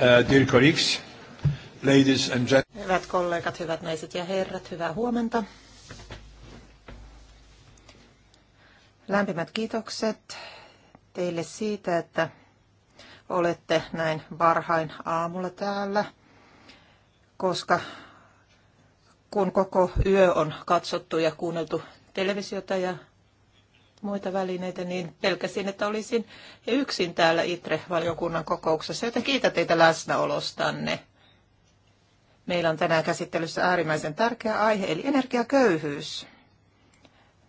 Uh, dear colleagues, ladies and gentlemen. Hyvät kollegat, hyvät naiset ja herrat, hyvää huomenta. Lämpimät kiitokset teille siitä, että olette näin varhain aamulla täällä, koska kun koko yö on katsottu ja kuunneltu televisiota ja muita välineitä, niin pelkäsin, että olisin yksin täällä ITRE-valiokunnan kokouksessa, joten kiitän teitä läsnäolostanne. Meillä on tänään käsittelyssä äärimmäisen tärkeä aihe, eli energiaköyhyys.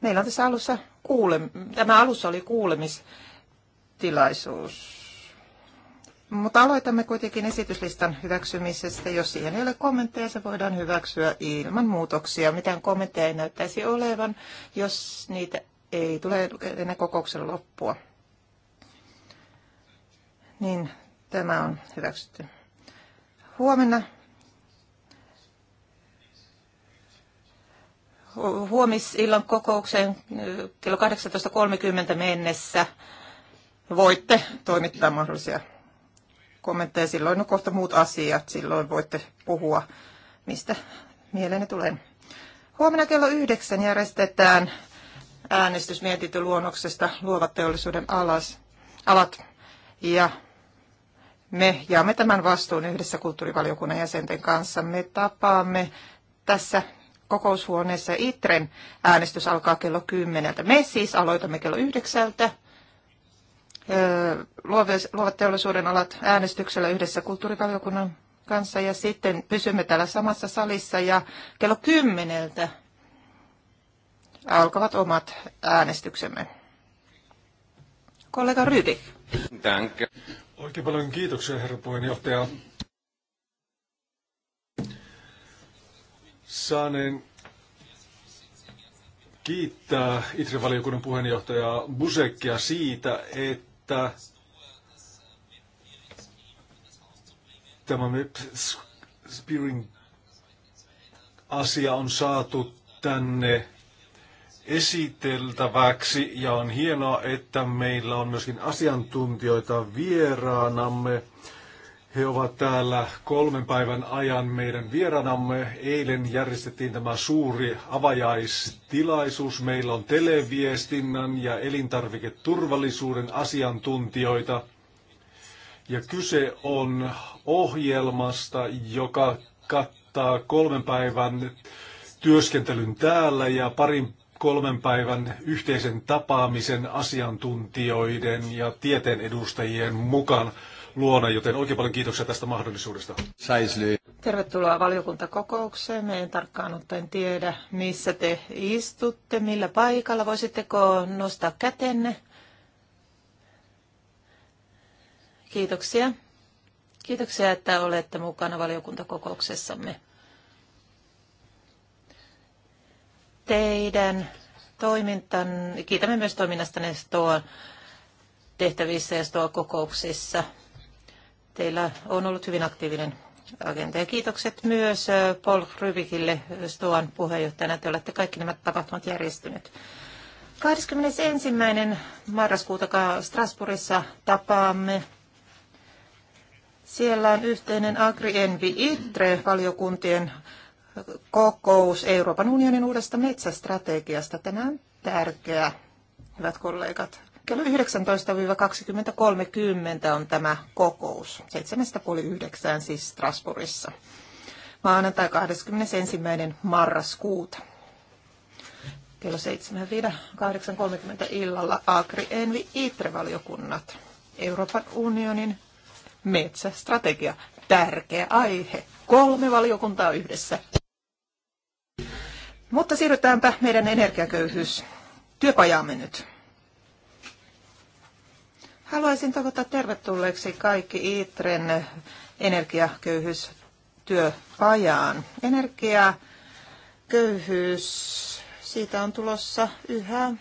Meillä on tässä alussa kuule, tämä alussa oli kuulemistilaisuus. Mutta aloitamme kuitenkin esityslistan hyväksymisestä. Jos siihen ei ole kommentteja, se voidaan hyväksyä ilman muutoksia. Mitään kommentteja ei näyttäisi olevan. Jos niitä ei tule ennen kokouksen loppua. Niin, tämä on hyväksytty. Huomenna huomisillan kokoukseen eh, kello 18.30 mennessä voitte toimittaa mahdollisia kommentteja. Silloin on kohta muut asiat. Silloin voitte puhua, mistä mieleeni tulee. Huomenna kello 9 järjestetään äänestys mietintöluonnoksesta luovat teollisuuden alas, alat ja me jaamme tämän vastuun yhdessä kulttuurivaliokunnan jäsenten kanssa. Me tapaamme tässä kokoushuoneessa Itren äänestys alkaa kello 10. Me siis aloitamme kello 9. Luovat teollisuuden alat äänestyksellä yhdessä kulttuurivaliokunnan kanssa ja sitten pysymme täällä samassa salissa ja kello kymmeneltä alkavat omat äänestyksemme. Kollega Ryti. Danke. Oikein paljon kiitoksia, herra puheenjohtaja. Saaneen kiittää ITRE-valiokunnan puheenjohtajaa Busekkia siitä, että tämä MIP Spearing asia on saatu tänne esiteltäväksi ja on hienoa, että meillä on myöskin asiantuntijoita vieraanamme. He ovat täällä kolmen päivän ajan meidän vieraanamme. Eilen järjestettiin tämä suuri avajaistilaisuus. Meillä on televiestinnän ja elintarviketurvallisuuden asiantuntijoita. Ja kyse on ohjelmasta, joka kattaa kolmen päivän työskentelyn täällä ja parin kolmen päivän yhteisen tapaamisen asiantuntijoiden ja tieteen edustajien mukaan luona, joten oikein paljon kiitoksia tästä mahdollisuudesta. Tervetuloa valiokuntakokoukseen. Me en tarkkaan ottaen tiedä, missä te istutte, millä paikalla. Voisitteko nostaa kätenne? Kiitoksia. Kiitoksia, että olette mukana valiokuntakokouksessamme. teidän toimintan, kiitämme myös toiminnastanne tuo tehtävissä ja tuo kokouksissa. Teillä on ollut hyvin aktiivinen agenda. Ja kiitokset myös äh, Paul Rybikille äh, Stoan puheenjohtajana. Te olette kaikki nämä tapahtumat järjestyneet. 21. marraskuuta Strasbourgissa tapaamme. Siellä on yhteinen Agri Envi Itre valiokuntien kokous Euroopan unionin uudesta metsästrategiasta tänään tärkeä, hyvät kollegat. Kello 19-20.30 on tämä kokous, 7.30 siis Strasbourgissa. Maanantai 21. marraskuuta. Kello 7-8.30 illalla Agri Envi Itre-valiokunnat. Euroopan unionin metsästrategia. Tärkeä aihe. Kolme valiokuntaa yhdessä. Mutta siirrytäänpä meidän energiaköyhyys työpajaamme nyt. Haluaisin toivottaa tervetulleeksi kaikki ITREN energiaköyhyys työpajaan. Energiaköyhyys, siitä on tulossa yhä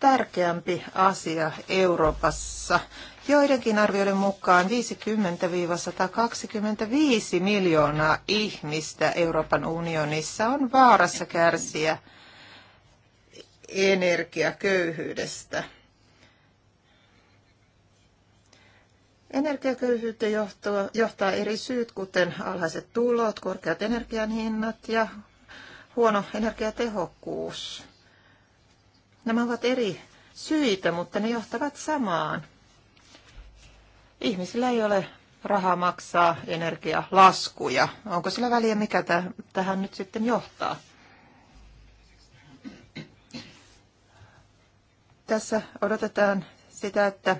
tärkeämpi asia Euroopassa Joidenkin arvioiden mukaan 50-125 miljoonaa ihmistä Euroopan unionissa on vaarassa kärsiä energiaköyhyydestä. Energiaköyhyyttä johtaa, johtaa eri syyt, kuten alhaiset tulot, korkeat energian hinnat ja huono energiatehokkuus. Nämä ovat eri syitä, mutta ne johtavat samaan ihmisillä ei ole rahaa maksaa energialaskuja. Onko sillä väliä, mikä tähän nyt sitten johtaa? Tässä odotetaan sitä, että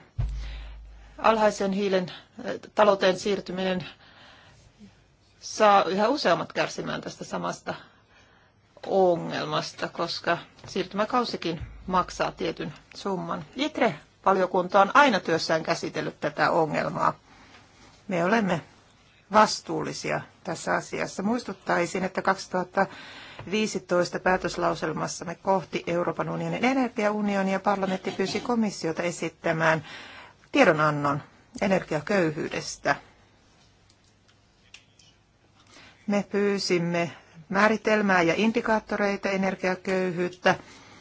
alhaisen hiilen äh, talouteen siirtyminen saa yhä useammat kärsimään tästä samasta ongelmasta, koska siirtymäkausikin maksaa tietyn summan. Itre valiokunta on aina työssään käsitellyt tätä ongelmaa. Me olemme vastuullisia tässä asiassa. Muistuttaisin, että 2015 päätöslauselmassamme kohti Euroopan unionin energiaunionia parlamentti pyysi komissiota esittämään tiedonannon energiaköyhyydestä. Me pyysimme määritelmää ja indikaattoreita energiaköyhyyttä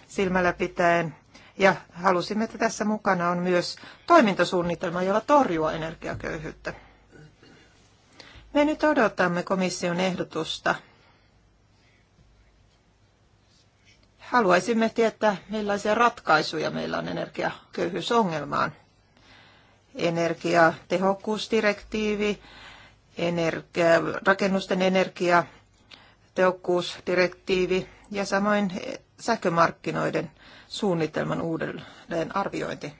silmällä pitäen ja halusimme, että tässä mukana on myös toimintasuunnitelma, jolla torjua energiaköyhyyttä. Me nyt odotamme komission ehdotusta. Haluaisimme tietää, millaisia ratkaisuja meillä on energiaköyhyysongelmaan. Energiatehokkuusdirektiivi, energia, rakennusten energiatehokkuusdirektiivi ja samoin sähkömarkkinoiden suunnitelman uudelleen arviointi.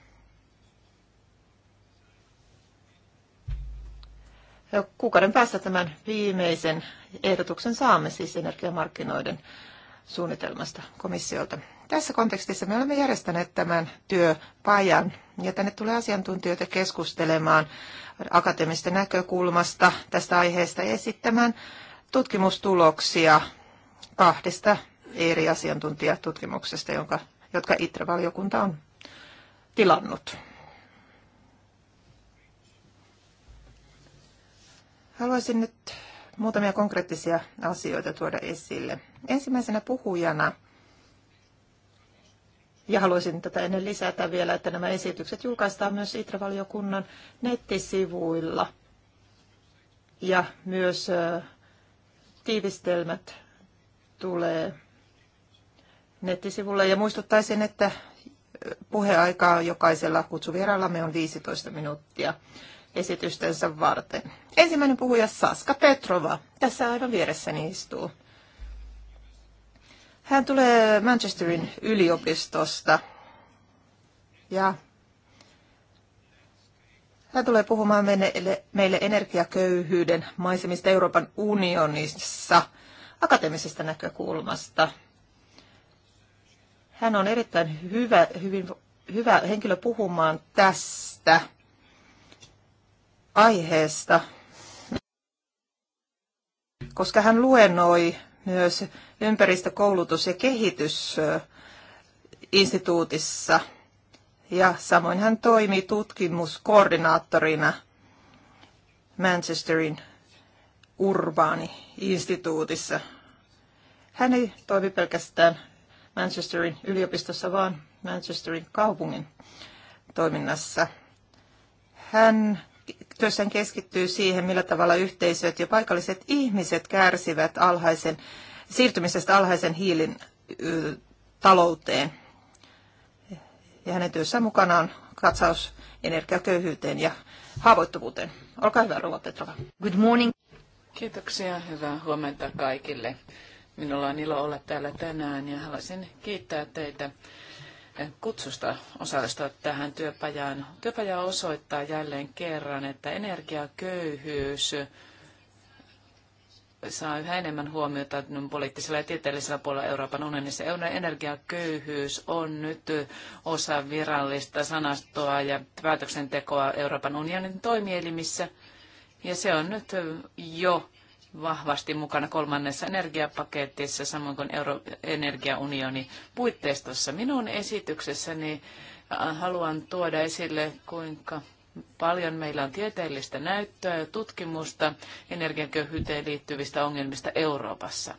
Kuukauden päästä tämän viimeisen ehdotuksen saamme siis energiamarkkinoiden suunnitelmasta komissiolta. Tässä kontekstissa me olemme järjestäneet tämän työpajan ja tänne tulee asiantuntijoita keskustelemaan akateemisesta näkökulmasta tästä aiheesta ja esittämään tutkimustuloksia kahdesta eri asiantuntijatutkimuksesta, jonka, jotka ITRE-valiokunta on tilannut. Haluaisin nyt muutamia konkreettisia asioita tuoda esille. Ensimmäisenä puhujana, ja haluaisin tätä ennen lisätä vielä, että nämä esitykset julkaistaan myös ITRE-valiokunnan nettisivuilla ja myös tiivistelmät tulee nettisivulle ja muistuttaisin, että puheaikaa jokaisella kutsuvieraillamme on 15 minuuttia esitystensä varten. Ensimmäinen puhuja Saska Petrova. Tässä aivan vieressäni istuu. Hän tulee Manchesterin yliopistosta ja hän tulee puhumaan meille, meille energiaköyhyyden maisemista Euroopan unionissa akateemisesta näkökulmasta – hän on erittäin hyvä, hyvin, hyvä henkilö puhumaan tästä aiheesta, koska hän luennoi myös ympäristökoulutus- ja kehitysinstituutissa. Ja samoin hän toimii tutkimuskoordinaattorina Manchesterin urbaani-instituutissa. Hän ei toimi pelkästään Manchesterin yliopistossa, vaan Manchesterin kaupungin toiminnassa. Hän työssään keskittyy siihen, millä tavalla yhteisöt ja paikalliset ihmiset kärsivät alhaisen, siirtymisestä alhaisen hiilin talouteen. Ja hänen työssään mukana on katsaus energiaköyhyyteen ja haavoittuvuuteen. Olkaa hyvä, Rova Petrova. Good morning. Kiitoksia, hyvää huomenta kaikille. Minulla on ilo olla täällä tänään ja haluaisin kiittää teitä kutsusta osallistua tähän työpajaan. Työpaja osoittaa jälleen kerran, että energiaköyhyys saa yhä enemmän huomiota poliittisella ja tieteellisellä puolella Euroopan unionissa. Energiaköyhyys on nyt osa virallista sanastoa ja päätöksentekoa Euroopan unionin toimielimissä. Ja se on nyt jo vahvasti mukana kolmannessa energiapaketissa, samoin kuin Euro- energiaunionin puitteistossa. Minun esityksessäni äh, haluan tuoda esille, kuinka paljon meillä on tieteellistä näyttöä ja tutkimusta energiaköyhyyteen liittyvistä ongelmista Euroopassa.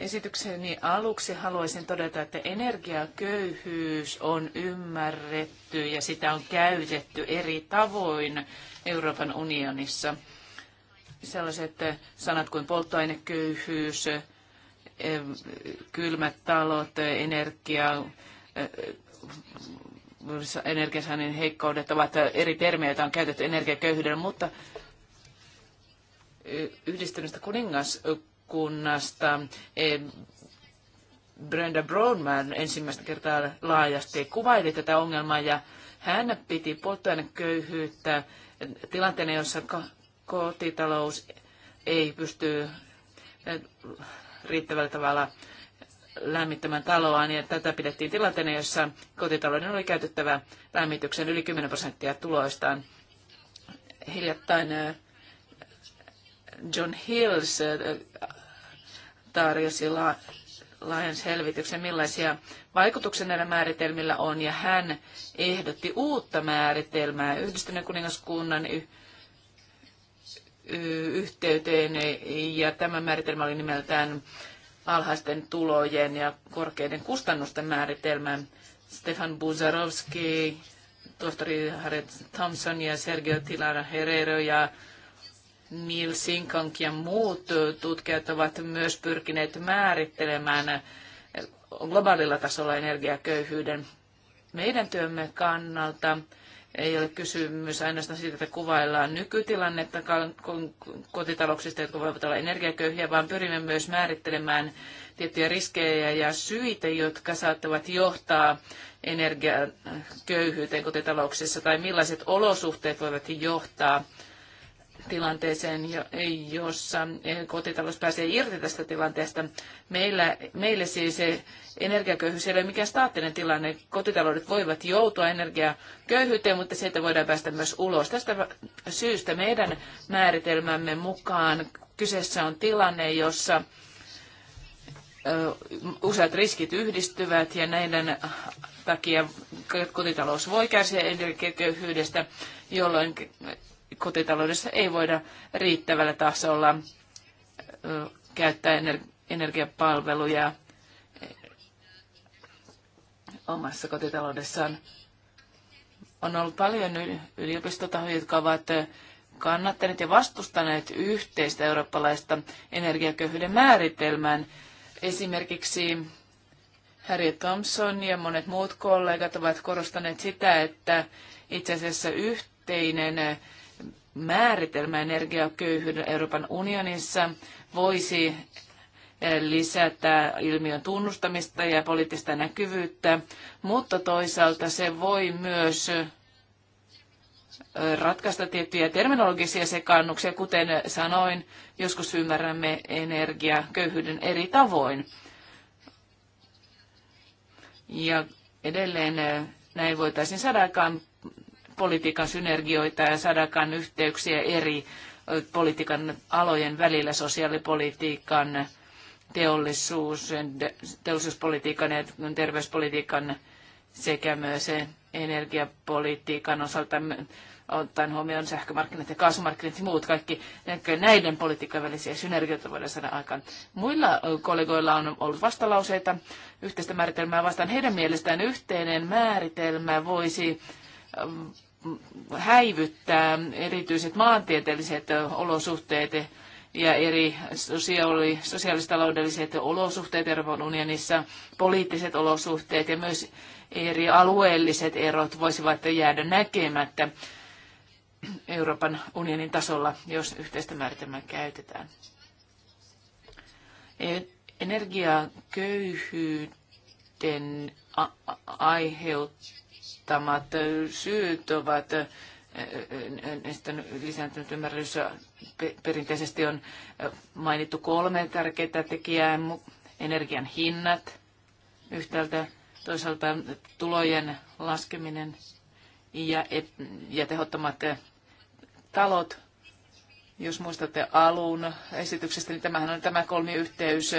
Esitykseni aluksi haluaisin todeta, että energiaköyhyys on ymmärretty ja sitä on käytetty eri tavoin Euroopan unionissa. Sellaiset sanat kuin polttoaineköyhyys, eh, kylmät talot, energia, eh, energiasaannin heikkoudet ovat eri termejä, joita on käytetty energiaköyhyydellä, mutta eh, yhdistyneestä kuningas valiokunnasta e, Brenda Brownman ensimmäistä kertaa laajasti kuvaili tätä ongelmaa ja hän piti polttoaineköyhyyttä tilanteena, jossa kotitalous ei pysty e, riittävällä tavalla lämmittämään taloaan, ja tätä pidettiin tilanteena, jossa kotitalouden oli käytettävä lämmityksen yli 10 prosenttia tuloistaan. Hiljattain e, John Hills äh, tarjosi laajan selvityksen, millaisia vaikutuksia näillä määritelmillä on, ja hän ehdotti uutta määritelmää yhdistyneen kuningaskunnan y- yhteyteen, ja tämä määritelmä oli nimeltään alhaisten tulojen ja korkeiden kustannusten määritelmä. Stefan Buzarovski, tohtori Harriet Thompson ja Sergio Tilara Herrero ja Neil Sinkank ja muut tutkijat ovat myös pyrkineet määrittelemään globaalilla tasolla energiaköyhyyden. Meidän työmme kannalta ei ole kysymys ainoastaan siitä, että kuvaillaan nykytilannetta kotitalouksista, jotka voivat olla energiaköyhiä, vaan pyrimme myös määrittelemään tiettyjä riskejä ja syitä, jotka saattavat johtaa energiaköyhyyteen kotitalouksissa, tai millaiset olosuhteet voivat johtaa tilanteeseen, jossa eh, kotitalous pääsee irti tästä tilanteesta. Meillä, meille siis eh, energiaköyhyys ei ole mikään staattinen tilanne. Kotitaloudet voivat joutua energiaköyhyyteen, mutta siitä voidaan päästä myös ulos. Tästä syystä meidän määritelmämme mukaan kyseessä on tilanne, jossa useat riskit yhdistyvät ja näiden takia kotitalous voi kärsiä energiaköyhyydestä, jolloin kotitaloudessa ei voida riittävällä tasolla käyttää energiapalveluja omassa kotitaloudessaan. On ollut paljon yliopistotahoja, jotka ovat kannattaneet ja vastustaneet yhteistä eurooppalaista energiaköyhyyden määritelmään. Esimerkiksi Harry Thompson ja monet muut kollegat ovat korostaneet sitä, että itse asiassa yhteinen määritelmä energiaköyhyyden Euroopan unionissa voisi eh, lisätä ilmiön tunnustamista ja poliittista näkyvyyttä, mutta toisaalta se voi myös eh, ratkaista tiettyjä terminologisia sekaannuksia, kuten sanoin, joskus ymmärrämme energiaköyhyyden eri tavoin. Ja edelleen eh, näin voitaisiin saada aikaan politiikan synergioita ja saadaan yhteyksiä eri politiikan alojen välillä, sosiaalipolitiikan, teollisuus, teollisuuspolitiikan ja terveyspolitiikan sekä myös energiapolitiikan osalta ottaen huomioon sähkömarkkinat ja kaasumarkkinat ja muut kaikki näiden politiikan välisiä synergioita voidaan saada aikaan. Muilla kollegoilla on ollut vastalauseita yhteistä määritelmää vastaan. Heidän mielestään yhteinen määritelmä voisi häivyttää erityiset maantieteelliset olosuhteet ja eri sosiaali, sosiaalistaloudelliset olosuhteet Euroopan unionissa, poliittiset olosuhteet ja myös eri alueelliset erot voisivat jäädä näkemättä Euroopan unionin tasolla, jos yhteistä määritelmää käytetään. E-, energiaköyhyyden aiheuttaa osoittamat syyt ovat niistä lisääntynyt ymmärrys perinteisesti on mainittu kolme tärkeää tekijää. Energian hinnat yhtäältä, toisaalta tulojen laskeminen ja, et, ja tehottomat talot. Jos muistatte alun esityksestä, niin tämähän on tämä kolmiyhteys,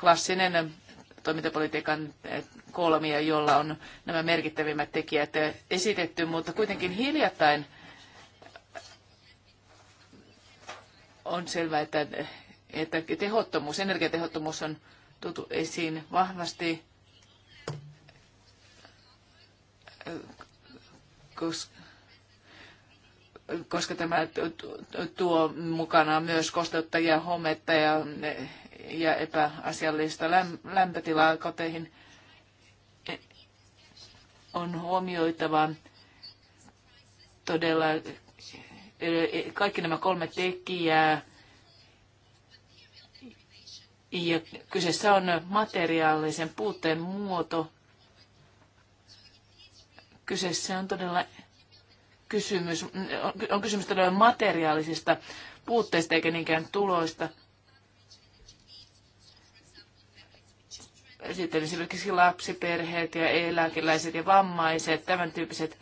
klassinen toimintapolitiikan eh, kolmia, jolla on nämä merkittävimmät tekijät eh, esitetty, mutta kuitenkin hiljattain on selvää, että, että tehottomuus, energiatehottomuus on tutu esiin vahvasti, koska koska tämä tuo mukana myös kosteutta ja hometta ja eh, ja epäasiallista lämpötilaa koteihin. E, on huomioitava todella e, e, kaikki nämä kolme tekijää. Ja kyseessä on materiaalisen puutteen muoto. Kyseessä on todella kysymys, on kysymys todella materiaalisista puutteista eikä niinkään tuloista – sitten esimerkiksi lapsiperheet ja eläkeläiset ja vammaiset, tämän tyyppiset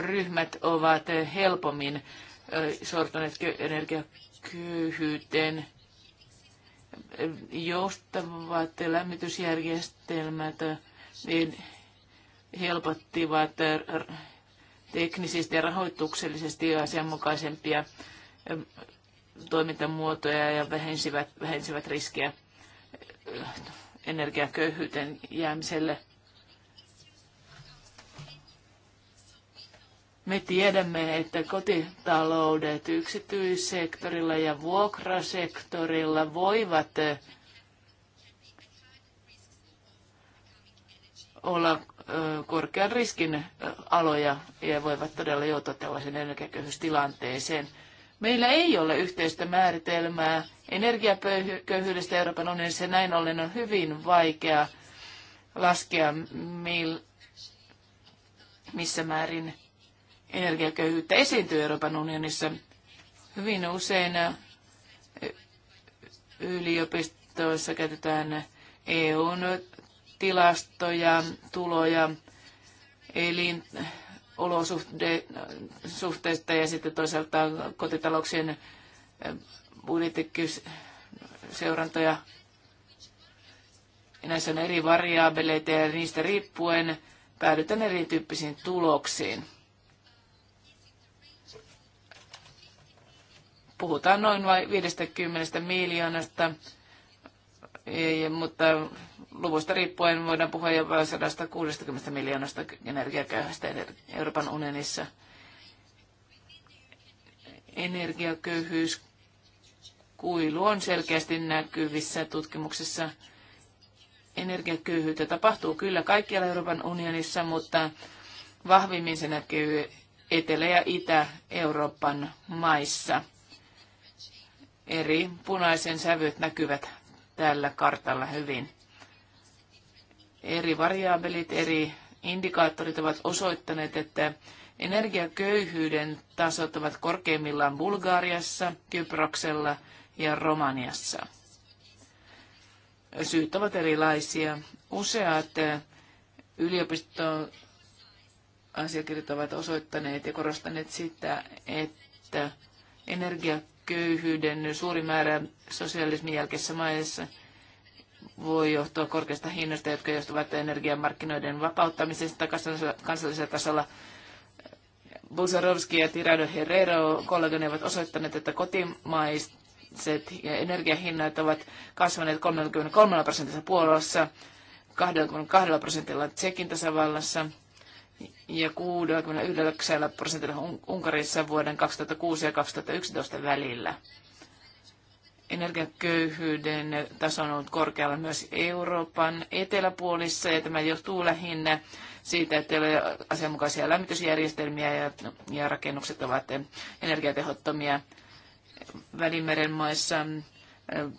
ryhmät ovat helpommin sortuneet energiaköyhyyteen. Joustavat lämmitysjärjestelmät niin helpottivat teknisesti ja rahoituksellisesti asianmukaisempia toimintamuotoja ja vähensivät, vähensivät riskejä energiaköyhyyteen jäämiselle. Me tiedämme, että kotitaloudet yksityissektorilla ja vuokrasektorilla voivat eh, olla eh, korkean riskin eh, aloja ja voivat todella joutua tällaisen energiaköyhyystilanteeseen. Meillä ei ole yhteistä määritelmää energiaköyhyydestä Euroopan unionissa. Näin ollen on hyvin vaikea laskea, mil, missä määrin energiaköyhyyttä esiintyy Euroopan unionissa. Hyvin usein yliopistoissa käytetään EUn tilastoja, tuloja, elinolosuhteista ja sitten toisaalta kotitalouksien ja Näissä on eri variaabeleita ja niistä riippuen päädytään erityyppisiin tuloksiin. Puhutaan noin 50 miljoonasta, e, e, mutta luvusta riippuen voidaan puhua jopa 160 miljoonasta energiaköyhästä Euroopan unionissa energiaköyhyys Kuilu on selkeästi näkyvissä tutkimuksissa Energiaköyhyyttä tapahtuu kyllä kaikkialla Euroopan unionissa, mutta vahvimmin se näkyy Etelä- ja Itä-Euroopan maissa. Eri punaisen sävyt näkyvät tällä kartalla hyvin. Eri variaabelit, eri indikaattorit ovat osoittaneet, että energiaköyhyyden tasot ovat korkeimmillaan Bulgaariassa, Kyproksella, ja Romaniassa. Syyt ovat erilaisia. Useat eh, yliopiston asiakirjat ovat osoittaneet ja korostaneet sitä, että energiaköyhyyden suuri määrä sosialismin jälkeisessä maissa voi johtua korkeista hinnoista, jotka johtuvat energiamarkkinoiden vapauttamisesta kansallisella tasolla. Bulsarovski ja Tirado Herrero kollegani ovat osoittaneet, että kotimaista hinnat ja energiahinnat ovat kasvaneet 33 prosentissa Puolassa, 22 prosentilla Tsekin tasavallassa ja 69 prosentilla Unkarissa vuoden 2006 ja 2011 välillä. Energiaköyhyyden taso on ollut korkealla myös Euroopan eteläpuolissa ja tämä johtuu lähinnä siitä, että ei ole asianmukaisia lämmitysjärjestelmiä ja, ja rakennukset ovat energiatehottomia. Välimeren maissa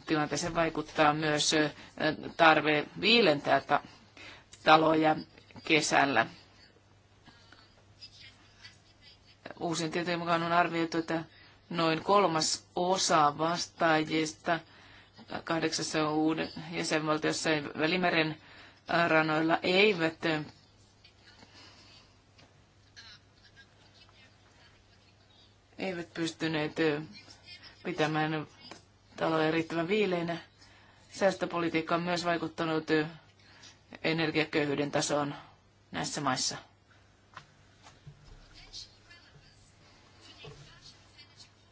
tilanteeseen vaikuttaa myös tarve viilentää taloja kesällä. Uusien tietojen mukaan on arvioitu, että noin kolmas osa vastaajista kahdeksassa uuden jäsenvaltiossa Välimeren rannoilla eivät eivät pystyneet pitämään taloja riittävän viileinä. Säästöpolitiikka on myös vaikuttanut energiaköyhyyden tasoon näissä maissa.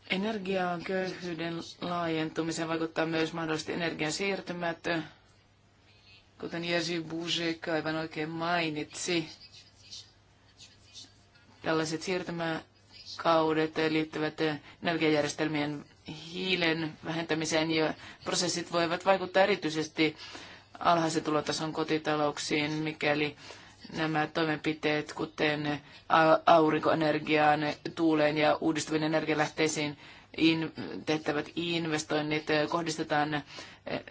Energiaan köyhyyden laajentumiseen vaikuttaa myös mahdollisesti energian siirtymät, kuten Jerzy Buzek aivan oikein mainitsi. Tällaiset siirtymäkaudet liittyvät energiajärjestelmien hiilen vähentämiseen ja prosessit voivat vaikuttaa erityisesti alhaisen tulotason kotitalouksiin, mikäli nämä toimenpiteet, kuten aurinkoenergiaan, tuuleen ja uudistuviin energialähteisiin in, tehtävät investoinnit eh, kohdistetaan eh,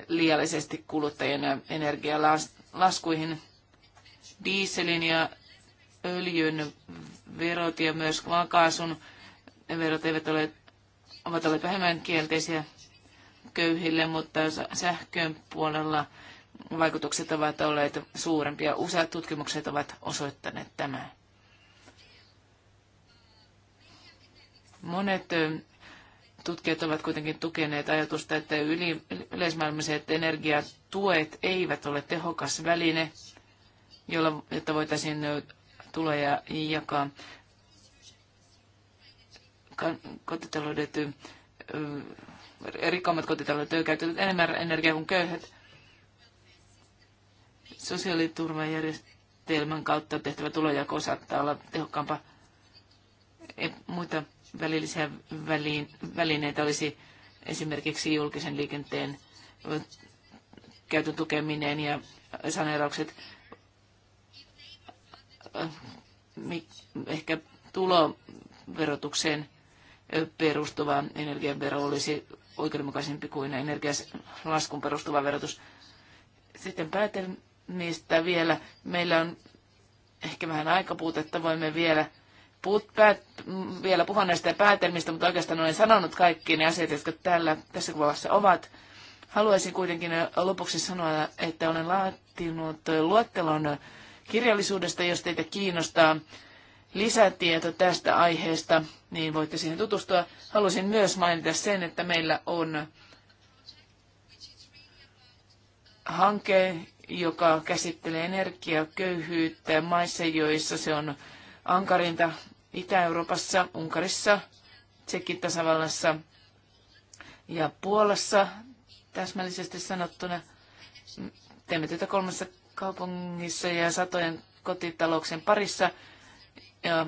liiallisesti kuluttajien energialaskuihin. Dieselin ja öljyn verot ja myös kaasun verot eivät ole ovat olleet vähemmän kielteisiä köyhille, mutta sähkön puolella vaikutukset ovat olleet suurempia. Useat tutkimukset ovat osoittaneet tämän. Monet tutkijat ovat kuitenkin tukeneet ajatusta, että yli, yleismaailmalliset energiatuet eivät ole tehokas väline, jolla, jotta voitaisiin tuloja jakaa kotitaloudet, rikkaammat kotitaloudet käyttävät enemmän energiaa kuin köyhät. Sosiaaliturvajärjestelmän kautta tehtävä tulojako saattaa olla tehokkaampaa. E, muita välillisiä välineitä olisi esimerkiksi julkisen liikenteen käytön tukeminen ja saneeraukset ehkä tuloverotukseen perustuva energiavero olisi oikeudenmukaisempi kuin energialaskun perustuva verotus. Sitten päätelmistä vielä. Meillä on ehkä vähän aikapuutetta, voimme vielä, puut, päät, vielä puhua näistä päätelmistä, mutta oikeastaan olen sanonut kaikki ne asiat, jotka tällä, tässä kuvassa ovat. Haluaisin kuitenkin lopuksi sanoa, että olen laatinut luettelon kirjallisuudesta, jos teitä kiinnostaa lisätieto tästä aiheesta, niin voitte siihen tutustua. Halusin myös mainita sen, että meillä on hanke, joka käsittelee energiaköyhyyttä maissa, joissa se on ankarinta Itä-Euroopassa, Unkarissa, Tsekin tasavallassa ja Puolassa täsmällisesti sanottuna. Teemme tätä kolmessa kaupungissa ja satojen kotitalouksien parissa ja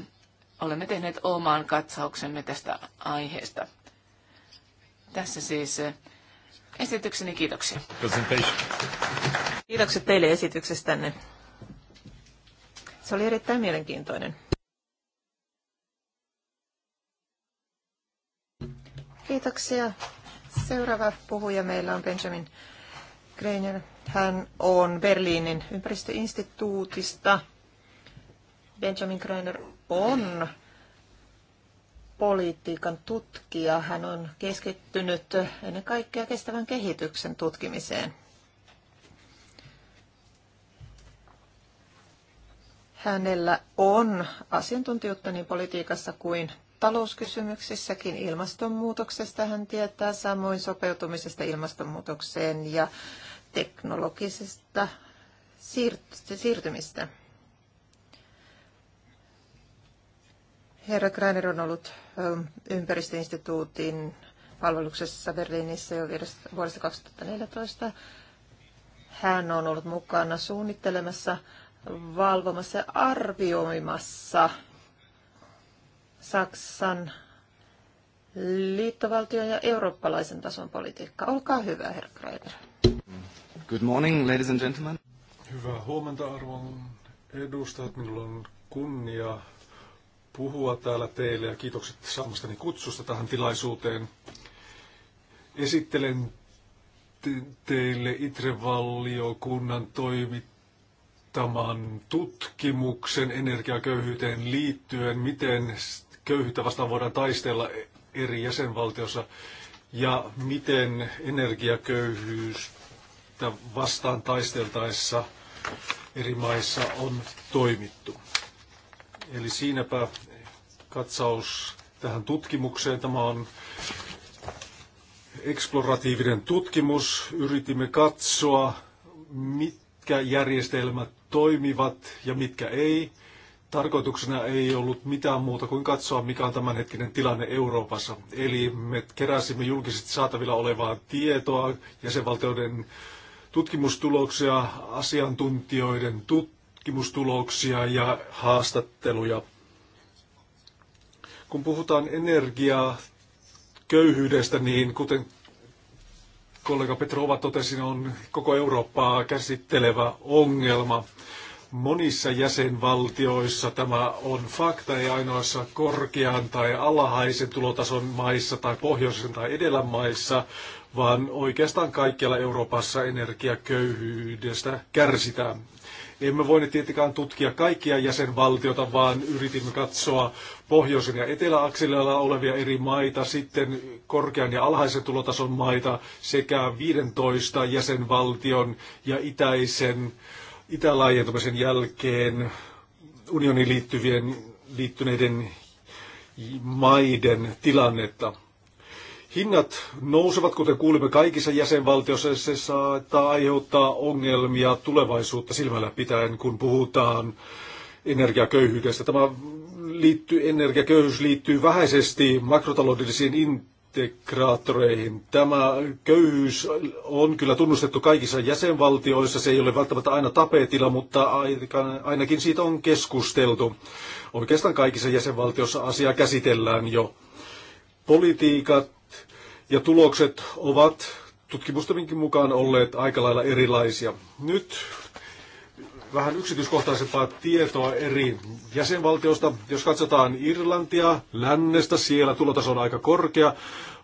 olemme tehneet oman katsauksemme tästä aiheesta. Tässä siis eh, esitykseni. Kiitoksia. Kiitokset teille esityksestänne. Se oli erittäin mielenkiintoinen. Kiitoksia. Seuraava puhuja meillä on Benjamin Greiner. Hän on Berliinin ympäristöinstituutista Benjamin Greiner on politiikan tutkija. Hän on keskittynyt ennen kaikkea kestävän kehityksen tutkimiseen. Hänellä on asiantuntijuutta niin politiikassa kuin talouskysymyksissäkin ilmastonmuutoksesta. Hän tietää samoin sopeutumisesta ilmastonmuutokseen ja teknologisesta siirtymistä. Herra Kreiner on ollut ympäristöinstituutin palveluksessa Berliinissä jo vuodesta 2014. Hän on ollut mukana suunnittelemassa, valvomassa ja arvioimassa Saksan liittovaltion ja eurooppalaisen tason politiikkaa. Olkaa hyvä, herra Kreiner. Good morning, ladies and gentlemen. Hyvää huomenta, arvon edustajat. Minulla on kunnia puhua täällä teille ja kiitokset saamastani kutsusta tähän tilaisuuteen. Esittelen teille Itrevaliokunnan toimittaman tutkimuksen energiaköyhyyteen liittyen, miten köyhyyttä vastaan voidaan taistella eri jäsenvaltiossa ja miten energiaköyhyyttä vastaan taisteltaessa eri maissa on toimittu. Eli siinäpä katsaus tähän tutkimukseen. Tämä on eksploratiivinen tutkimus. Yritimme katsoa, mitkä järjestelmät toimivat ja mitkä ei. Tarkoituksena ei ollut mitään muuta kuin katsoa, mikä on tämänhetkinen tilanne Euroopassa. Eli me keräsimme julkisesti saatavilla olevaa tietoa, jäsenvaltioiden tutkimustuloksia, asiantuntijoiden tut- tutkimustuloksia ja haastatteluja. Kun puhutaan energiaa köyhyydestä, niin kuten kollega Petrova totesi, on koko Eurooppaa käsittelevä ongelma. Monissa jäsenvaltioissa tämä on fakta, ei ainoassa korkean tai alhaisen tulotason maissa tai pohjoisen tai edellä maissa, vaan oikeastaan kaikkialla Euroopassa energiaköyhyydestä kärsitään. Niin emme voineet tietenkään tutkia kaikkia jäsenvaltiota, vaan yritimme katsoa pohjoisen ja eteläakselilla olevia eri maita, sitten korkean ja alhaisen tulotason maita sekä 15 jäsenvaltion ja itäisen itälaajentumisen jälkeen unionin liittyvien, liittyneiden maiden tilannetta. Hinnat nousevat, kuten kuulimme kaikissa jäsenvaltioissa, se saattaa aiheuttaa ongelmia tulevaisuutta silmällä pitäen, kun puhutaan energiaköyhyydestä. Tämä liittyy, energiaköyhyys liittyy vähäisesti makrotaloudellisiin integraattoreihin. Tämä köyhyys on kyllä tunnustettu kaikissa jäsenvaltioissa. Se ei ole välttämättä aina tapetilla, mutta ainakin siitä on keskusteltu. Oikeastaan kaikissa jäsenvaltioissa asia käsitellään jo. Politiikat ja tulokset ovat tutkimustenkin mukaan olleet aika lailla erilaisia. Nyt vähän yksityiskohtaisempaa tietoa eri jäsenvaltioista. Jos katsotaan Irlantia, lännestä, siellä tulotaso on aika korkea,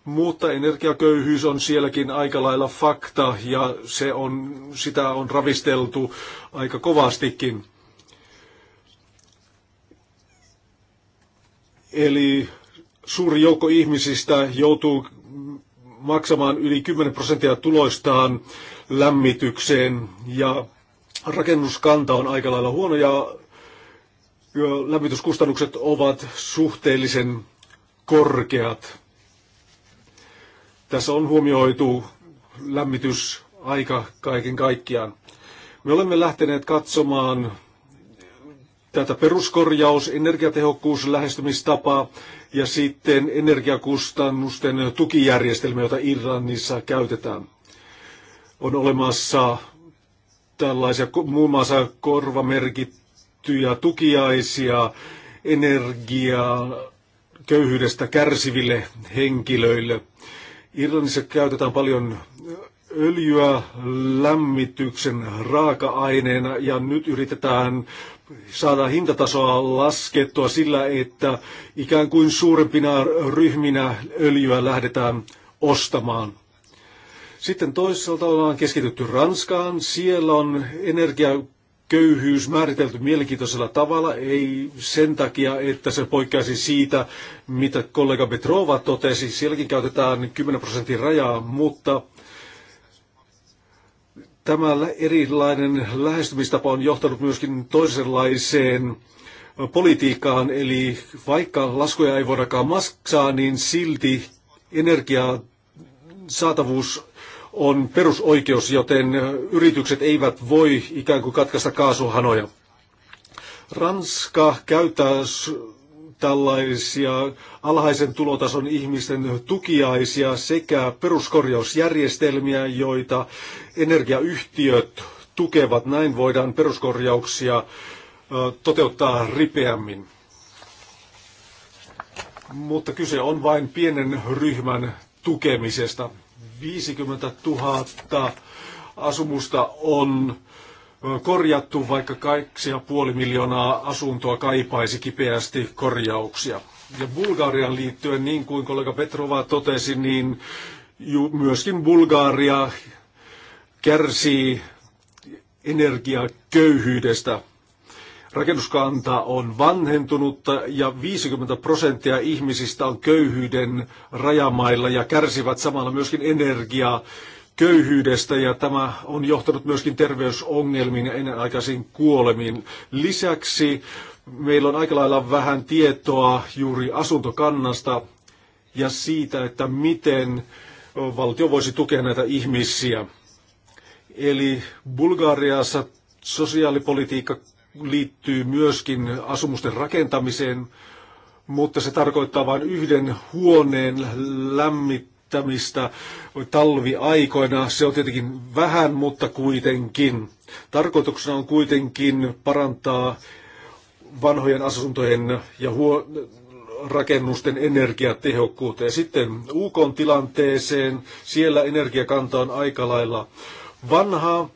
mutta energiaköyhyys on sielläkin aika lailla fakta ja se on, sitä on ravisteltu aika kovastikin. Eli suuri joukko ihmisistä joutuu maksamaan yli 10 prosenttia tuloistaan lämmitykseen ja rakennuskanta on aika lailla huono ja lämmityskustannukset ovat suhteellisen korkeat. Tässä on huomioitu lämmitysaika kaiken kaikkiaan. Me olemme lähteneet katsomaan tätä peruskorjaus, energiatehokkuus, lähestymistapaa ja sitten energiakustannusten tukijärjestelmä, jota Irlannissa käytetään. On olemassa tällaisia muun muassa korvamerkittyjä tukiaisia energiaa köyhyydestä kärsiville henkilöille. Irlannissa käytetään paljon öljyä lämmityksen raaka-aineena ja nyt yritetään Saada hintatasoa laskettua sillä, että ikään kuin suurempina ryhminä öljyä lähdetään ostamaan. Sitten toisaalta ollaan keskitytty Ranskaan. Siellä on energiaköyhyys määritelty mielenkiintoisella tavalla, ei sen takia, että se poikkeaisi siitä, mitä kollega Petrova totesi. Sielläkin käytetään 10 prosentin rajaa, mutta Tämä erilainen lähestymistapa on johtanut myöskin toisenlaiseen politiikkaan, eli vaikka laskuja ei voidakaan maksaa, niin silti energiasaatavuus saatavuus on perusoikeus, joten yritykset eivät voi ikään kuin katkaista kaasuhanoja. Ranska käyttää tällaisia alhaisen tulotason ihmisten tukiaisia sekä peruskorjausjärjestelmiä, joita energiayhtiöt tukevat. Näin voidaan peruskorjauksia toteuttaa ripeämmin. Mutta kyse on vain pienen ryhmän tukemisesta. 50 000 asumusta on korjattu, vaikka 2,5 miljoonaa asuntoa kaipaisi kipeästi korjauksia. Ja Bulgarian liittyen, niin kuin kollega Petrova totesi, niin myöskin Bulgaria kärsii energiaköyhyydestä. Rakennuskanta on vanhentunutta ja 50 prosenttia ihmisistä on köyhyyden rajamailla ja kärsivät samalla myöskin energiaa köyhyydestä ja tämä on johtanut myöskin terveysongelmiin ja ennenaikaisiin kuolemiin. Lisäksi meillä on aika lailla vähän tietoa juuri asuntokannasta ja siitä, että miten valtio voisi tukea näitä ihmisiä. Eli Bulgariassa sosiaalipolitiikka liittyy myöskin asumusten rakentamiseen, mutta se tarkoittaa vain yhden huoneen lämmittämistä käyttämistä talviaikoina. Se on tietenkin vähän, mutta kuitenkin. Tarkoituksena on kuitenkin parantaa vanhojen asuntojen ja huo- rakennusten energiatehokkuutta. Ja sitten UKon tilanteeseen, siellä energiakanta on aika lailla vanhaa.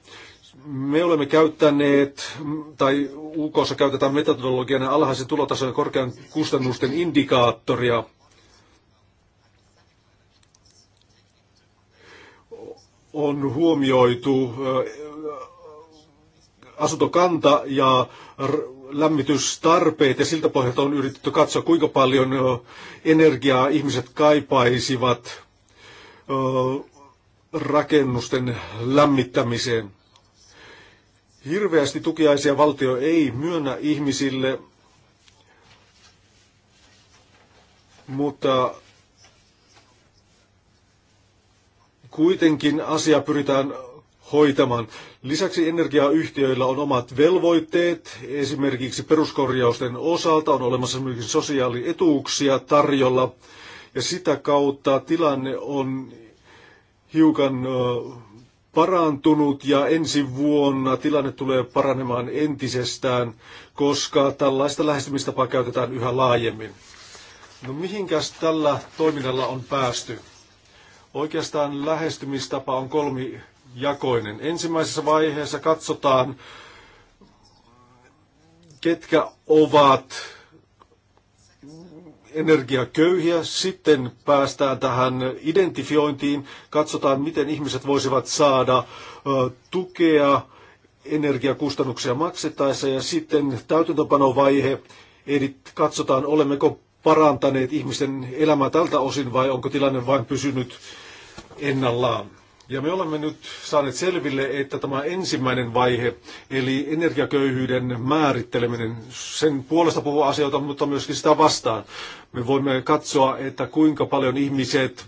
Me olemme käyttäneet, tai UKssa käytetään metodologiana alhaisen tulotason ja korkean kustannusten indikaattoria. on huomioitu asuntokanta ja lämmitystarpeet ja siltä pohjalta on yritetty katsoa, kuinka paljon energiaa ihmiset kaipaisivat rakennusten lämmittämiseen. Hirveästi tukiaisia valtio ei myönnä ihmisille, mutta Kuitenkin asia pyritään hoitamaan. Lisäksi energiayhtiöillä on omat velvoitteet, esimerkiksi peruskorjausten osalta on olemassa myöskin sosiaalietuuksia tarjolla, ja sitä kautta tilanne on hiukan parantunut ja ensi vuonna tilanne tulee paranemaan entisestään, koska tällaista lähestymistapaa käytetään yhä laajemmin. No mihinkäs tällä toiminnalla on päästy? Oikeastaan lähestymistapa on kolmijakoinen. Ensimmäisessä vaiheessa katsotaan, ketkä ovat energiaköyhiä. Sitten päästään tähän identifiointiin, katsotaan miten ihmiset voisivat saada tukea energiakustannuksia maksettaessa ja sitten täytäntöpanovaihe, eli katsotaan olemmeko parantaneet ihmisten elämää tältä osin vai onko tilanne vain pysynyt ennallaan. Ja me olemme nyt saaneet selville, että tämä ensimmäinen vaihe, eli energiaköyhyyden määritteleminen, sen puolesta puhua asioita, mutta myöskin sitä vastaan. Me voimme katsoa, että kuinka paljon ihmiset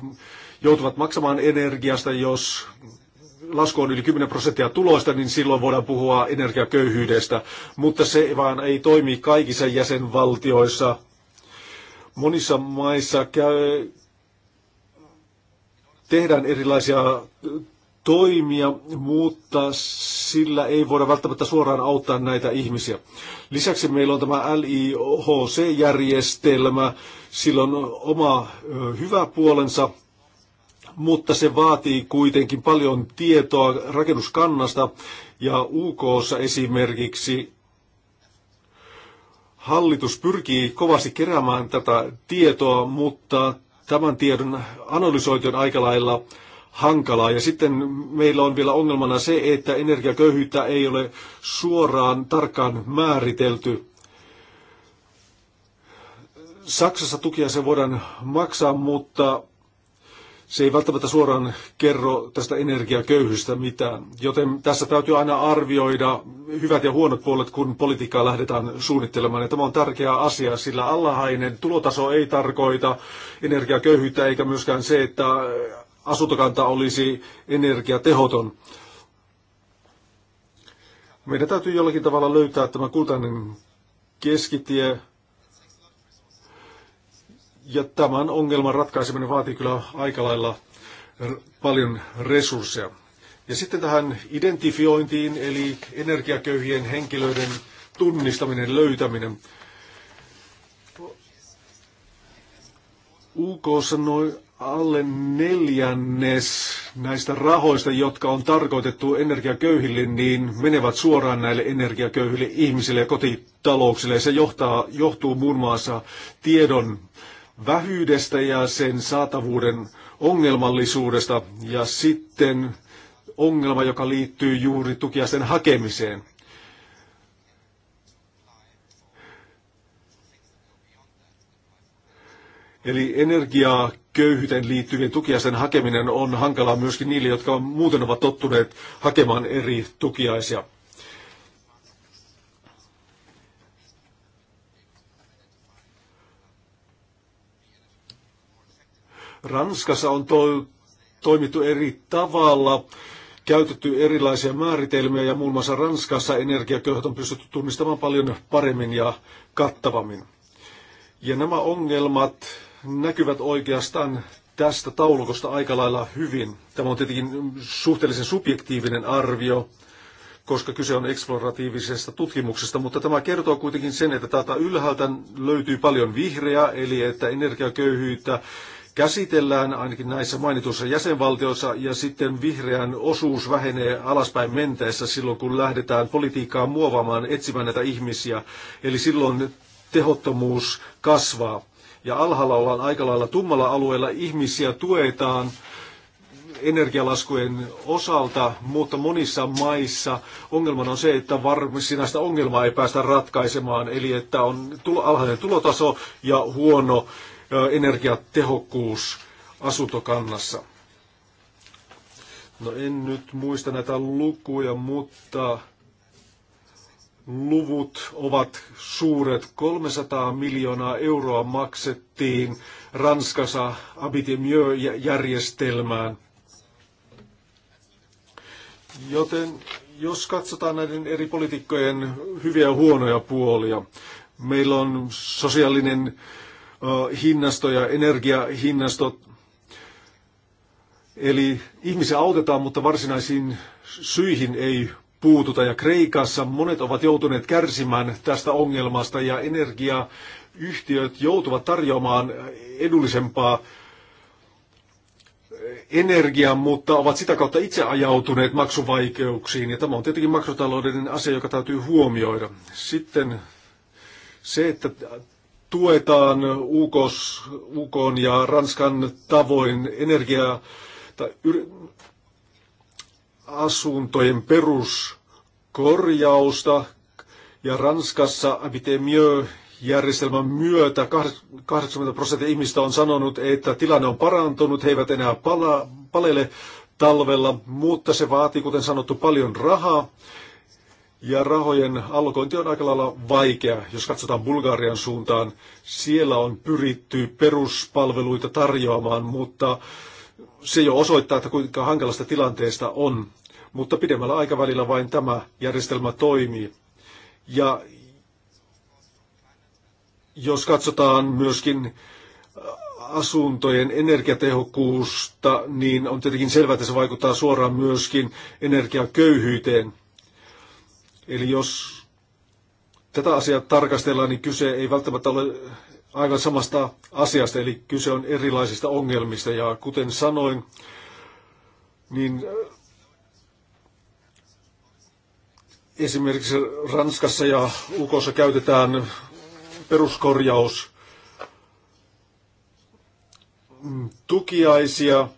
joutuvat maksamaan energiasta, jos lasku on yli 10 prosenttia tuloista, niin silloin voidaan puhua energiaköyhyydestä. Mutta se vaan ei toimi kaikissa jäsenvaltioissa. Monissa maissa käy tehdään erilaisia toimia, mutta sillä ei voida välttämättä suoraan auttaa näitä ihmisiä. Lisäksi meillä on tämä LIHC-järjestelmä, sillä on oma hyvä puolensa, mutta se vaatii kuitenkin paljon tietoa rakennuskannasta ja UK esimerkiksi hallitus pyrkii kovasti keräämään tätä tietoa, mutta tämän tiedon analysointi on aika lailla hankalaa. Ja sitten meillä on vielä ongelmana se, että energiaköyhyyttä ei ole suoraan tarkkaan määritelty. Saksassa tukia se voidaan maksaa, mutta se ei välttämättä suoraan kerro tästä energiaköyhystä mitään. Joten tässä täytyy aina arvioida hyvät ja huonot puolet, kun politiikkaa lähdetään suunnittelemaan. Ja tämä on tärkeä asia, sillä alhainen tulotaso ei tarkoita energiaköyhyyttä eikä myöskään se, että asuntokanta olisi energiatehoton. Meidän täytyy jollakin tavalla löytää tämä kultainen keskitie ja tämän ongelman ratkaiseminen vaatii kyllä aika lailla paljon resursseja. Ja sitten tähän identifiointiin, eli energiaköyhien henkilöiden tunnistaminen, löytäminen. UK sanoi alle neljännes näistä rahoista, jotka on tarkoitettu energiaköyhille, niin menevät suoraan näille energiaköyhille ihmisille ja kotitalouksille. Ja se johtaa, johtuu muun muassa tiedon vähyydestä ja sen saatavuuden ongelmallisuudesta ja sitten ongelma, joka liittyy juuri sen hakemiseen. Eli energiaa köyhyyteen liittyvien tukiaisen hakeminen on hankalaa myöskin niille, jotka muuten ovat tottuneet hakemaan eri tukiaisia. Ranskassa on to- toimittu eri tavalla, käytetty erilaisia määritelmiä ja muun muassa Ranskassa energiaköyhät on pystytty tunnistamaan paljon paremmin ja kattavammin. Ja nämä ongelmat näkyvät oikeastaan tästä taulukosta aika lailla hyvin. Tämä on tietenkin suhteellisen subjektiivinen arvio, koska kyse on eksploratiivisesta tutkimuksesta, mutta tämä kertoo kuitenkin sen, että täältä ylhäältä löytyy paljon vihreää, eli että energiaköyhyyttä käsitellään ainakin näissä mainituissa jäsenvaltioissa ja sitten vihreän osuus vähenee alaspäin menteessä silloin, kun lähdetään politiikkaa muovaamaan, etsimään näitä ihmisiä. Eli silloin tehottomuus kasvaa. Ja alhaalla ollaan aika lailla tummalla alueella. Ihmisiä tuetaan energialaskujen osalta, mutta monissa maissa ongelmana on se, että varsinaista ongelmaa ei päästä ratkaisemaan, eli että on alhainen tulotaso ja huono energiatehokkuus asuntokannassa. No en nyt muista näitä lukuja, mutta luvut ovat suuret. 300 miljoonaa euroa maksettiin Ranskassa Abitimieux-järjestelmään. Joten jos katsotaan näiden eri poliitikkojen hyviä ja huonoja puolia, meillä on sosiaalinen äh, hinnasto ja energiahinnastot. Eli ihmisiä autetaan, mutta varsinaisiin syihin ei puututa. Ja Kreikassa monet ovat joutuneet kärsimään tästä ongelmasta ja energiayhtiöt joutuvat tarjoamaan edullisempaa energiaa, mutta ovat sitä kautta itse ajautuneet maksuvaikeuksiin. Ja tämä on tietenkin makrotaloudellinen asia, joka täytyy huomioida. Sitten se, että tuetaan UKOS, UKon ja Ranskan tavoin energia tai yr- asuntojen peruskorjausta ja Ranskassa Abitemieux järjestelmän myötä 80 prosenttia ihmistä on sanonut, että tilanne on parantunut, he eivät enää pala, palele talvella, mutta se vaatii, kuten sanottu, paljon rahaa. Ja rahojen allokointi on aika lailla vaikea, jos katsotaan Bulgarian suuntaan. Siellä on pyritty peruspalveluita tarjoamaan, mutta se jo osoittaa, että kuinka hankalasta tilanteesta on. Mutta pidemmällä aikavälillä vain tämä järjestelmä toimii. Ja jos katsotaan myöskin asuntojen energiatehokkuusta, niin on tietenkin selvää, että se vaikuttaa suoraan myöskin energiaköyhyyteen – Eli jos tätä asiaa tarkastellaan, niin kyse ei välttämättä ole aivan samasta asiasta, eli kyse on erilaisista ongelmista. Ja kuten sanoin, niin äh, esimerkiksi Ranskassa ja Ukossa käytetään peruskorjaus mm, tukiaisia –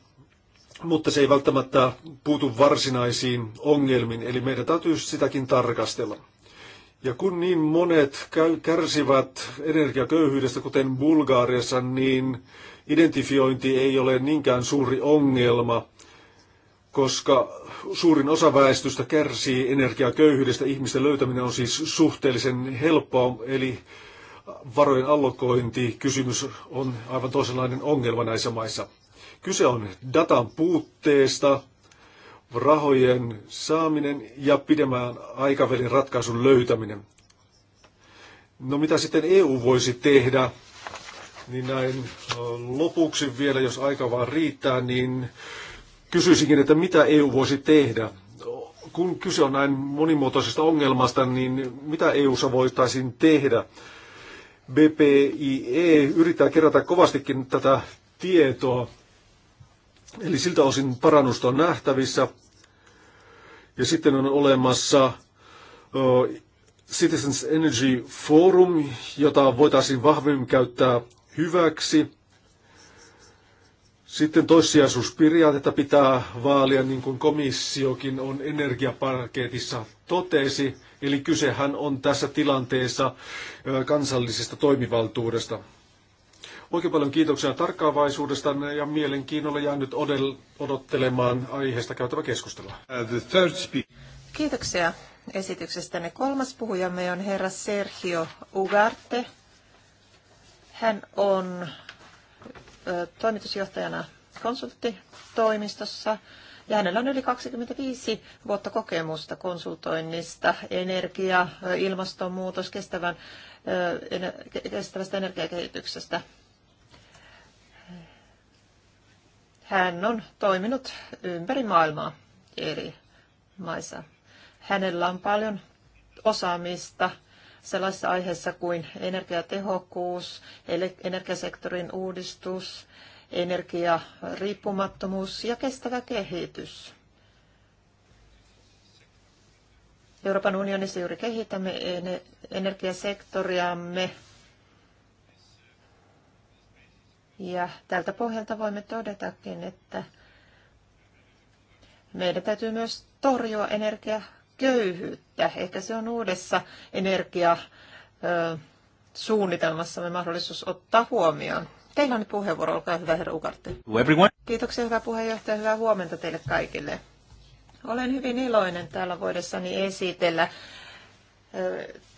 mutta se ei välttämättä puutu varsinaisiin ongelmiin, eli meidän täytyy sitäkin tarkastella. Ja kun niin monet kärsivät energiaköyhyydestä, kuten Bulgaariassa, niin identifiointi ei ole niinkään suuri ongelma, koska suurin osa väestöstä kärsii energiaköyhyydestä. Ihmisten löytäminen on siis suhteellisen helppoa, eli varojen allokointi kysymys on aivan toisenlainen ongelma näissä maissa. Kyse on datan puutteesta, rahojen saaminen ja pidemmän aikavälin ratkaisun löytäminen. No mitä sitten EU voisi tehdä? Niin näin lopuksi vielä, jos aika vaan riittää, niin kysyisinkin, että mitä EU voisi tehdä? Kun kyse on näin monimuotoisesta ongelmasta, niin mitä EUssa voitaisiin tehdä? BPIE yrittää kerätä kovastikin tätä tietoa Eli siltä osin parannusta on nähtävissä. Ja sitten on olemassa Citizens Energy Forum, jota voitaisiin vahvemmin käyttää hyväksi. Sitten toissijaisuusperiaatetta pitää vaalia, niin kuin komissiokin on energiapaketissa totesi. Eli kysehän on tässä tilanteessa kansallisesta toimivaltuudesta. Oikein paljon kiitoksia tarkkaavaisuudesta ja mielenkiinnolla jään nyt odottelemaan aiheesta käytävä keskustelua. Uh, kiitoksia esityksestänne. Kolmas puhujamme on herra Sergio Ugarte. Hän on toimitusjohtajana konsulttitoimistossa ja hänellä on yli 25 vuotta kokemusta konsultoinnista energia, ilmastonmuutos, kestävän, kestävästä energiakehityksestä Hän on toiminut ympäri maailmaa eri maissa. Hänellä on paljon osaamista sellaisissa aiheissa kuin energiatehokkuus, energiasektorin uudistus, energiariippumattomuus ja kestävä kehitys. Euroopan unionissa juuri kehitämme energiasektoriamme Ja tältä pohjalta voimme todetakin, että meidän täytyy myös torjua energiaköyhyyttä. Ehkä se on uudessa suunnitelmassa me mahdollisuus ottaa huomioon. Teillä on nyt puheenvuoro, olkaa hyvä herra Ukartti. Kiitoksia hyvä puheenjohtaja, hyvää huomenta teille kaikille. Olen hyvin iloinen täällä voidessani esitellä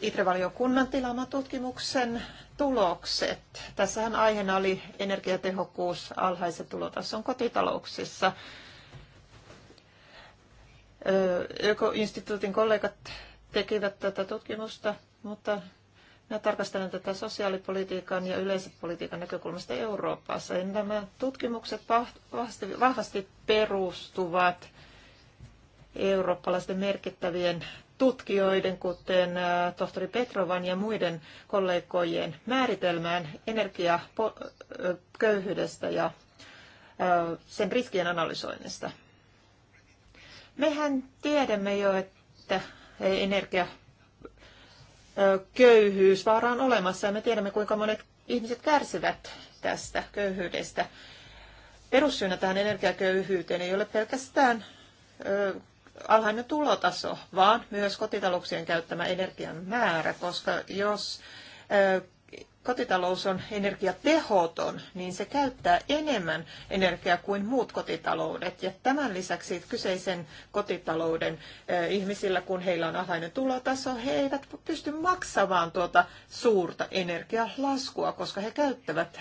ITRE-valiokunnan tilaaman tutkimuksen tulokset. Tässähän aiheena oli energiatehokkuus alhaisen tulotason kotitalouksissa. YK-instituutin kollegat tekivät tätä tutkimusta, mutta minä tarkastelen tätä sosiaalipolitiikan ja yleisen politiikan näkökulmasta Euroopassa. Ja nämä tutkimukset vahvasti perustuvat eurooppalaisten merkittävien tutkijoiden, kuten äh, tohtori Petrovan ja muiden kollegojen määritelmään energiaköyhyydestä äh, ja äh, sen riskien analysoinnista. Mehän tiedämme jo, että energiaköyhyys vaara on olemassa ja me tiedämme, kuinka monet ihmiset kärsivät tästä köyhyydestä. Perussyynä tähän energiaköyhyyteen ei ole pelkästään alhainen tulotaso, vaan myös kotitalouksien käyttämä energian määrä, koska jos kotitalous on energiatehoton, niin se käyttää enemmän energiaa kuin muut kotitaloudet. Ja tämän lisäksi kyseisen kotitalouden ihmisillä, kun heillä on alhainen tulotaso, he eivät pysty maksamaan tuota suurta energialaskua, koska he käyttävät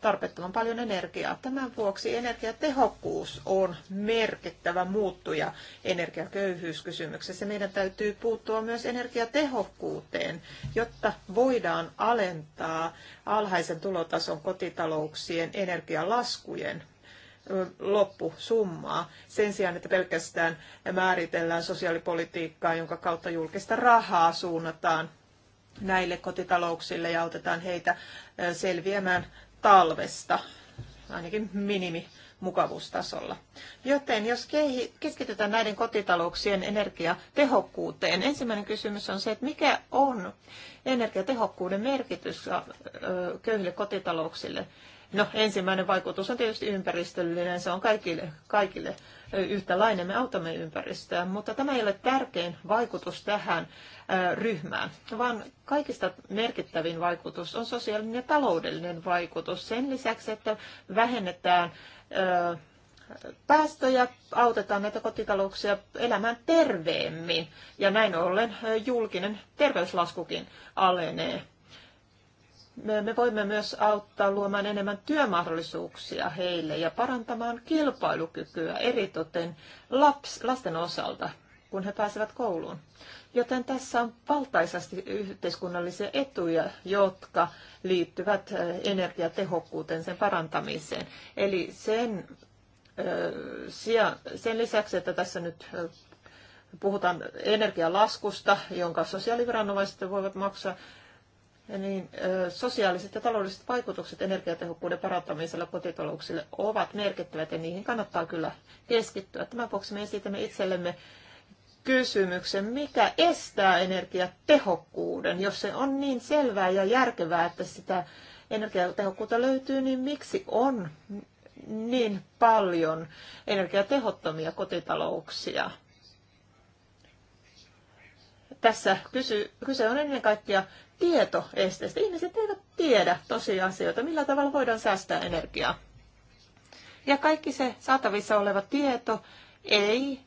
tarpeettoman paljon energiaa. Tämän vuoksi energiatehokkuus on merkittävä muuttuja energiaköyhyyskysymyksessä. Meidän täytyy puuttua myös energiatehokkuuteen, jotta voidaan alentaa alhaisen tulotason kotitalouksien energialaskujen loppusummaa sen sijaan, että pelkästään määritellään sosiaalipolitiikkaa, jonka kautta julkista rahaa suunnataan näille kotitalouksille ja autetaan heitä selviämään talvesta, ainakin minimi mukavuustasolla. Joten jos keskitytään näiden kotitalouksien energiatehokkuuteen, ensimmäinen kysymys on se, että mikä on energiatehokkuuden merkitys köyhille kotitalouksille. No ensimmäinen vaikutus on tietysti ympäristöllinen, se on kaikille, kaikille yhtälainen, me autamme ympäristöä, mutta tämä ei ole tärkein vaikutus tähän ryhmään, vaan kaikista merkittävin vaikutus on sosiaalinen ja taloudellinen vaikutus. Sen lisäksi, että vähennetään päästöjä, autetaan näitä kotitalouksia elämään terveemmin ja näin ollen julkinen terveyslaskukin alenee me voimme myös auttaa luomaan enemmän työmahdollisuuksia heille ja parantamaan kilpailukykyä eritoten laps, lasten osalta, kun he pääsevät kouluun. Joten tässä on valtaisasti yhteiskunnallisia etuja, jotka liittyvät energiatehokkuuteen, sen parantamiseen. Eli sen, sen lisäksi, että tässä nyt puhutaan energialaskusta, jonka sosiaaliviranomaiset voivat maksaa, niin sosiaaliset ja taloudelliset vaikutukset energiatehokkuuden parantamisella kotitalouksille ovat merkittävät ja niihin kannattaa kyllä keskittyä. Tämän vuoksi me esitämme itsellemme kysymyksen, mikä estää energiatehokkuuden, jos se on niin selvää ja järkevää, että sitä energiatehokkuutta löytyy, niin miksi on niin paljon energiatehottomia kotitalouksia? Tässä kysy, kyse on ennen kaikkea Tieto tietoesteestä. Ihmiset eivät tiedä tosiasioita, millä tavalla voidaan säästää energiaa. Ja kaikki se saatavissa oleva tieto ei,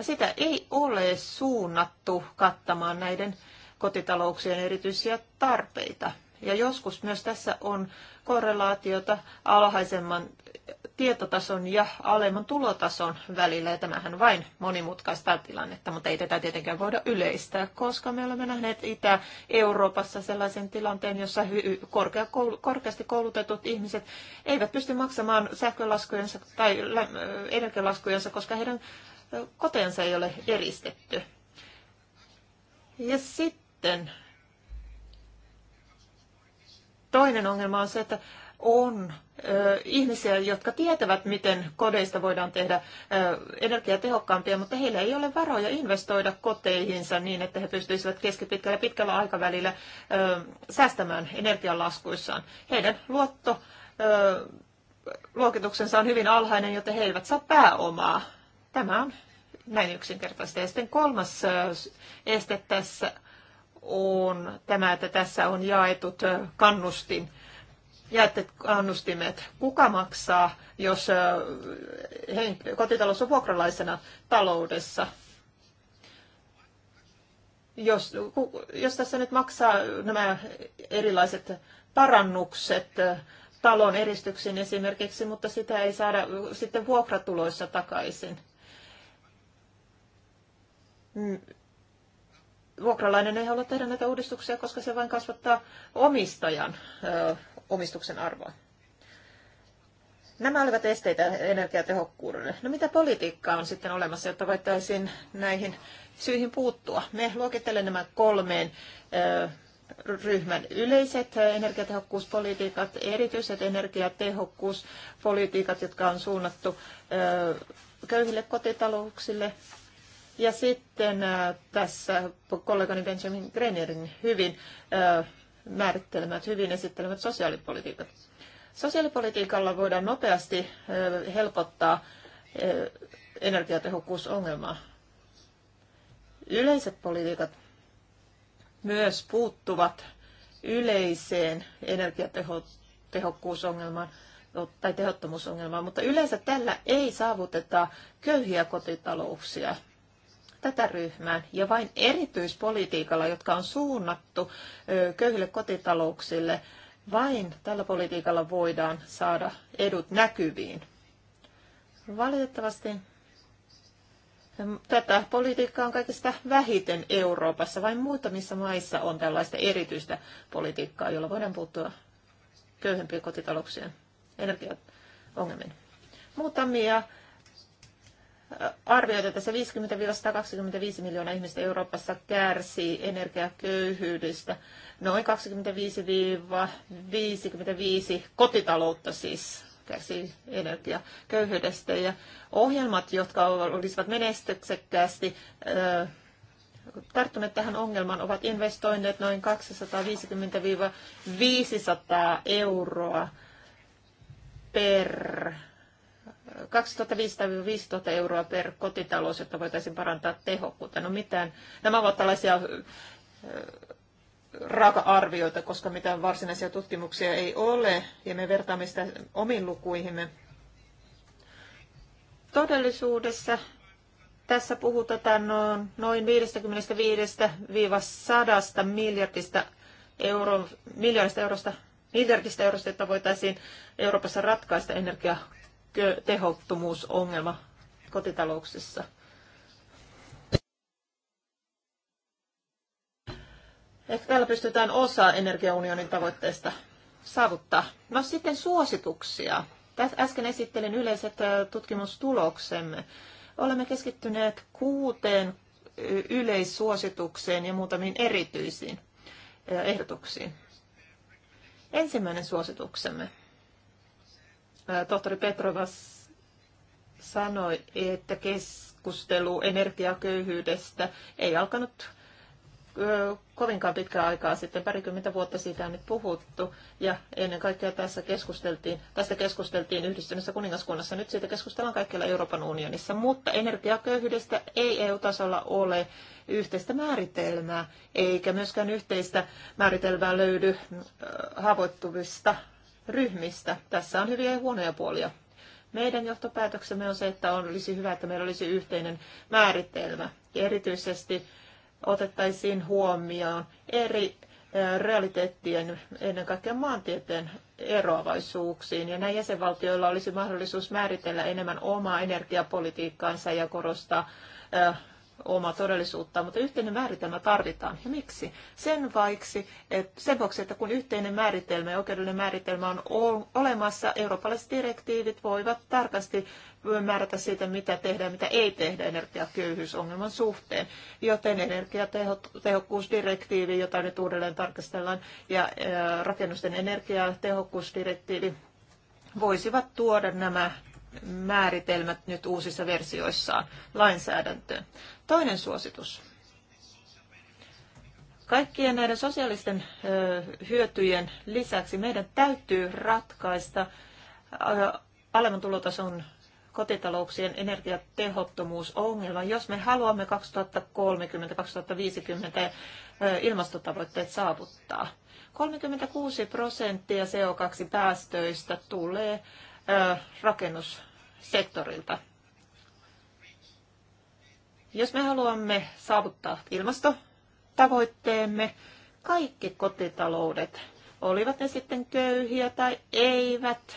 sitä ei ole suunnattu kattamaan näiden kotitalouksien erityisiä tarpeita. Ja joskus myös tässä on korrelaatiota alhaisemman tietotason ja alemman tulotason välillä. Ja tämähän vain monimutkaistaa tilannetta, mutta ei tätä tietenkään voida yleistää, koska me olemme nähneet Itä-Euroopassa sellaisen tilanteen, jossa hy- korkeasti koulutetut ihmiset eivät pysty maksamaan sähkölaskujensa tai energialaskujensa, koska heidän kotensa ei ole eristetty. Ja sitten toinen ongelma on se, että on ihmisiä, jotka tietävät, miten kodeista voidaan tehdä energiatehokkaampia, mutta heillä ei ole varoja investoida koteihinsa niin, että he pystyisivät keskipitkällä ja pitkällä aikavälillä säästämään energialaskuissaan. Heidän luotto luokituksensa on hyvin alhainen, joten he eivät saa pääomaa. Tämä on näin yksinkertaista. Ja sitten kolmas este tässä on tämä, että tässä on jaetut kannustin jaette kannustimet. Kuka maksaa, jos kotitalous on vuokralaisena taloudessa? Jos, jos tässä nyt maksaa nämä erilaiset parannukset talon eristyksiin esimerkiksi, mutta sitä ei saada sitten vuokratuloissa takaisin vuokralainen ei halua tehdä näitä uudistuksia, koska se vain kasvattaa omistajan omistuksen arvoa. Nämä olivat esteitä energiatehokkuudelle. No mitä politiikkaa on sitten olemassa, jotta voitaisiin näihin syihin puuttua? Me luokittelen nämä kolmeen ryhmän yleiset energiatehokkuuspolitiikat, erityiset energiatehokkuuspolitiikat, jotka on suunnattu köyhille kotitalouksille, ja sitten äh, tässä kollegani Benjamin Grenerin hyvin äh, määrittelemät, hyvin esittelemät sosiaalipolitiikat. Sosiaalipolitiikalla voidaan nopeasti äh, helpottaa energiatehokkuusongelmaa. Yleiset politiikat myös puuttuvat yleiseen energiatehokkuusongelmaan tai tehottomuusongelmaan, mutta yleensä tällä ei saavuteta köyhiä kotitalouksia – tätä ryhmää Ja vain erityispolitiikalla, jotka on suunnattu köyhille kotitalouksille, vain tällä politiikalla voidaan saada edut näkyviin. Valitettavasti tätä politiikkaa on kaikista vähiten Euroopassa. Vain muutamissa maissa on tällaista erityistä politiikkaa, jolla voidaan puuttua köyhempien kotitalouksien energiaongelmiin. Muutamia arvioita että 50-125 miljoonaa ihmistä Euroopassa kärsii energiaköyhyydestä. Noin 25-55 kotitaloutta siis kärsii energiaköyhyydestä. Ja ohjelmat, jotka olisivat menestyksekkäästi tarttuneet tähän ongelmaan, ovat investoineet noin 250-500 euroa per 2500-5000 euroa per kotitalous, jotta voitaisiin parantaa tehokkuutta. No mitään. Nämä ovat tällaisia raaka-arvioita, koska mitään varsinaisia tutkimuksia ei ole, ja me vertaamme sitä omiin lukuihimme. Todellisuudessa tässä puhutaan no, noin 55-100 miljardista, euro, miljardista eurosta miljardista eurosta, että voitaisiin Euroopassa ratkaista energia tehottomuusongelma kotitalouksissa. Ehkä täällä pystytään osa energiaunionin tavoitteista saavuttaa. No sitten suosituksia. Tässä äsken esittelin yleiset tutkimustuloksemme. Olemme keskittyneet kuuteen yleissuositukseen ja muutamiin erityisiin ehdotuksiin. Ensimmäinen suosituksemme tohtori Petrovas sanoi, että keskustelu energiaköyhyydestä ei alkanut kovinkaan pitkään aikaa sitten, parikymmentä vuotta siitä on nyt puhuttu, ja ennen kaikkea tässä keskusteltiin, tästä keskusteltiin yhdistyneessä kuningaskunnassa, nyt siitä keskustellaan kaikkialla Euroopan unionissa, mutta energiaköyhyydestä ei EU-tasolla ole yhteistä määritelmää, eikä myöskään yhteistä määritelmää löydy haavoittuvista ryhmistä. Tässä on hyviä ja huonoja puolia. Meidän johtopäätöksemme on se, että on, olisi hyvä, että meillä olisi yhteinen määritelmä. Erityisesti otettaisiin huomioon eri realiteettien, ennen kaikkea maantieteen eroavaisuuksiin. Ja näin jäsenvaltioilla olisi mahdollisuus määritellä enemmän omaa energiapolitiikkaansa ja korostaa omaa todellisuutta, mutta yhteinen määritelmä tarvitaan. Ja miksi? Sen, vaiksi, et, sen vuoksi, että kun yhteinen määritelmä ja oikeudellinen määritelmä on olemassa, eurooppalaiset direktiivit voivat tarkasti määrätä siitä, mitä tehdään ja mitä ei tehdä energiaköyhyysongelman suhteen. Joten energiatehokkuusdirektiivi, jota nyt uudelleen tarkastellaan, ja rakennusten energiatehokkuusdirektiivi voisivat tuoda nämä määritelmät nyt uusissa versioissaan lainsäädäntöön. Toinen suositus. Kaikkien näiden sosiaalisten hyötyjen lisäksi meidän täytyy ratkaista alemman tulotason kotitalouksien energiatehottomuusongelma. Jos me haluamme 2030-2050 ilmastotavoitteet saavuttaa, 36 prosenttia CO2-päästöistä tulee rakennussektorilta. Jos me haluamme saavuttaa ilmastotavoitteemme, kaikki kotitaloudet, olivat ne sitten köyhiä tai eivät,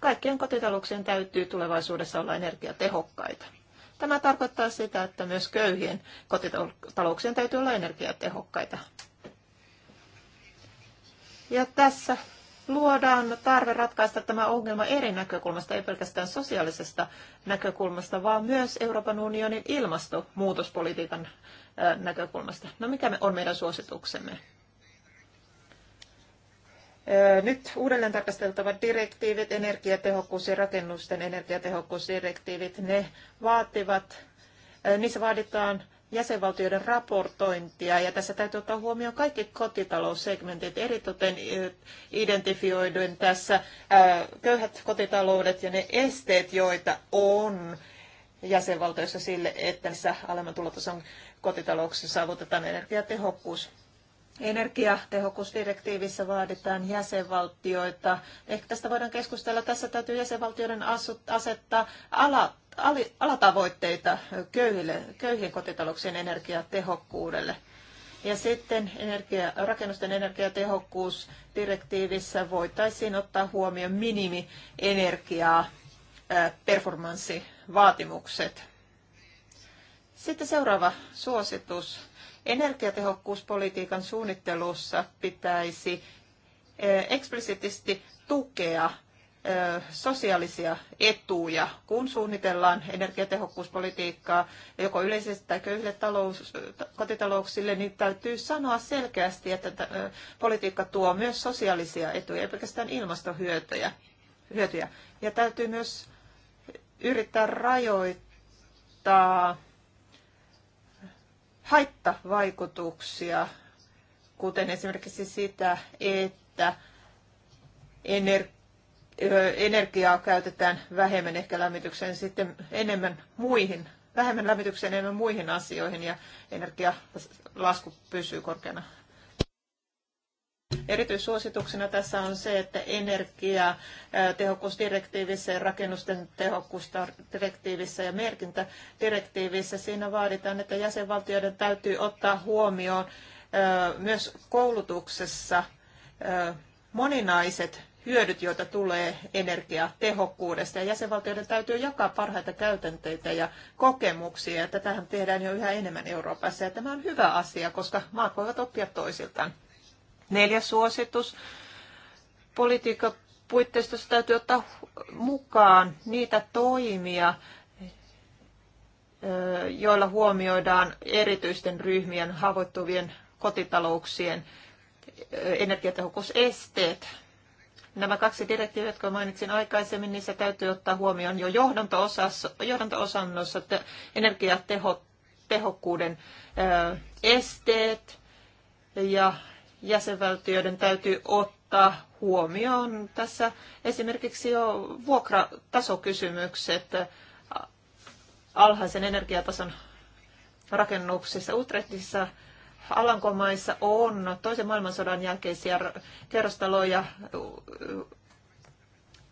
kaikkien kotitalouksien täytyy tulevaisuudessa olla energiatehokkaita. Tämä tarkoittaa sitä, että myös köyhien kotitalouksien täytyy olla energiatehokkaita. Ja tässä luodaan tarve ratkaista tämä ongelma eri näkökulmasta, ei pelkästään sosiaalisesta näkökulmasta, vaan myös Euroopan unionin ilmastonmuutospolitiikan näkökulmasta. No mikä on meidän suosituksemme? Nyt uudelleen tarkasteltavat direktiivit, energiatehokkuus ja rakennusten energiatehokkuusdirektiivit, ne vaativat, niissä vaaditaan jäsenvaltioiden raportointia ja tässä täytyy ottaa huomioon kaikki kotitaloussegmentit, eritoten identifioiduin tässä köyhät kotitaloudet ja ne esteet, joita on jäsenvaltioissa sille, että niissä alemman tulotason kotitalouksissa saavutetaan energiatehokkuus. Energiatehokkuusdirektiivissä vaaditaan jäsenvaltioita. Ehkä tästä voidaan keskustella. Tässä täytyy jäsenvaltioiden asettaa alat alatavoitteita köyhille, köyhien kotitalouksien energiatehokkuudelle. Ja sitten energia, rakennusten energiatehokkuusdirektiivissä voitaisiin ottaa huomioon minimienergiaa, performanssivaatimukset. Sitten seuraava suositus. Energiatehokkuuspolitiikan suunnittelussa pitäisi eksplisiittisesti tukea sosiaalisia etuja, kun suunnitellaan energiatehokkuuspolitiikkaa joko yleisesti tai köyhille talous, kotitalouksille, niin täytyy sanoa selkeästi, että politiikka tuo myös sosiaalisia etuja, ei pelkästään ilmastohyötyjä. Hyötyjä. Ja täytyy myös yrittää rajoittaa haittavaikutuksia, kuten esimerkiksi sitä, että energia energiaa käytetään vähemmän ehkä lämmitykseen sitten enemmän muihin, vähemmän lämmitykseen enemmän muihin asioihin ja energialasku pysyy korkeana. Erityissuosituksena tässä on se, että energiatehokkuusdirektiivissä ja rakennusten tehokkuusdirektiivissä ja merkintädirektiivissä siinä vaaditaan, että jäsenvaltioiden täytyy ottaa huomioon myös koulutuksessa moninaiset hyödyt, joita tulee energiatehokkuudesta. Ja jäsenvaltioiden täytyy jakaa parhaita käytänteitä ja kokemuksia. Ja tätähän tehdään jo yhä enemmän Euroopassa. Ja tämä on hyvä asia, koska maat voivat oppia toisiltaan. Neljäs suositus. Politiikka puitteistossa täytyy ottaa mukaan niitä toimia, joilla huomioidaan erityisten ryhmien, haavoittuvien kotitalouksien energiatehokkuusesteet Nämä kaksi direktiiviä, jotka mainitsin aikaisemmin, niissä täytyy ottaa huomioon jo johdanto-osannossa energiatehokkuuden esteet ja jäsenvaltioiden täytyy ottaa huomioon tässä esimerkiksi jo vuokratasokysymykset alhaisen energiatason rakennuksissa. Utrechtissa Alankomaissa on toisen maailmansodan jälkeisiä kerrostaloja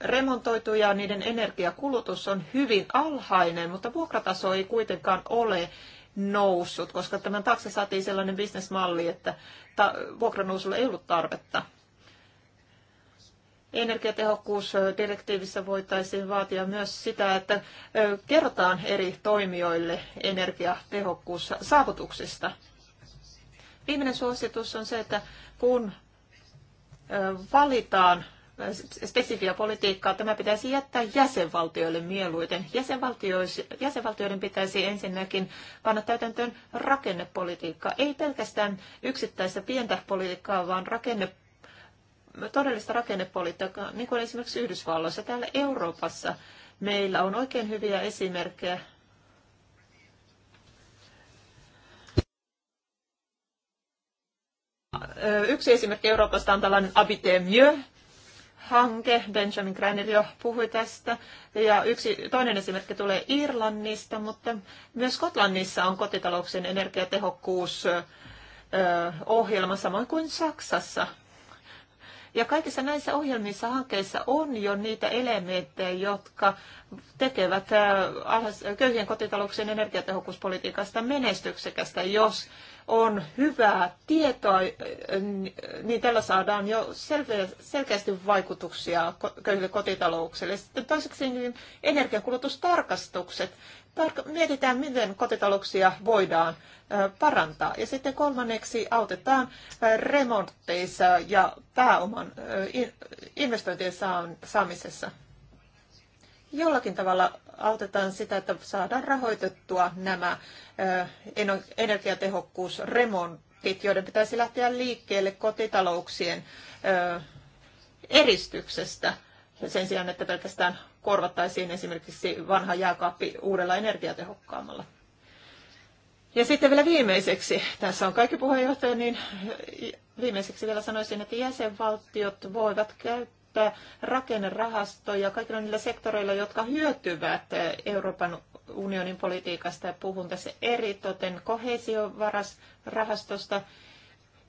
remontoitu ja niiden energiakulutus on hyvin alhainen, mutta vuokrataso ei kuitenkaan ole noussut, koska tämän taakse saatiin sellainen bisnesmalli, että ta- ei ollut tarvetta. Energiatehokkuusdirektiivissä voitaisiin vaatia myös sitä, että kerrotaan eri toimijoille energiatehokkuussaavutuksista. Viimeinen suositus on se, että kun valitaan spesifiä politiikkaa, tämä pitäisi jättää jäsenvaltioille mieluiten. Jäsenvaltioiden pitäisi ensinnäkin panna täytäntöön rakennepolitiikkaa, ei pelkästään yksittäistä pientä politiikkaa, vaan rakenne, todellista rakennepolitiikkaa, niin kuin esimerkiksi Yhdysvalloissa, täällä Euroopassa. Meillä on oikein hyviä esimerkkejä Yksi esimerkki Euroopasta on tällainen Abitemio, hanke, Benjamin Graner jo puhui tästä, ja yksi toinen esimerkki tulee Irlannista, mutta myös Skotlannissa on kotitalouksien energiatehokkuusohjelma, samoin kuin Saksassa. Ja kaikissa näissä ohjelmissa hankkeissa on jo niitä elementtejä, jotka tekevät köyhien kotitalouksien energiatehokkuuspolitiikasta menestyksekästä, jos on hyvää tietoa, niin tällä saadaan jo selkeä, selkeästi vaikutuksia köyhille kotitalouksille. Sitten toiseksi niin energiakulutustarkastukset. Tark- mietitään, miten kotitalouksia voidaan parantaa. Ja sitten kolmanneksi autetaan remontteissa ja pääoman investointien saamisessa jollakin tavalla autetaan sitä, että saadaan rahoitettua nämä energiatehokkuusremontit, joiden pitäisi lähteä liikkeelle kotitalouksien eristyksestä sen sijaan, että pelkästään korvattaisiin esimerkiksi vanha jääkaappi uudella energiatehokkaammalla. Ja sitten vielä viimeiseksi, tässä on kaikki puheenjohtaja, niin viimeiseksi vielä sanoisin, että jäsenvaltiot voivat käyttää että rakennerahastoja kaikilla niillä sektoreilla, jotka hyötyvät Euroopan unionin politiikasta. Ja puhun tässä eritoten kohesiovarasrahastosta,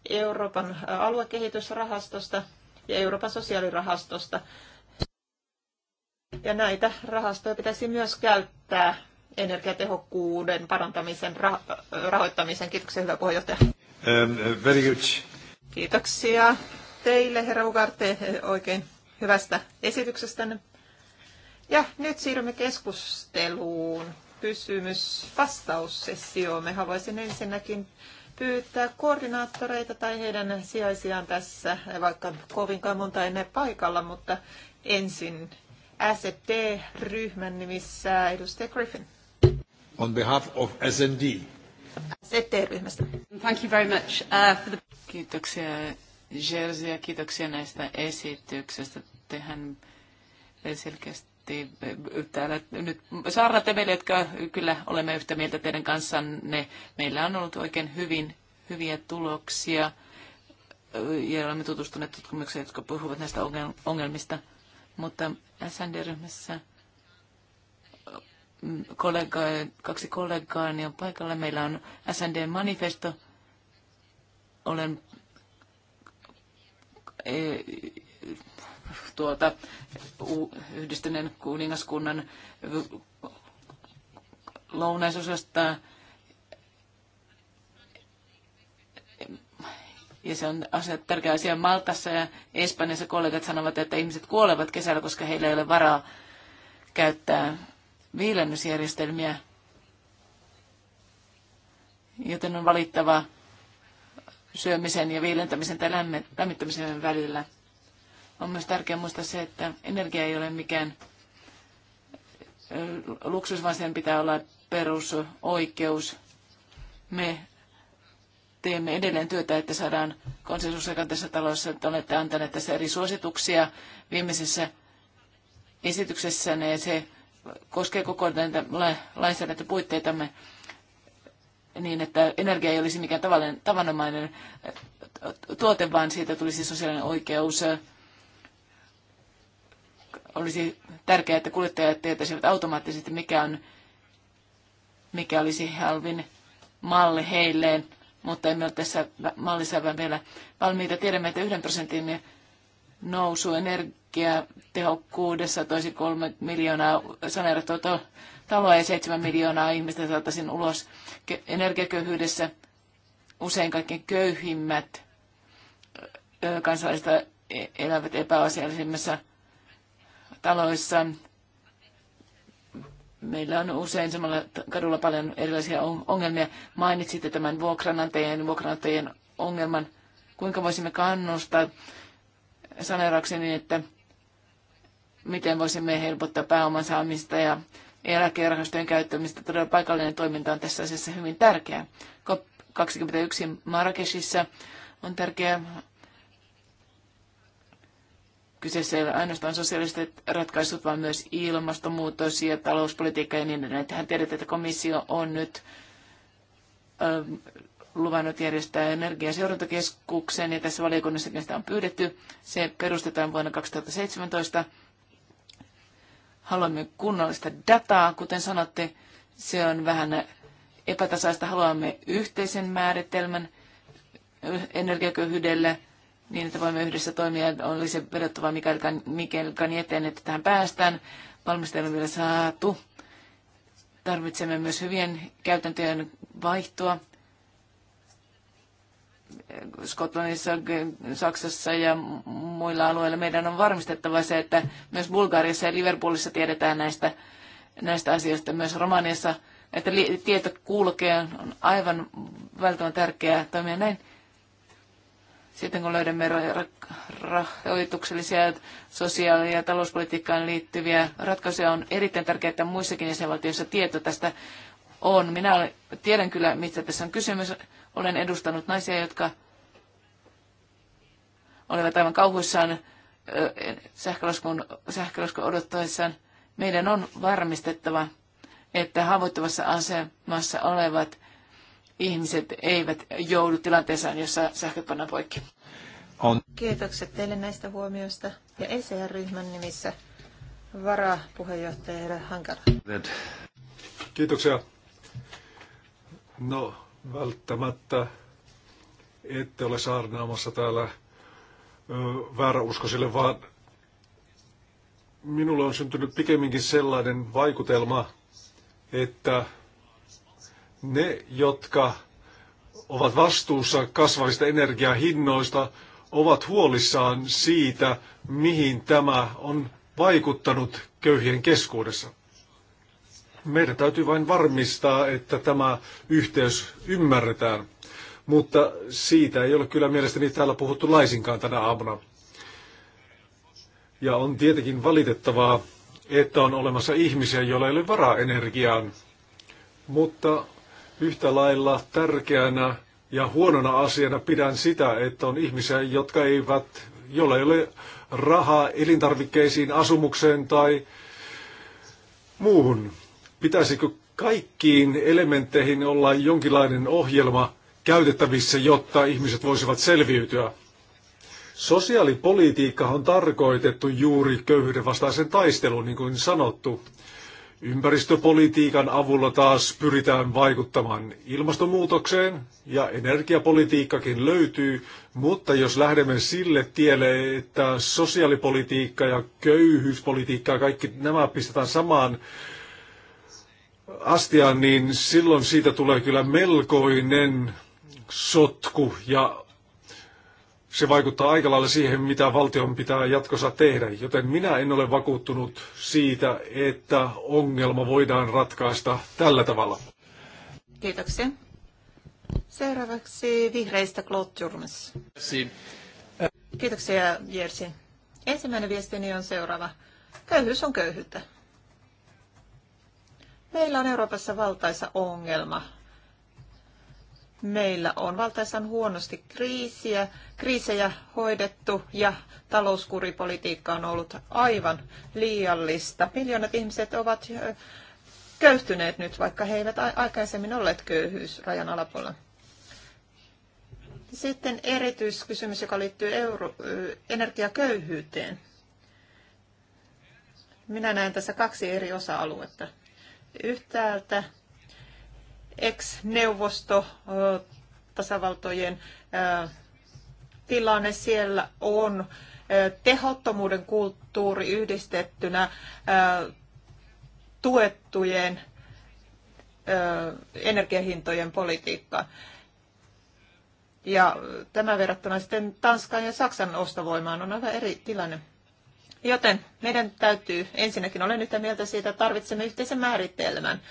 Euroopan aluekehitysrahastosta ja Euroopan sosiaalirahastosta. Ja näitä rahastoja pitäisi myös käyttää energiatehokkuuden parantamisen rah- rahoittamiseen. Kiitoksia, hyvä puheenjohtaja. Um, very good. Kiitoksia teille, herra Ugarte, oikein hyvästä esityksestänne. Ja nyt siirrymme keskusteluun. Kysymys-vastaussessio. Me haluaisin ensinnäkin pyytää koordinaattoreita tai heidän sijaisiaan tässä, vaikka kovinkaan monta ei paikalla, mutta ensin SD-ryhmän nimissä edustaja Griffin. On behalf of SD. SD-ryhmästä. Thank you very much, uh, for the... Kiitoksia Jersey, ja kiitoksia näistä esityksestä. Tehän selkeästi täällä nyt saarnatte meille, jotka kyllä olemme yhtä mieltä teidän kanssanne. Meillä on ollut oikein hyvin, hyviä tuloksia ja olemme tutustuneet tutkimuksiin, jotka puhuvat näistä ongelmista. Mutta SND-ryhmässä kollega, kaksi kollegaa niin on paikalla. Meillä on SND-manifesto. Olen E, tuota, yhdistyneen kuningaskunnan lounaisosasta. Ja se on asia, tärkeä asia Maltassa ja Espanjassa kollegat sanovat, että ihmiset kuolevat kesällä, koska heillä ei ole varaa käyttää viilennysjärjestelmiä. Joten on valittava syömisen ja viilentämisen tai lämmittämisen välillä. On myös tärkeää muistaa se, että energia ei ole mikään luksus, vaan sen pitää olla perusoikeus. Me teemme edelleen työtä, että saadaan konsensus tässä talossa, että olette antaneet tässä eri suosituksia viimeisessä esityksessä, ja se koskee koko näitä lainsäädäntöpuitteitamme niin, että energia ei olisi mikään tavallinen, tavanomainen eh, tuote, vaan siitä tulisi sosiaalinen oikeus. Olisi tärkeää, että kuluttajat tietäisivät automaattisesti, mikä, on, mikä olisi halvin malli heilleen, mutta emme ole tässä mallissa vielä valmiita. Tiedämme, että yhden prosentin nousu energiatehokkuudessa toisi kolme miljoonaa saneerattua taloa ja seitsemän miljoonaa ihmistä saataisiin ulos energiaköyhyydessä. Usein kaikkein köyhimmät kansalaiset elävät epäasiallisimmissa taloissa. Meillä on usein samalla kadulla paljon erilaisia ongelmia. Mainitsitte tämän vuokranantajien, vuokranantajien ongelman. Kuinka voisimme kannustaa saneeraukseni, niin, että miten voisimme helpottaa pääoman saamista ja eläkerahastojen käyttämistä. Todella paikallinen toiminta on tässä asiassa hyvin tärkeää. COP21 Marrakeshissa on tärkeää. Kyseessä ei ole ainoastaan sosiaaliset ratkaisut, vaan myös ilmastonmuutos ja talouspolitiikka ja niin edelleen. Tähän tiedetään, että komissio on nyt ähm, luvannut järjestää energiaseurantakeskuksen ja tässä valiokunnassakin sitä on pyydetty. Se perustetaan vuonna 2017 Haluamme kunnollista dataa, kuten sanotte, se on vähän epätasaista. Haluamme yhteisen määritelmän energiaköyhyydelle niin, että voimme yhdessä toimia. Oli se vedottava Mikael eteen, että tähän päästään. Valmistelu vielä saatu. Tarvitsemme myös hyvien käytäntöjen vaihtoa Skotlannissa, Saksassa ja muilla alueilla meidän on varmistettava se, että myös Bulgariassa ja Liverpoolissa tiedetään näistä, näistä asioista, myös Romaniassa, että tieto kulkee on aivan välttämättä tärkeää toimia näin. Sitten kun löydämme rahoituksellisia sosiaali- ja talouspolitiikkaan liittyviä ratkaisuja, on erittäin tärkeää, että muissakin jäsenvaltioissa tieto tästä on. Minä tiedän kyllä, mistä tässä on kysymys. Olen edustanut naisia, jotka olivat aivan kauhuissaan sähkölaskun, sähkölaskun odottaessaan. Meidän on varmistettava, että haavoittuvassa asemassa olevat ihmiset eivät joudu tilanteeseen, jossa sähköt pannaan poikki. On. Kiitokset teille näistä huomioista ja ECR-ryhmän nimissä varapuheenjohtaja Hankala. Kiitoksia. No, Välttämättä ette ole saarnaamassa täällä vääräuskoisille, vaan minulle on syntynyt pikemminkin sellainen vaikutelma, että ne, jotka ovat vastuussa kasvavista energiahinnoista, ovat huolissaan siitä, mihin tämä on vaikuttanut köyhien keskuudessa. Meidän täytyy vain varmistaa, että tämä yhteys ymmärretään, mutta siitä ei ole kyllä mielestäni täällä puhuttu laisinkaan tänä aamuna. Ja on tietenkin valitettavaa, että on olemassa ihmisiä, joilla ei ole varaa energiaan, mutta yhtä lailla tärkeänä ja huonona asiana pidän sitä, että on ihmisiä, jotka eivät, joilla ei ole rahaa elintarvikkeisiin, asumukseen tai muuhun. Pitäisikö kaikkiin elementteihin olla jonkinlainen ohjelma käytettävissä, jotta ihmiset voisivat selviytyä? Sosiaalipolitiikka on tarkoitettu juuri köyhyyden vastaisen taisteluun, niin kuin sanottu. Ympäristöpolitiikan avulla taas pyritään vaikuttamaan ilmastonmuutokseen ja energiapolitiikkakin löytyy, mutta jos lähdemme sille tielle, että sosiaalipolitiikka ja köyhyyspolitiikka ja kaikki nämä pistetään samaan astia, niin silloin siitä tulee kyllä melkoinen sotku ja se vaikuttaa aika lailla siihen, mitä valtion pitää jatkossa tehdä. Joten minä en ole vakuuttunut siitä, että ongelma voidaan ratkaista tällä tavalla. Kiitoksia. Seuraavaksi vihreistä Claude Turmes. Kiitoksia Jersi. Ensimmäinen viestini on seuraava. Köyhyys on köyhyyttä. Meillä on Euroopassa valtaisa ongelma. Meillä on valtaisan huonosti kriisiä, kriisejä hoidettu ja talouskuripolitiikka on ollut aivan liiallista. Miljoonat ihmiset ovat köyhtyneet nyt, vaikka he eivät aikaisemmin olleet köyhyysrajan alapuolella. Sitten erityiskysymys, joka liittyy euro, energiaköyhyyteen. Minä näen tässä kaksi eri osa-aluetta. Yhtäältä ex-neuvosto tasavaltojen tilanne siellä on tehottomuuden kulttuuri yhdistettynä tuettujen energiahintojen politiikkaan. Ja tämä verrattuna sitten Tanskan ja Saksan ostovoimaan on aivan eri tilanne. Joten meidän täytyy, ensinnäkin olen yhtä mieltä siitä, että tarvitsemme yhteisen määritelmän.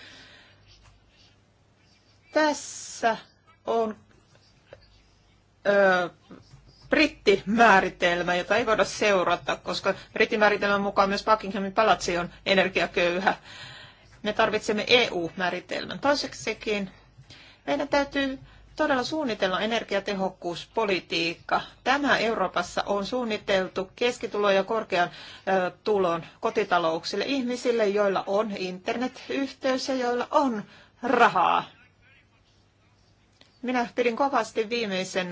Tässä on ö, brittimääritelmä, jota ei voida seurata, koska brittimääritelmän mukaan myös Buckinghamin palatsi on energiaköyhä. Me tarvitsemme EU-määritelmän. Toiseksikin meidän täytyy todella suunnitella energiatehokkuuspolitiikka. Tämä Euroopassa on suunniteltu keskitulo- ja korkean tulon kotitalouksille, ihmisille, joilla on internetyhteys ja joilla on rahaa. Minä pidin kovasti viimeisen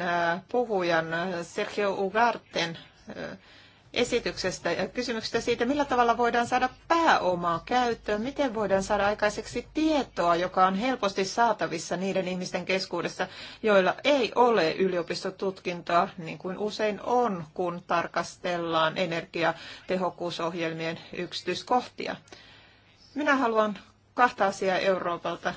puhujan Sergio Ugarten esityksestä ja kysymyksestä siitä, millä tavalla voidaan saada pääomaa käyttöön, miten voidaan saada aikaiseksi tietoa, joka on helposti saatavissa niiden ihmisten keskuudessa, joilla ei ole yliopistotutkintoa, niin kuin usein on, kun tarkastellaan energiatehokkuusohjelmien yksityiskohtia. Minä haluan kahta asiaa Euroopalta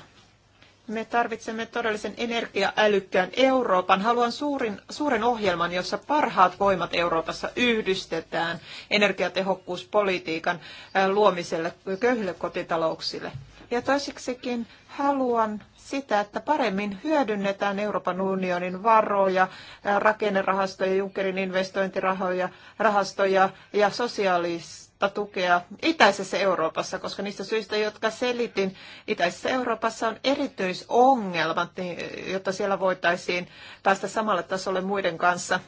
me tarvitsemme todellisen energiaälykkään Euroopan. Haluan suurin, suuren ohjelman, jossa parhaat voimat Euroopassa yhdistetään energiatehokkuuspolitiikan äh, luomiselle köyhille kotitalouksille. Ja toiseksikin haluan sitä, että paremmin hyödynnetään Euroopan unionin varoja, äh, rakennerahastoja, Junckerin investointirahoja rahastoja ja sosiaalista uutta tukea itäisessä Euroopassa, koska niistä syistä, jotka selitin, itäisessä Euroopassa on erityisongelmat, jotta siellä voitaisiin päästä samalle tasolle muiden kanssa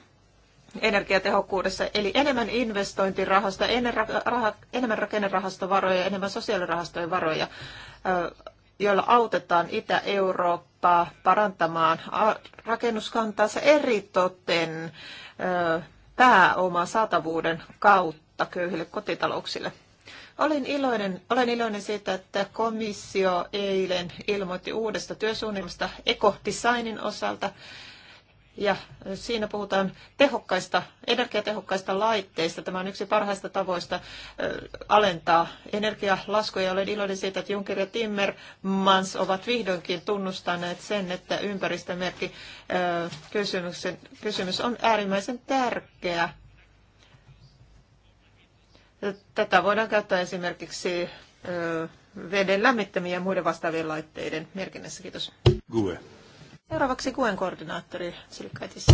energiatehokkuudessa, eli enemmän investointirahasta, enemmän rakennerahastovaroja, enemmän sosiaalirahastojen varoja, joilla autetaan Itä-Eurooppaa parantamaan rakennuskantaansa eritoten pääoman saatavuuden kautta kautta köyhille kotitalouksille. Olen iloinen, olen iloinen siitä, että komissio eilen ilmoitti uudesta työsuunnitelmasta ekodesignin osalta. Ja siinä puhutaan tehokkaista, energiatehokkaista laitteista. Tämä on yksi parhaista tavoista alentaa energialaskuja. Olen iloinen siitä, että Juncker ja Timmermans ovat vihdoinkin tunnustaneet sen, että ympäristömerkki kysymys on äärimmäisen tärkeä Tätä voidaan käyttää esimerkiksi veden lämmittämien ja muiden vastaavien laitteiden merkinnässä. Kiitos. Gue. Seuraavaksi Guen koordinaattori Silkkaitis.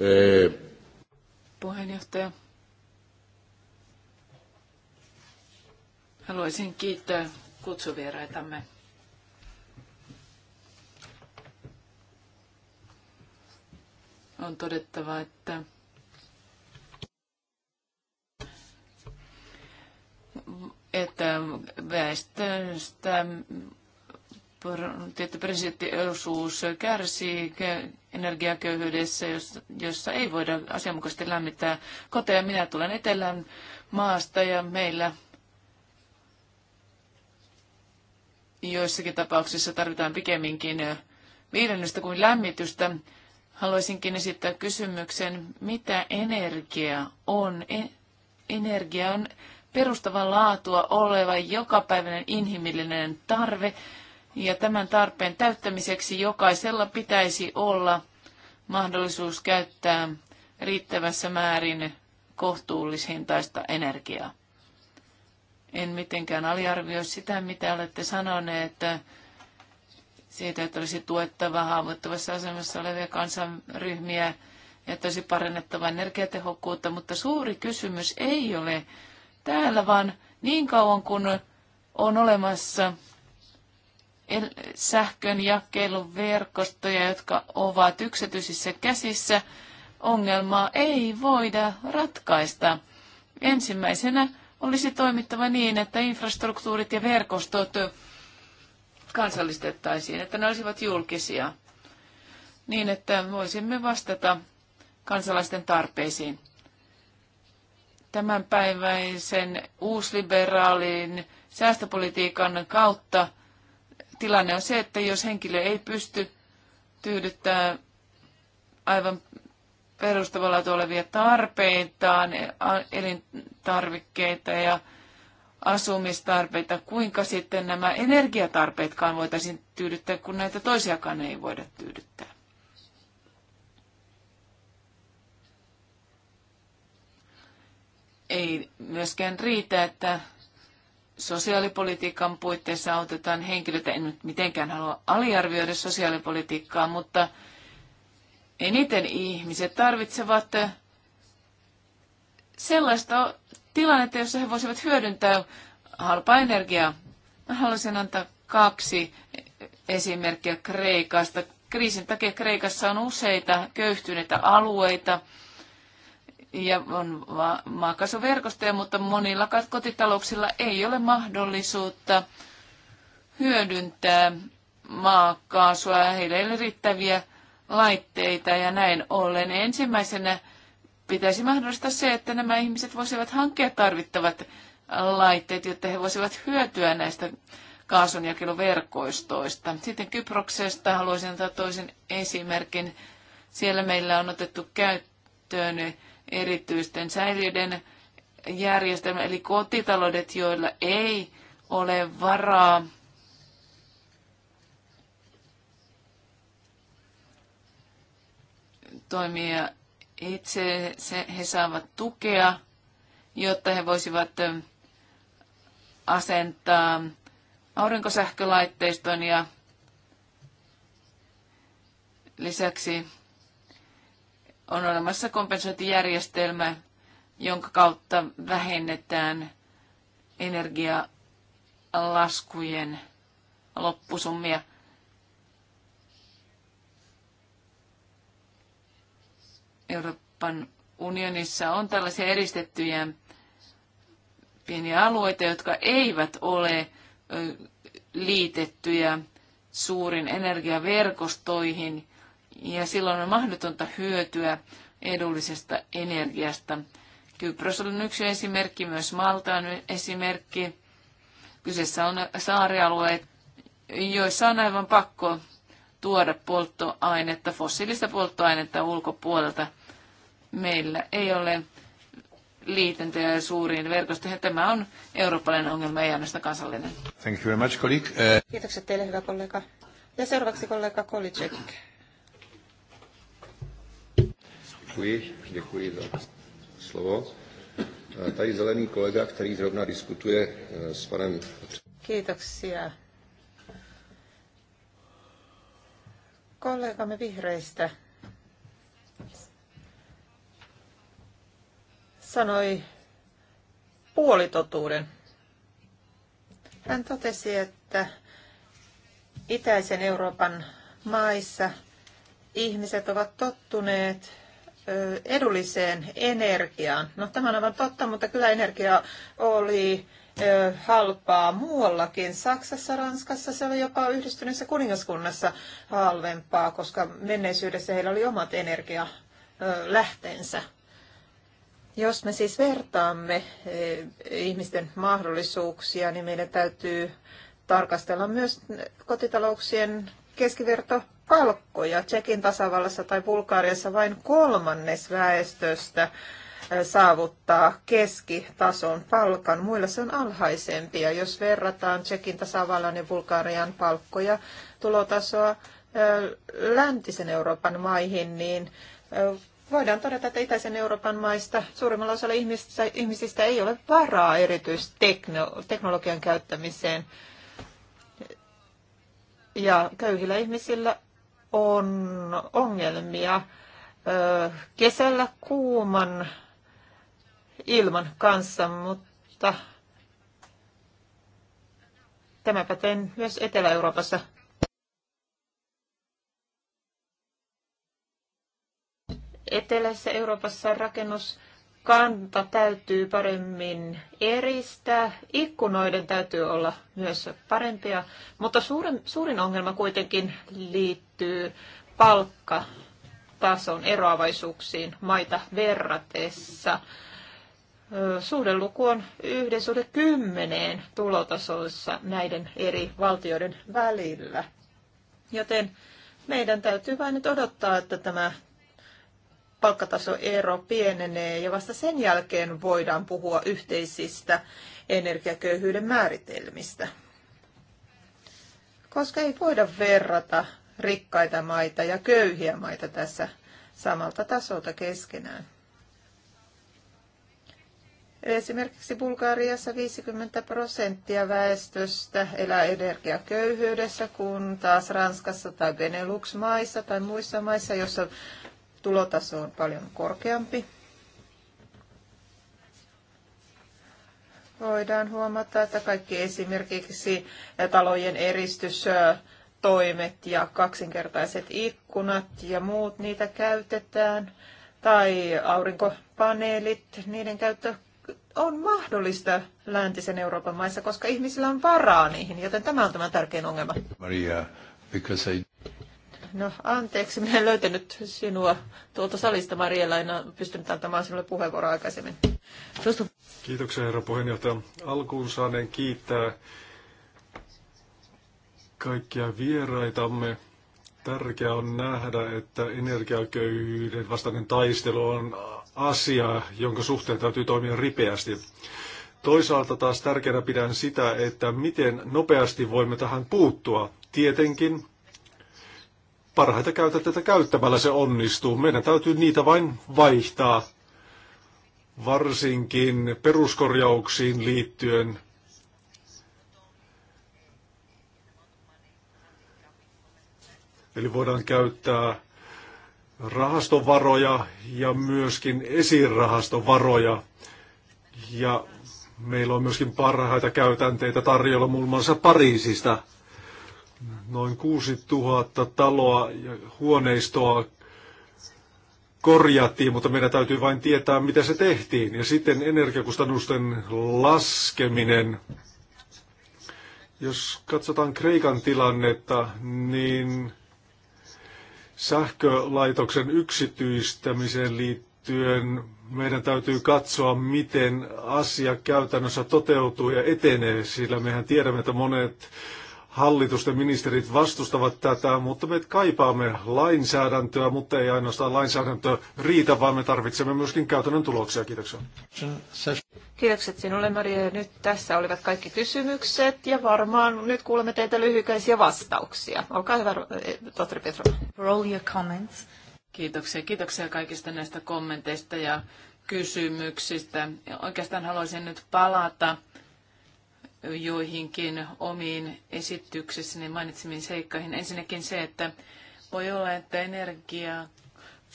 Eh. Puheenjohtaja. Haluaisin kiittää kutsuvieraitamme. On todettava, että että väestöstä tietty presidenttiosuus kärsii energiaköyhyydessä, jossa ei voida asianmukaisesti lämmittää koteja. Minä tulen etelän maasta ja meillä joissakin tapauksissa tarvitaan pikemminkin viidennystä kuin lämmitystä. Haluaisinkin esittää kysymyksen, mitä energia on? E- energia on perustavan laatua oleva jokapäiväinen inhimillinen tarve, ja tämän tarpeen täyttämiseksi jokaisella pitäisi olla mahdollisuus käyttää riittävässä määrin kohtuullishintaista energiaa. En mitenkään aliarvioi sitä, mitä olette sanoneet, että siitä, että olisi tuettava haavoittuvassa asemassa olevia kansanryhmiä ja että olisi parannettava energiatehokkuutta, mutta suuri kysymys ei ole täällä, vaan niin kauan kun on olemassa sähkön jakelun verkostoja, jotka ovat yksityisissä käsissä, ongelmaa ei voida ratkaista. Ensimmäisenä olisi toimittava niin, että infrastruktuurit ja verkostot kansallistettaisiin, että ne olisivat julkisia, niin että voisimme vastata kansalaisten tarpeisiin tämänpäiväisen uusliberaalin säästöpolitiikan kautta tilanne on se, että jos henkilö ei pysty tyydyttämään aivan perustavalla olevia tarpeitaan, elintarvikkeita ja asumistarpeita, kuinka sitten nämä energiatarpeetkaan voitaisiin tyydyttää, kun näitä toisiakaan ei voida tyydyttää. Ei myöskään riitä, että sosiaalipolitiikan puitteissa autetaan henkilöitä. En nyt mitenkään halua aliarvioida sosiaalipolitiikkaa, mutta eniten ihmiset tarvitsevat sellaista tilannetta, jossa he voisivat hyödyntää halpaa energiaa. Mä haluaisin antaa kaksi esimerkkiä Kreikasta. Kriisin takia Kreikassa on useita köyhtyneitä alueita, ja on va- maakaasuverkostoja, mutta monilla kotitalouksilla ei ole mahdollisuutta hyödyntää maakaasua. Heillä ei ole riittäviä laitteita ja näin ollen. Ensimmäisenä pitäisi mahdollistaa se, että nämä ihmiset voisivat hankkia tarvittavat laitteet, jotta he voisivat hyötyä näistä kaasunjakeluverkoistoista. Sitten Kyproksesta haluaisin antaa toisen esimerkin. Siellä meillä on otettu käyttöön erityisten säiliöiden järjestelmä, eli kotitaloudet, joilla ei ole varaa toimia itse, se, he saavat tukea, jotta he voisivat asentaa aurinkosähkölaitteiston ja lisäksi on olemassa kompensointijärjestelmä, jonka kautta vähennetään energialaskujen loppusummia. Euroopan unionissa on tällaisia eristettyjä pieniä alueita, jotka eivät ole liitettyjä suurin energiaverkostoihin, ja silloin on mahdotonta hyötyä edullisesta energiasta. Kypros on yksi esimerkki, myös Malta on esimerkki. Kyseessä on saarialueet, joissa on aivan pakko tuoda polttoainetta, fossiilista polttoainetta ulkopuolelta. Meillä ei ole liitäntöjä suuriin verkostoihin. Tämä on eurooppalainen ongelma, ei ainoastaan kansallinen. Thank you very much, colleague. Eh. Kiitokset teille, hyvä kollega. Ja seuraavaksi kollega Kolicek. Děkuji, děkuji za slovo. E, tady zelený kolega, který zrovna diskutuje e, s panem... Kiitoksia. Kollegamme vihreistä sanoi puolitotuuden. Hän totesi, että itäisen Euroopan maissa ihmiset ovat tottuneet edulliseen energiaan. No tämä on aivan totta, mutta kyllä energia oli halpaa muuallakin. Saksassa, Ranskassa, se oli jopa yhdistyneessä kuningaskunnassa halvempaa, koska menneisyydessä heillä oli omat energialähteensä. Jos me siis vertaamme ihmisten mahdollisuuksia, niin meidän täytyy tarkastella myös kotitalouksien keskiverto palkkoja. Tsekin tasavallassa tai Bulgaariassa vain kolmannes väestöstä saavuttaa keskitason palkan. Muilla se on alhaisempi. Ja jos verrataan Tsekin tasavallan ja Bulgaarian palkkoja, tulotasoa läntisen Euroopan maihin, niin voidaan todeta, että itäisen Euroopan maista suurimmalla osalla ihmisistä, ihmisistä ei ole varaa erityisteknologian käyttämiseen. Ja köyhillä ihmisillä on ongelmia kesällä kuuman ilman kanssa, mutta tämä pätee myös Etelä-Euroopassa. Etelässä Euroopassa rakennus kanta täytyy paremmin eristää. Ikkunoiden täytyy olla myös parempia, mutta suurin, suurin ongelma kuitenkin liittyy palkkatason eroavaisuuksiin maita verratessa. Suhdeluku on yhden suhde kymmeneen tulotasoissa näiden eri valtioiden välillä. Joten meidän täytyy vain nyt odottaa, että tämä palkkatasoero pienenee ja vasta sen jälkeen voidaan puhua yhteisistä energiaköyhyyden määritelmistä. Koska ei voida verrata rikkaita maita ja köyhiä maita tässä samalta tasolta keskenään. Esimerkiksi Bulgariassa 50 prosenttia väestöstä elää energiaköyhyydessä, kun taas Ranskassa tai Benelux-maissa tai muissa maissa, joissa tulotaso on paljon korkeampi. Voidaan huomata, että kaikki esimerkiksi talojen eristystoimet ja kaksinkertaiset ikkunat ja muut, niitä käytetään. Tai aurinkopaneelit, niiden käyttö on mahdollista läntisen Euroopan maissa, koska ihmisillä on varaa niihin, joten tämä on tämä tärkein ongelma. Maria, because I... No anteeksi, minä en löytänyt sinua tuolta salista, Mariella, en pystynyt antamaan sinulle puheenvuoroa aikaisemmin. Kiitoksia herra puheenjohtaja. Alkuun saaneen kiittää kaikkia vieraitamme. Tärkeää on nähdä, että energiaköyhyyden vastainen taistelu on asia, jonka suhteen täytyy toimia ripeästi. Toisaalta taas tärkeänä pidän sitä, että miten nopeasti voimme tähän puuttua. Tietenkin parhaita käytänteitä käyttämällä se onnistuu. Meidän täytyy niitä vain vaihtaa, varsinkin peruskorjauksiin liittyen. Eli voidaan käyttää rahastovaroja ja myöskin esirahastovaroja. Ja meillä on myöskin parhaita käytänteitä tarjolla muun muassa Pariisista – noin 6000 taloa ja huoneistoa korjattiin, mutta meidän täytyy vain tietää, mitä se tehtiin. Ja sitten energiakustannusten laskeminen. Jos katsotaan Kreikan tilannetta, niin sähkölaitoksen yksityistämiseen liittyen meidän täytyy katsoa, miten asia käytännössä toteutuu ja etenee, sillä mehän tiedämme, että monet hallitusten ministerit vastustavat tätä, mutta me kaipaamme lainsäädäntöä, mutta ei ainoastaan lainsäädäntöä riitä, vaan me tarvitsemme myöskin käytännön tuloksia. Kiitoksia. Kiitokset sinulle, Maria. Nyt tässä olivat kaikki kysymykset ja varmaan nyt kuulemme teiltä lyhykäisiä vastauksia. Olkaa hyvä, eh, tohtori Petro. For all your comments. Kiitoksia. Kiitoksia kaikista näistä kommenteista ja kysymyksistä. Oikeastaan haluaisin nyt palata joihinkin omiin esityksessäni mainitsemiin seikkoihin. Ensinnäkin se, että voi olla, että energia,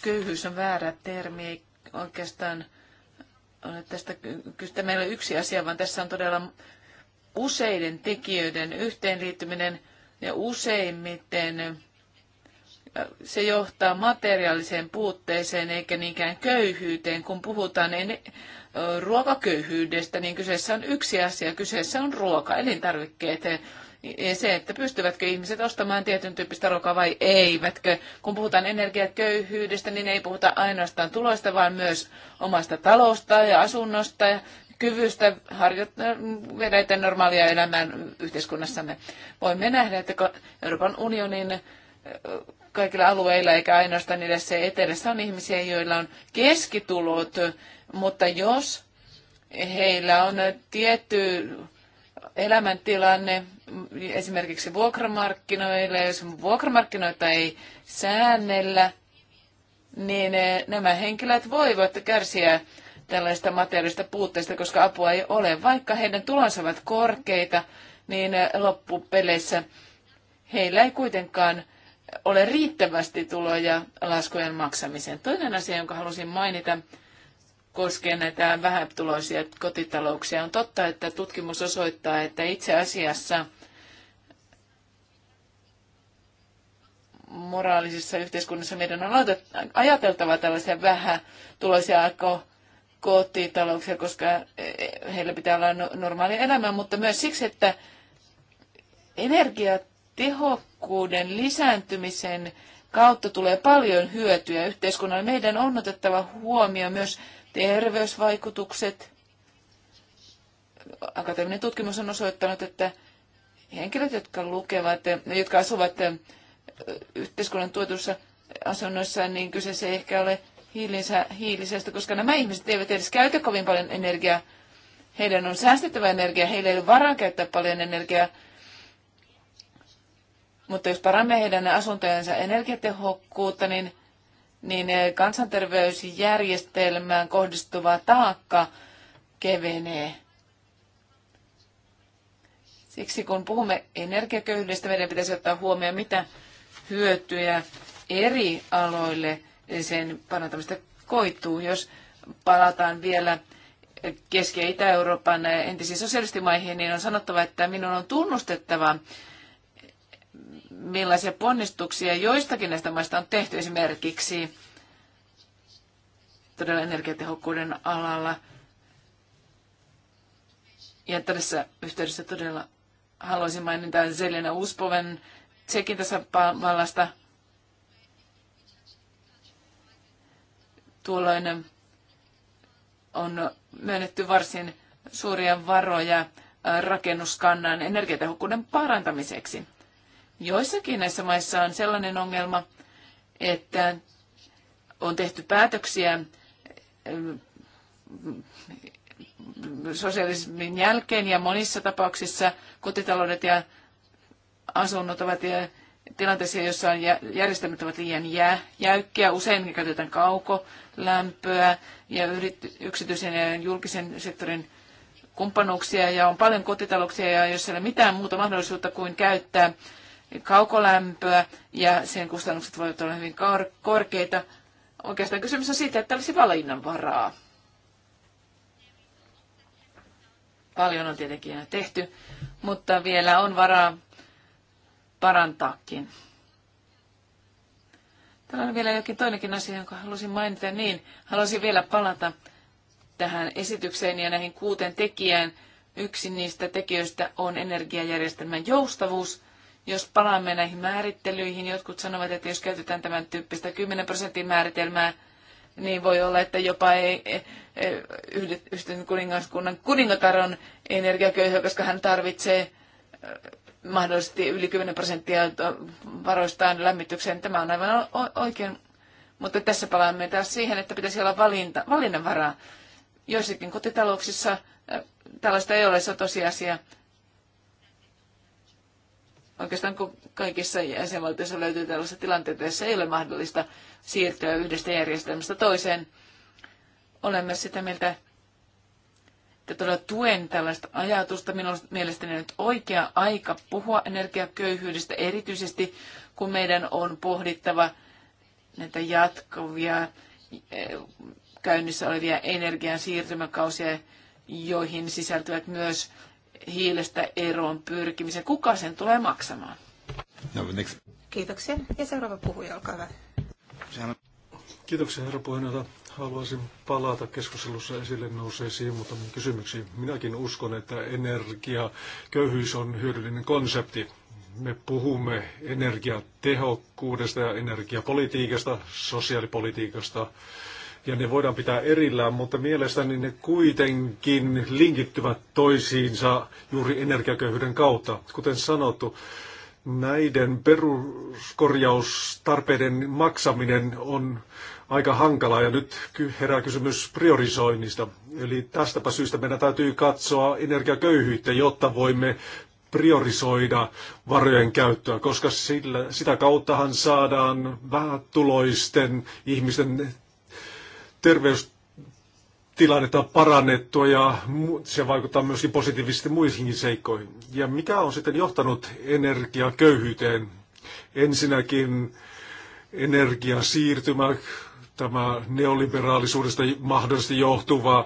köyhyys on väärä termi, ei oikeastaan ole tästä, kyllä meillä on yksi asia, vaan tässä on todella useiden tekijöiden yhteenliittyminen ja useimmiten se johtaa materiaaliseen puutteeseen eikä niinkään köyhyyteen, kun puhutaan ruokaköyhyydestä, niin kyseessä on yksi asia. Kyseessä on ruoka, elintarvikkeet e, e, se, että pystyvätkö ihmiset ostamaan tietyn tyyppistä ruokaa vai eivätkö. Kun puhutaan energiaköyhyydestä, niin ei puhuta ainoastaan tuloista, vaan myös omasta talosta ja asunnosta ja kyvystä harjoittaa normaalia elämää yhteiskunnassamme. Voimme nähdä, että Euroopan unionin kaikilla alueilla, eikä ainoastaan niissä etelässä on ihmisiä, joilla on keskitulot mutta jos heillä on tietty elämäntilanne esimerkiksi vuokramarkkinoilla, jos vuokramarkkinoita ei säännellä, niin eh, nämä henkilöt voivat kärsiä tällaista materiaalista puutteista, koska apua ei ole. Vaikka heidän tulonsa ovat korkeita, niin eh, loppupeleissä heillä ei kuitenkaan ole riittävästi tuloja laskujen maksamiseen. Toinen asia, jonka halusin mainita, koskee näitä vähätuloisia kotitalouksia. On totta, että tutkimus osoittaa, että itse asiassa moraalisessa yhteiskunnassa meidän on ajateltava tällaisia vähätuloisia kotitalouksia, koska eh, heillä pitää olla no-, normaali elämä, mutta myös siksi, että energiatehokkuuden lisääntymisen kautta tulee paljon hyötyä yhteiskunnalle. Meidän on otettava huomioon myös terveysvaikutukset. Akateeminen tutkimus on osoittanut, että henkilöt, jotka lukevat, jotka asuvat eh, yhteiskunnan tuetussa asunnoissa, niin kyseessä ei ehkä ole hiilinsä, hiilisestä, koska nämä ihmiset eivät edes käytä kovin paljon energiaa. Heidän on säästettävä energiaa, heillä ei ole varaa käyttää paljon energiaa. Mutta jos parannamme heidän asuntojensa energiatehokkuutta, niin niin eh, kansanterveysjärjestelmään kohdistuva taakka kevenee. Siksi kun puhumme energiaköyhyydestä, meidän pitäisi ottaa huomioon, mitä hyötyjä eri aloille sen parantamista koituu. Jos palataan vielä Keski- ja Itä-Euroopan entisiin sosialistimaihin, niin on sanottava, että minun on tunnustettava millaisia ponnistuksia joistakin näistä maista on tehty esimerkiksi todella energiatehokkuuden alalla. Ja tässä yhteydessä todella haluaisin mainita Zelena Uspoven Tsekin vallasta. Tuolloin on myönnetty varsin suuria varoja rakennuskannan energiatehokkuuden parantamiseksi. Joissakin näissä maissa on sellainen ongelma, että on tehty päätöksiä sosialismin jälkeen ja monissa tapauksissa kotitaloudet ja asunnot ovat ja tilanteessa, jossa on järjestelmät ovat liian jäykkiä. Usein käytetään kaukolämpöä ja yksityisen ja julkisen sektorin kumppanuuksia ja on paljon kotitalouksia, joissa ei ole mitään muuta mahdollisuutta kuin käyttää kaukolämpöä ja sen kustannukset voivat olla hyvin korkeita. Oikeastaan kysymys on siitä, että olisi varaa. Paljon on tietenkin jo tehty, mutta vielä on varaa parantaakin. Täällä on vielä jokin toinenkin asia, jonka halusin mainita. Niin, haluaisin vielä palata tähän esitykseen ja näihin kuuteen tekijään. Yksi niistä tekijöistä on energiajärjestelmän joustavuus – jos palaamme näihin määrittelyihin, jotkut sanovat, että jos käytetään tämän tyyppistä 10 prosentin määritelmää, niin voi olla, että jopa ei, e, e, yhden kuningaskunnan kuningatar on energiaköyhä, koska hän tarvitsee e, mahdollisesti yli 10 prosenttia varoistaan lämmitykseen. Tämä on aivan oikein, mutta tässä palaamme taas siihen, että pitäisi olla valinta, valinnanvaraa. Joissakin kotitalouksissa tällaista ei ole, se on tosiasia. Oikeastaan kaikissa jäsenvaltioissa löytyy tällaisia tilanteita, joissa ei ole mahdollista siirtyä yhdestä järjestelmästä toiseen. Olen myös sitä mieltä, että todella tuen tällaista ajatusta. Minun mielestäni nyt oikea aika puhua energiaköyhyydestä, erityisesti kun meidän on pohdittava näitä jatkuvia eh, käynnissä olevia energian siirtymäkausia, joihin sisältyvät myös hiilestä eroon pyrkimisen. Kuka sen tulee maksamaan? No, next. Kiitoksia. Ja seuraava puhuja, olkaa hyvä. Kiitoksia herra puheenjohtaja. Haluaisin palata keskustelussa esille nousseisiin muutamiin kysymyksiin. Minäkin uskon, että energiaköyhyys on hyödyllinen konsepti. Me puhumme energiatehokkuudesta ja energiapolitiikasta, sosiaalipolitiikasta, ja ne voidaan pitää erillään, mutta mielestäni ne kuitenkin linkittyvät toisiinsa juuri energiaköyhyyden kautta. Kuten sanottu, näiden peruskorjaustarpeiden maksaminen on aika hankalaa ja nyt herää kysymys priorisoinnista. Eli tästäpä syystä meidän täytyy katsoa energiaköyhyyttä, jotta voimme priorisoida varojen käyttöä, koska sillä, sitä kauttahan saadaan vähätuloisten ihmisten terveystilannetta parannettu ja se vaikuttaa myöskin positiivisesti muihinkin seikkoihin. Ja mikä on sitten johtanut energiaköyhyyteen? Ensinnäkin energiasiirtymä, tämä neoliberaalisuudesta mahdollisesti johtuva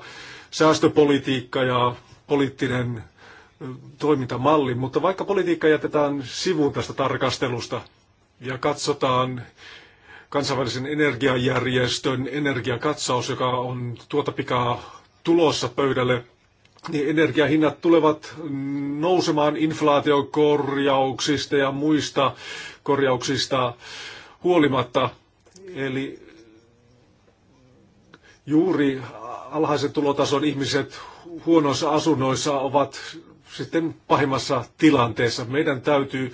säästöpolitiikka ja poliittinen toimintamalli, mutta vaikka politiikka jätetään sivuun tästä tarkastelusta ja katsotaan kansainvälisen energiajärjestön energiakatsaus, joka on tuota pikaa tulossa pöydälle, niin energiahinnat tulevat nousemaan inflaatiokorjauksista ja muista korjauksista huolimatta. Eli juuri alhaisen tulotason ihmiset huonoissa asunnoissa ovat sitten pahimmassa tilanteessa. Meidän täytyy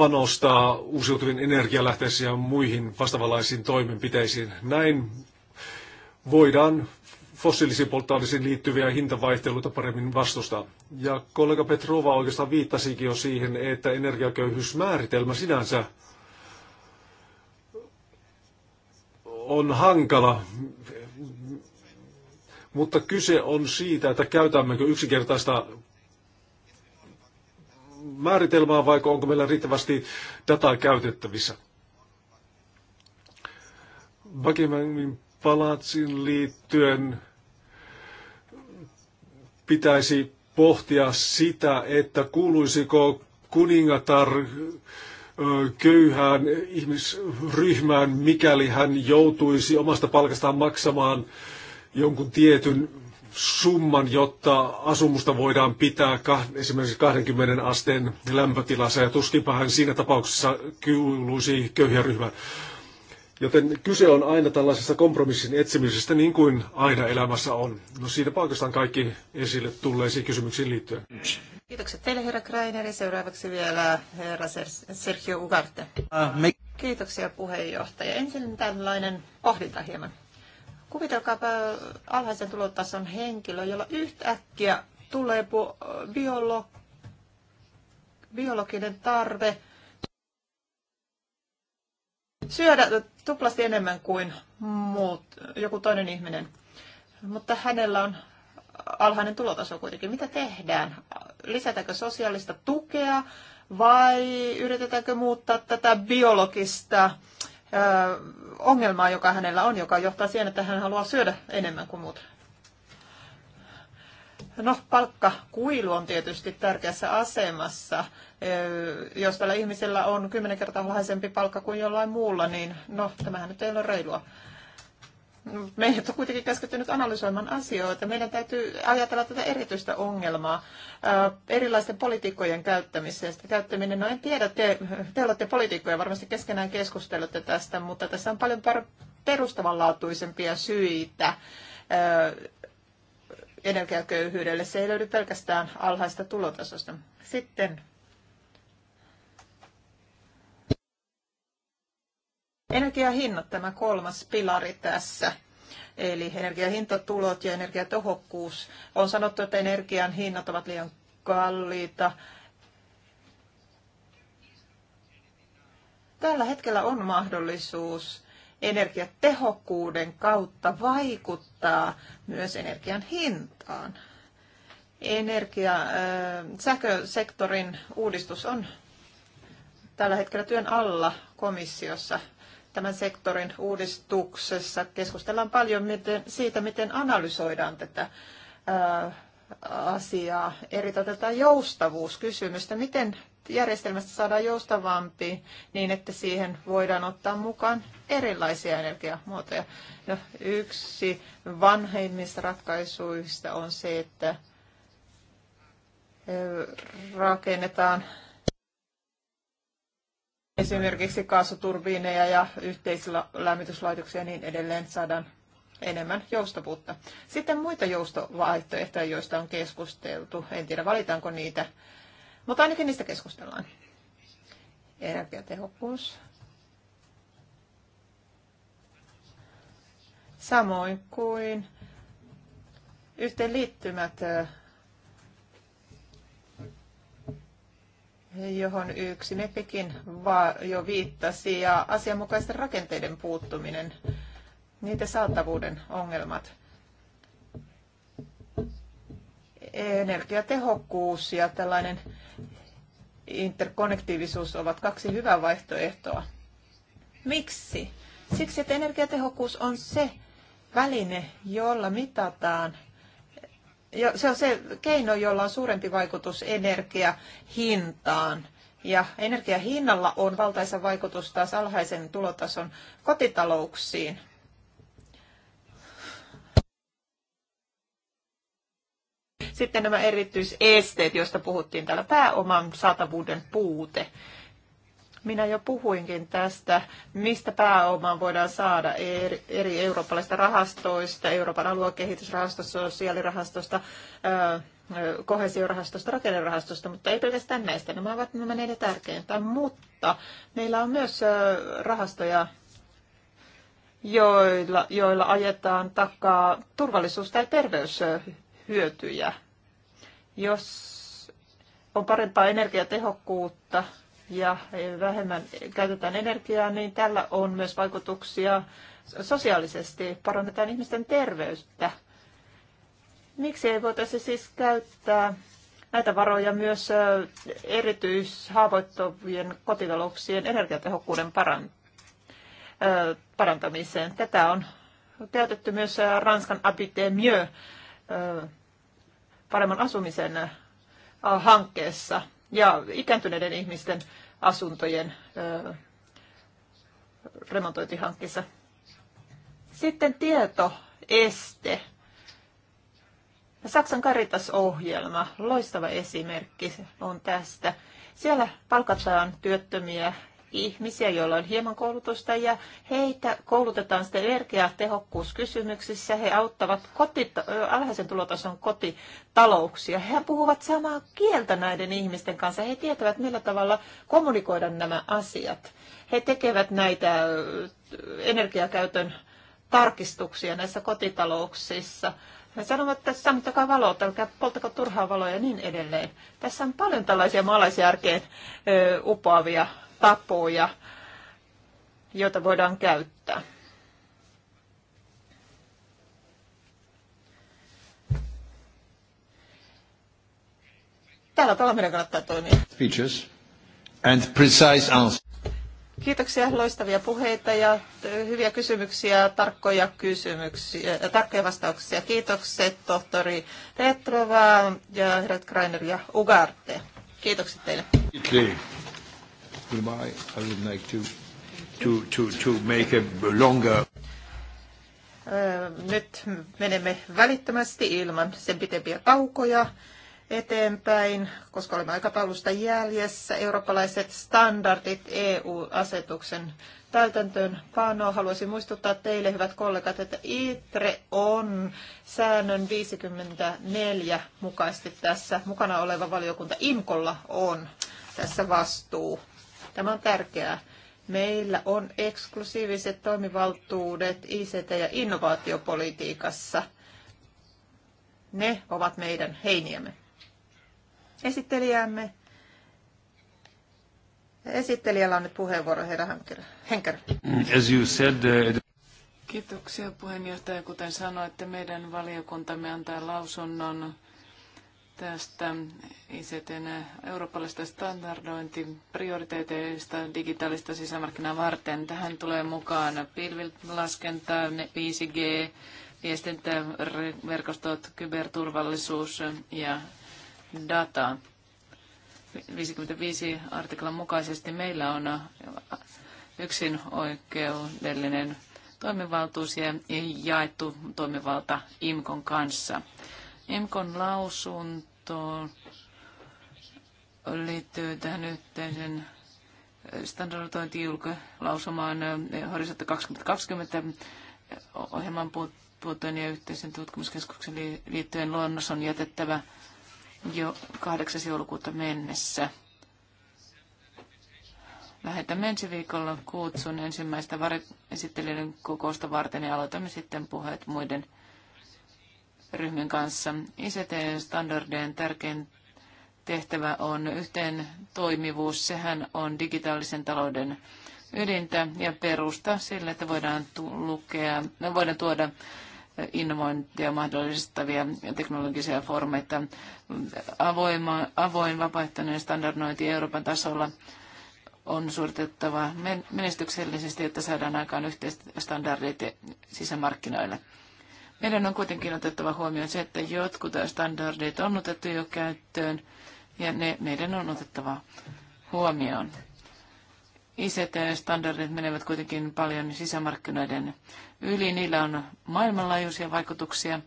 panostaa uusiutuvien energialähteisiin ja muihin vastaavanlaisiin toimenpiteisiin. Näin voidaan fossiilisiin polttoaineisiin liittyviä hintavaihteluita paremmin vastustaa. Ja kollega Petrova oikeastaan viittasikin jo siihen, että energiaköyhyysmääritelmä sinänsä on hankala, mutta kyse on siitä, että käytämmekö yksinkertaista määritelmää vai onko meillä riittävästi dataa käytettävissä? Buckinghamin palatsin liittyen pitäisi pohtia sitä, että kuuluisiko kuningatar köyhään ihmisryhmään, mikäli hän joutuisi omasta palkastaan maksamaan jonkun tietyn summan, jotta asumusta voidaan pitää esimerkiksi 20 asteen lämpötilassa, ja tuskinpa hän siinä tapauksessa kuuluisi köyhiä ryhmä. Joten kyse on aina tällaisesta kompromissin etsimisestä, niin kuin aina elämässä on. No siitä paikastaan kaikki esille tulleisiin kysymyksiin liittyen. Kiitokset teille, herra Kreiner, ja seuraavaksi vielä herra Sergio Ugarte. Ah, Kiitoksia, puheenjohtaja. Ensin tällainen pohdinta hieman. Kuvitelkaapa alhaisen tulotason henkilö, jolla yhtäkkiä tulee biolo, biologinen tarve syödä tuplasti enemmän kuin muut, joku toinen ihminen. Mutta hänellä on alhainen tulotaso kuitenkin. Mitä tehdään? Lisätäänkö sosiaalista tukea vai yritetäänkö muuttaa tätä biologista ongelmaa, joka hänellä on, joka johtaa siihen, että hän haluaa syödä enemmän kuin muut. No, palkkakuilu on tietysti tärkeässä asemassa. Jos tällä ihmisellä on kymmenen kertaa alhaisempi palkka kuin jollain muulla, niin no, tämähän nyt ei ole reilua ei ole kuitenkin käsketty nyt analysoimaan asioita. Meidän täytyy ajatella tätä erityistä ongelmaa äh, erilaisten poliitikkojen käyttämisestä. Käyttäminen, no en tiedä, te, te olette poliitikkoja, varmasti keskenään keskustelette tästä, mutta tässä on paljon perustavanlaatuisempia syitä äh, energiaköyhyydelle. Se ei löydy pelkästään alhaista tulotasosta. Sitten Energiahinnat, tämä kolmas pilari tässä. Eli energiahintatulot ja energiatehokkuus. On sanottu, että energian hinnat ovat liian kalliita. Tällä hetkellä on mahdollisuus energiatehokkuuden kautta vaikuttaa myös energian hintaan. Energia, äh, sähkösektorin uudistus on tällä hetkellä työn alla komissiossa tämän sektorin uudistuksessa keskustellaan paljon miten, siitä, miten analysoidaan tätä ää, asiaa, eri tätä joustavuuskysymystä, miten järjestelmästä saadaan joustavampi niin, että siihen voidaan ottaa mukaan erilaisia energiamuotoja. No, yksi vanheimmista ratkaisuista on se, että rakennetaan esimerkiksi kaasuturbiineja ja yhteislämmityslaitoksia ja niin edelleen saadaan enemmän joustavuutta. Sitten muita joustovaihtoehtoja, joista on keskusteltu. En tiedä, valitaanko niitä, mutta ainakin niistä keskustellaan. Energiatehokkuus. Samoin kuin yhteenliittymät johon yksi mepikin jo viittasi, ja asianmukaisten rakenteiden puuttuminen, niitä saatavuuden ongelmat. Energiatehokkuus ja tällainen interkonnektiivisuus ovat kaksi hyvää vaihtoehtoa. Miksi? Siksi, että energiatehokkuus on se väline, jolla mitataan – ja se on se keino, jolla on suurempi vaikutus energiahintaan. Ja energiahinnalla on valtaisa vaikutus taas alhaisen tulotason kotitalouksiin. Sitten nämä erityisesteet, joista puhuttiin täällä, pääoman saatavuuden puute. Minä jo puhuinkin tästä, mistä pääomaa voidaan saada eri, eri eurooppalaisista rahastoista, Euroopan aluekehitysrahastosta, sosiaalirahastosta, kohesiorahastosta, rakennerahastosta, mutta ei pelkästään näistä. Nämä ovat nämä neljä tärkeintä, mutta meillä on myös rahastoja, joilla, joilla ajetaan takaa turvallisuus- tai terveyshyötyjä. Jos on parempaa energiatehokkuutta, ja vähemmän käytetään energiaa, niin tällä on myös vaikutuksia sosiaalisesti. Parannetaan ihmisten terveyttä. Miksi ei voitaisi siis käyttää näitä varoja myös erityishaavoittuvien kotitalouksien energiatehokkuuden parantamiseen? Tätä on käytetty myös Ranskan Habité Mieux paremman asumisen hankkeessa ja ikääntyneiden ihmisten asuntojen remontointihankkeissa. Sitten tietoeste. Saksan Caritas-ohjelma, loistava esimerkki on tästä. Siellä palkataan työttömiä ihmisiä, joilla on hieman koulutusta ja heitä koulutetaan sitten energiatehokkuuskysymyksissä. He auttavat koti, äh, alhaisen tulotason kotitalouksia. He puhuvat samaa kieltä näiden ihmisten kanssa. He tietävät, millä tavalla kommunikoida nämä asiat. He tekevät näitä äh, energiakäytön tarkistuksia näissä kotitalouksissa. Me sanomme, että sammuttakaa valot, älkää polttako turhaa valoa ja niin edelleen. Tässä on paljon tällaisia maalaisjärkeen upoavia tapoja, joita voidaan käyttää. Tällä tavalla meidän kannattaa toimia. and precise answers. Kiitoksia, loistavia puheita ja hyviä kysymyksiä, tarkkoja kysymyksiä, äh, tarkkoja vastauksia. Kiitokset tohtori Petrova ja Herrat Kreiner ja Ugarte. Kiitokset teille. Kiitos. Goodbye. I would like to, make a longer... Nyt menemme välittömästi ilman sen pitempiä taukoja eteenpäin, koska olemme aikataulusta jäljessä. Eurooppalaiset standardit EU-asetuksen pano Haluaisin muistuttaa teille, hyvät kollegat, että ITRE on säännön 54 mukaisesti tässä. Mukana oleva valiokunta IMKOlla on tässä vastuu Tämä on tärkeää. Meillä on eksklusiiviset toimivaltuudet ICT- ja innovaatiopolitiikassa. Ne ovat meidän heiniämme. Esittelijämme. Esittelijällä on nyt puheenvuoro, herra Henker. Mm, as you said, uh... Kiitoksia puheenjohtaja. Kuten sanoitte, meidän valiokuntamme antaa lausunnon tästä ICTn eurooppalaisesta prioriteeteista digitaalista sisämarkkinaa varten. Tähän tulee mukaan pilvilaskenta, 5G, viestintäverkostot, kyberturvallisuus ja data. 55 artiklan mukaisesti meillä on yksin oikeudellinen toimivaltuus ja jaettu toimivalta IMKON kanssa. IMKON lausun vastuun liittyy tähän yhteisen standardointijulkalausumaan eh, Horisontti 2020 ohjelman puutteen ja yhteisen tutkimuskeskuksen liittyen luonnos on jätettävä jo 8. joulukuuta mennessä. Lähetämme ensi viikolla kutsun ensimmäistä esittelijöiden kokousta varten ja aloitamme sitten puheet muiden ryhmän kanssa. ICT-standardien tärkein tehtävä on yhteen toimivuus. Sehän on digitaalisen talouden ydintä ja perusta sille, että voidaan lukea, voidaan tuoda innovointia mahdollistavia teknologisia formeita. Avoin, avoin vapaaehtoinen standardointi Euroopan tasolla on suoritettava menestyksellisesti, että saadaan aikaan yhteiset standardit sisämarkkinoille. Meidän on kuitenkin otettava huomioon se, että jotkut standardit on otettu jo käyttöön ja ne meidän on otettava huomioon. ICT-standardit menevät kuitenkin paljon sisämarkkinoiden yli. Niillä on maailmanlaajuisia vaikutuksia.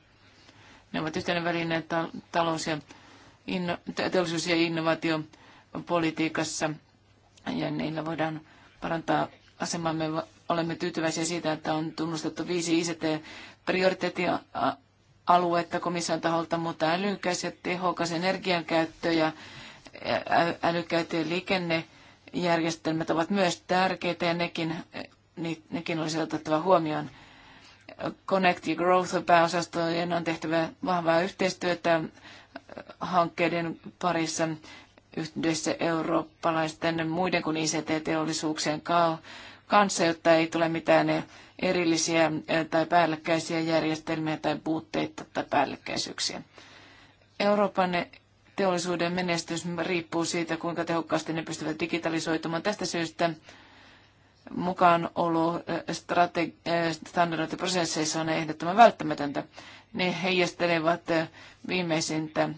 Ne ovat yhteinen väline talous- ja inno, teollisuus- ja innovaatiopolitiikassa ja niillä voidaan parantaa asemamme. Olemme tyytyväisiä siitä, että on tunnustettu viisi ICT prioriteettialuetta komission taholta, mutta älykäs ja tehokas energiankäyttö ja älykkäät liikennejärjestelmät ovat myös tärkeitä ja nekin, nekin olisi otettava huomioon. Connect ja Growth pääosastojen on tehtävä vahvaa yhteistyötä hankkeiden parissa yhdessä eurooppalaisten muiden kuin ICT-teollisuuksien kanssa, jotta ei tule mitään erillisiä eh, tai päällekkäisiä järjestelmiä tai puutteita tai päällekkäisyyksiä. Euroopan teollisuuden menestys riippuu siitä, kuinka tehokkaasti ne pystyvät digitalisoitumaan. Tästä syystä mukaanolo eh, eh, standardointiprosesseissa on ehdottoman välttämätöntä. Ne heijastelevat viimeisintä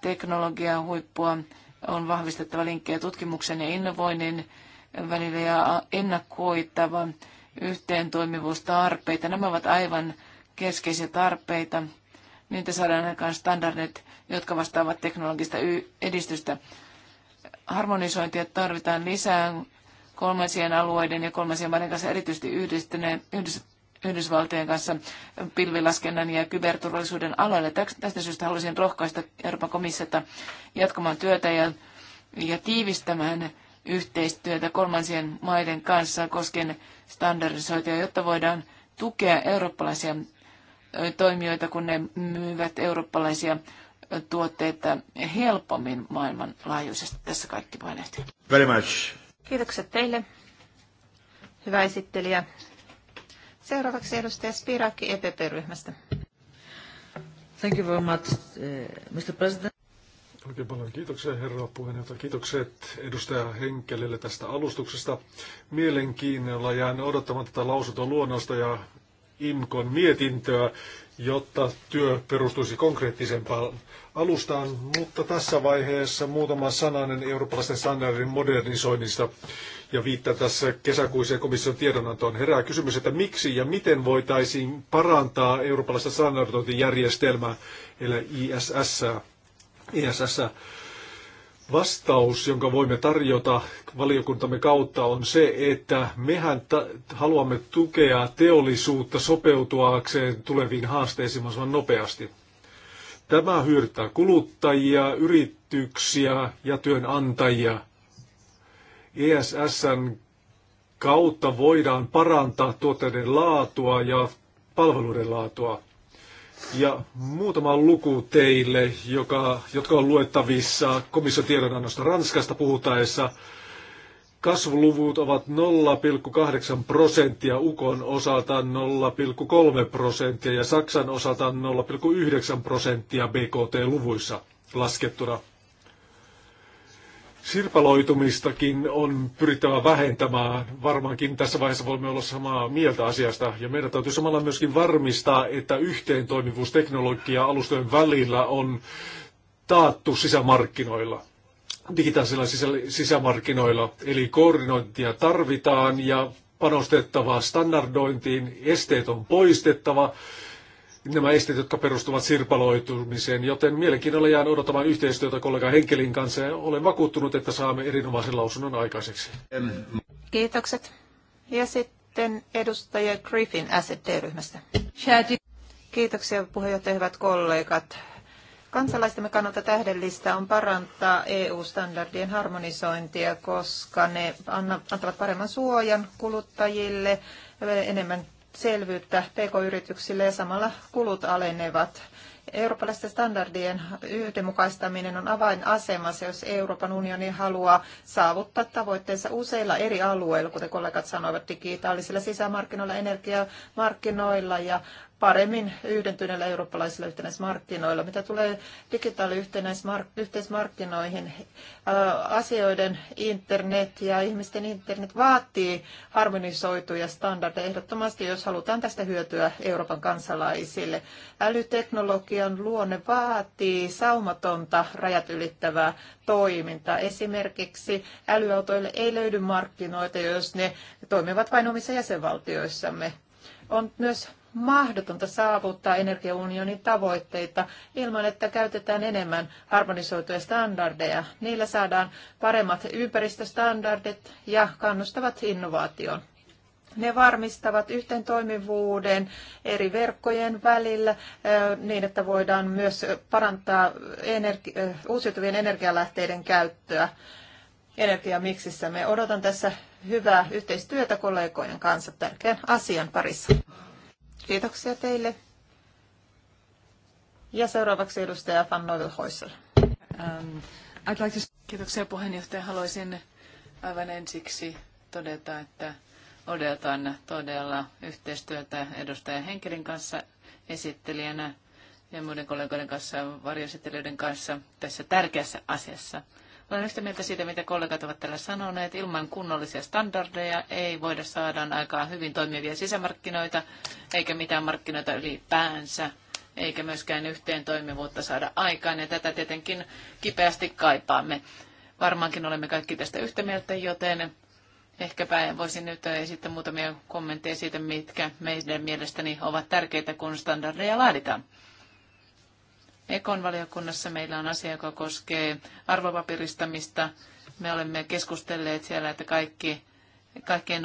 teknologiaa huippua. On vahvistettava linkkejä tutkimuksen ja innovoinnin välillä ja ennakoitava yhteentoimivuustarpeita. Nämä ovat aivan keskeisiä tarpeita. Niitä saadaan aikaan standardit, jotka vastaavat teknologista edistystä. Harmonisointia tarvitaan lisää kolmansien alueiden ja kolmansien maiden kanssa, erityisesti yhdistyneen, yhdys, Yhdysvaltojen kanssa pilvilaskennan ja kyberturvallisuuden aloille. Tästä syystä haluaisin rohkaista Euroopan komissiota jatkamaan työtä ja, ja tiivistämään yhteistyötä kolmansien maiden kanssa koskien standardisoitua, jotta voidaan tukea eurooppalaisia toimijoita, kun ne myyvät eurooppalaisia tuotteita helpommin maailmanlaajuisesti. Tässä kaikki puheenjohtaja. Very much. Kiitokset teille, hyvä esittelijä. Seuraavaksi edustaja Spiraki EPP-ryhmästä. Thank you very much, eh, Mr. President. Oikein paljon kiitoksia herra puheenjohtaja. Kiitokset edustaja Henkelille tästä alustuksesta. Mielenkiinnolla jään odottamaan tätä lausuntoluonnosta ja IMKon mietintöä, jotta työ perustuisi konkreettisempaan alustaan. Mutta tässä vaiheessa muutama sananen eurooppalaisten standardin modernisoinnista ja viittaa tässä kesäkuiseen komission tiedonantoon. Herää kysymys, että miksi ja miten voitaisiin parantaa eurooppalaista standardointijärjestelmää, eli ISS. ISS e vastaus, jonka voimme tarjota valiokuntamme kautta, on se, että mehän haluamme tukea teollisuutta sopeutuakseen tuleviin haasteisiin mahdollisimman nopeasti. Tämä hyödyttää kuluttajia, yrityksiä ja työnantajia. ESSn kautta voidaan parantaa tuotteiden laatua ja palveluiden laatua. Ja muutama luku teille, joka, jotka on luettavissa komission tiedonannosta Ranskasta puhutaessa. Kasvuluvut ovat 0,8 prosenttia, Ukon osalta 0,3 prosenttia ja Saksan osalta 0,9 prosenttia BKT-luvuissa laskettuna. Sirpaloitumistakin on pyrittävä vähentämään. Varmaankin tässä vaiheessa voimme olla samaa mieltä asiasta. Ja meidän täytyy samalla myöskin varmistaa, että yhteentoimivuus teknologia-alustojen välillä on taattu sisämarkkinoilla digitaalisilla sisämarkkinoilla. Eli koordinointia tarvitaan ja panostettava standardointiin, esteet on poistettava nämä esteet, jotka perustuvat sirpaloitumiseen, joten mielenkiinnolla jään odottamaan yhteistyötä kollega Henkelin kanssa ja olen vakuuttunut, että saamme erinomaisen lausunnon aikaiseksi. Kiitokset. Ja sitten edustaja Griffin SED-ryhmästä. Kiitoksia puheenjohtaja, hyvät kollegat. Kansalaistemme kannalta tähdellistä on parantaa EU-standardien harmonisointia, koska ne antavat paremman suojan kuluttajille, enemmän selvyyttä pk-yrityksille ja samalla kulut alenevat. Eurooppalaisten standardien yhdenmukaistaminen on avainasemassa, jos Euroopan unioni haluaa saavuttaa tavoitteensa useilla eri alueilla, kuten kollegat sanoivat, digitaalisilla sisämarkkinoilla, energiamarkkinoilla ja paremmin yhdentyneillä eurooppalaisilla yhtenäismarkkinoilla. Mitä tulee digitaali-yhteismarkkinoihin, asioiden internet ja ihmisten internet vaatii harmonisoituja standardeja ehdottomasti, jos halutaan tästä hyötyä Euroopan kansalaisille. Älyteknologian luonne vaatii saumatonta rajat ylittävää toimintaa. Esimerkiksi älyautoille ei löydy markkinoita, jos ne toimivat vain omissa jäsenvaltioissamme on myös mahdotonta saavuttaa energiaunionin tavoitteita ilman, että käytetään enemmän harmonisoituja standardeja. Niillä saadaan paremmat ympäristöstandardit ja kannustavat innovaatioon. Ne varmistavat yhteen toimivuuden eri verkkojen välillä niin, että voidaan myös parantaa energi- uusiutuvien energialähteiden käyttöä energiamiksissä. Me odotan tässä hyvää yhteistyötä kollegojen kanssa tärkeän asian parissa. Kiitoksia teille. Ja seuraavaksi edustaja Van Nodelhoisser. Um, like to... Kiitoksia puheenjohtaja. Haluaisin aivan ensiksi todeta, että odotan todella yhteistyötä edustaja Henkelin kanssa esittelijänä ja muiden kollegoiden kanssa, varjoesittelijöiden kanssa tässä tärkeässä asiassa. Olen yhtä mieltä siitä, mitä kollegat ovat täällä sanoneet. Ilman kunnollisia standardeja ei voida saada aikaan hyvin toimivia sisämarkkinoita, eikä mitään markkinoita ylipäänsä, eikä myöskään yhteen toimivuutta saada aikaan. Ja tätä tietenkin kipeästi kaipaamme. Varmaankin olemme kaikki tästä yhtä mieltä, joten ehkäpä voisin nyt esittää muutamia kommentteja siitä, mitkä meidän mielestäni ovat tärkeitä, kun standardeja laaditaan. Ekon valiokunnassa meillä on asia, joka koskee arvopaperistamista. Me olemme keskustelleet siellä, että kaikki, kaikkien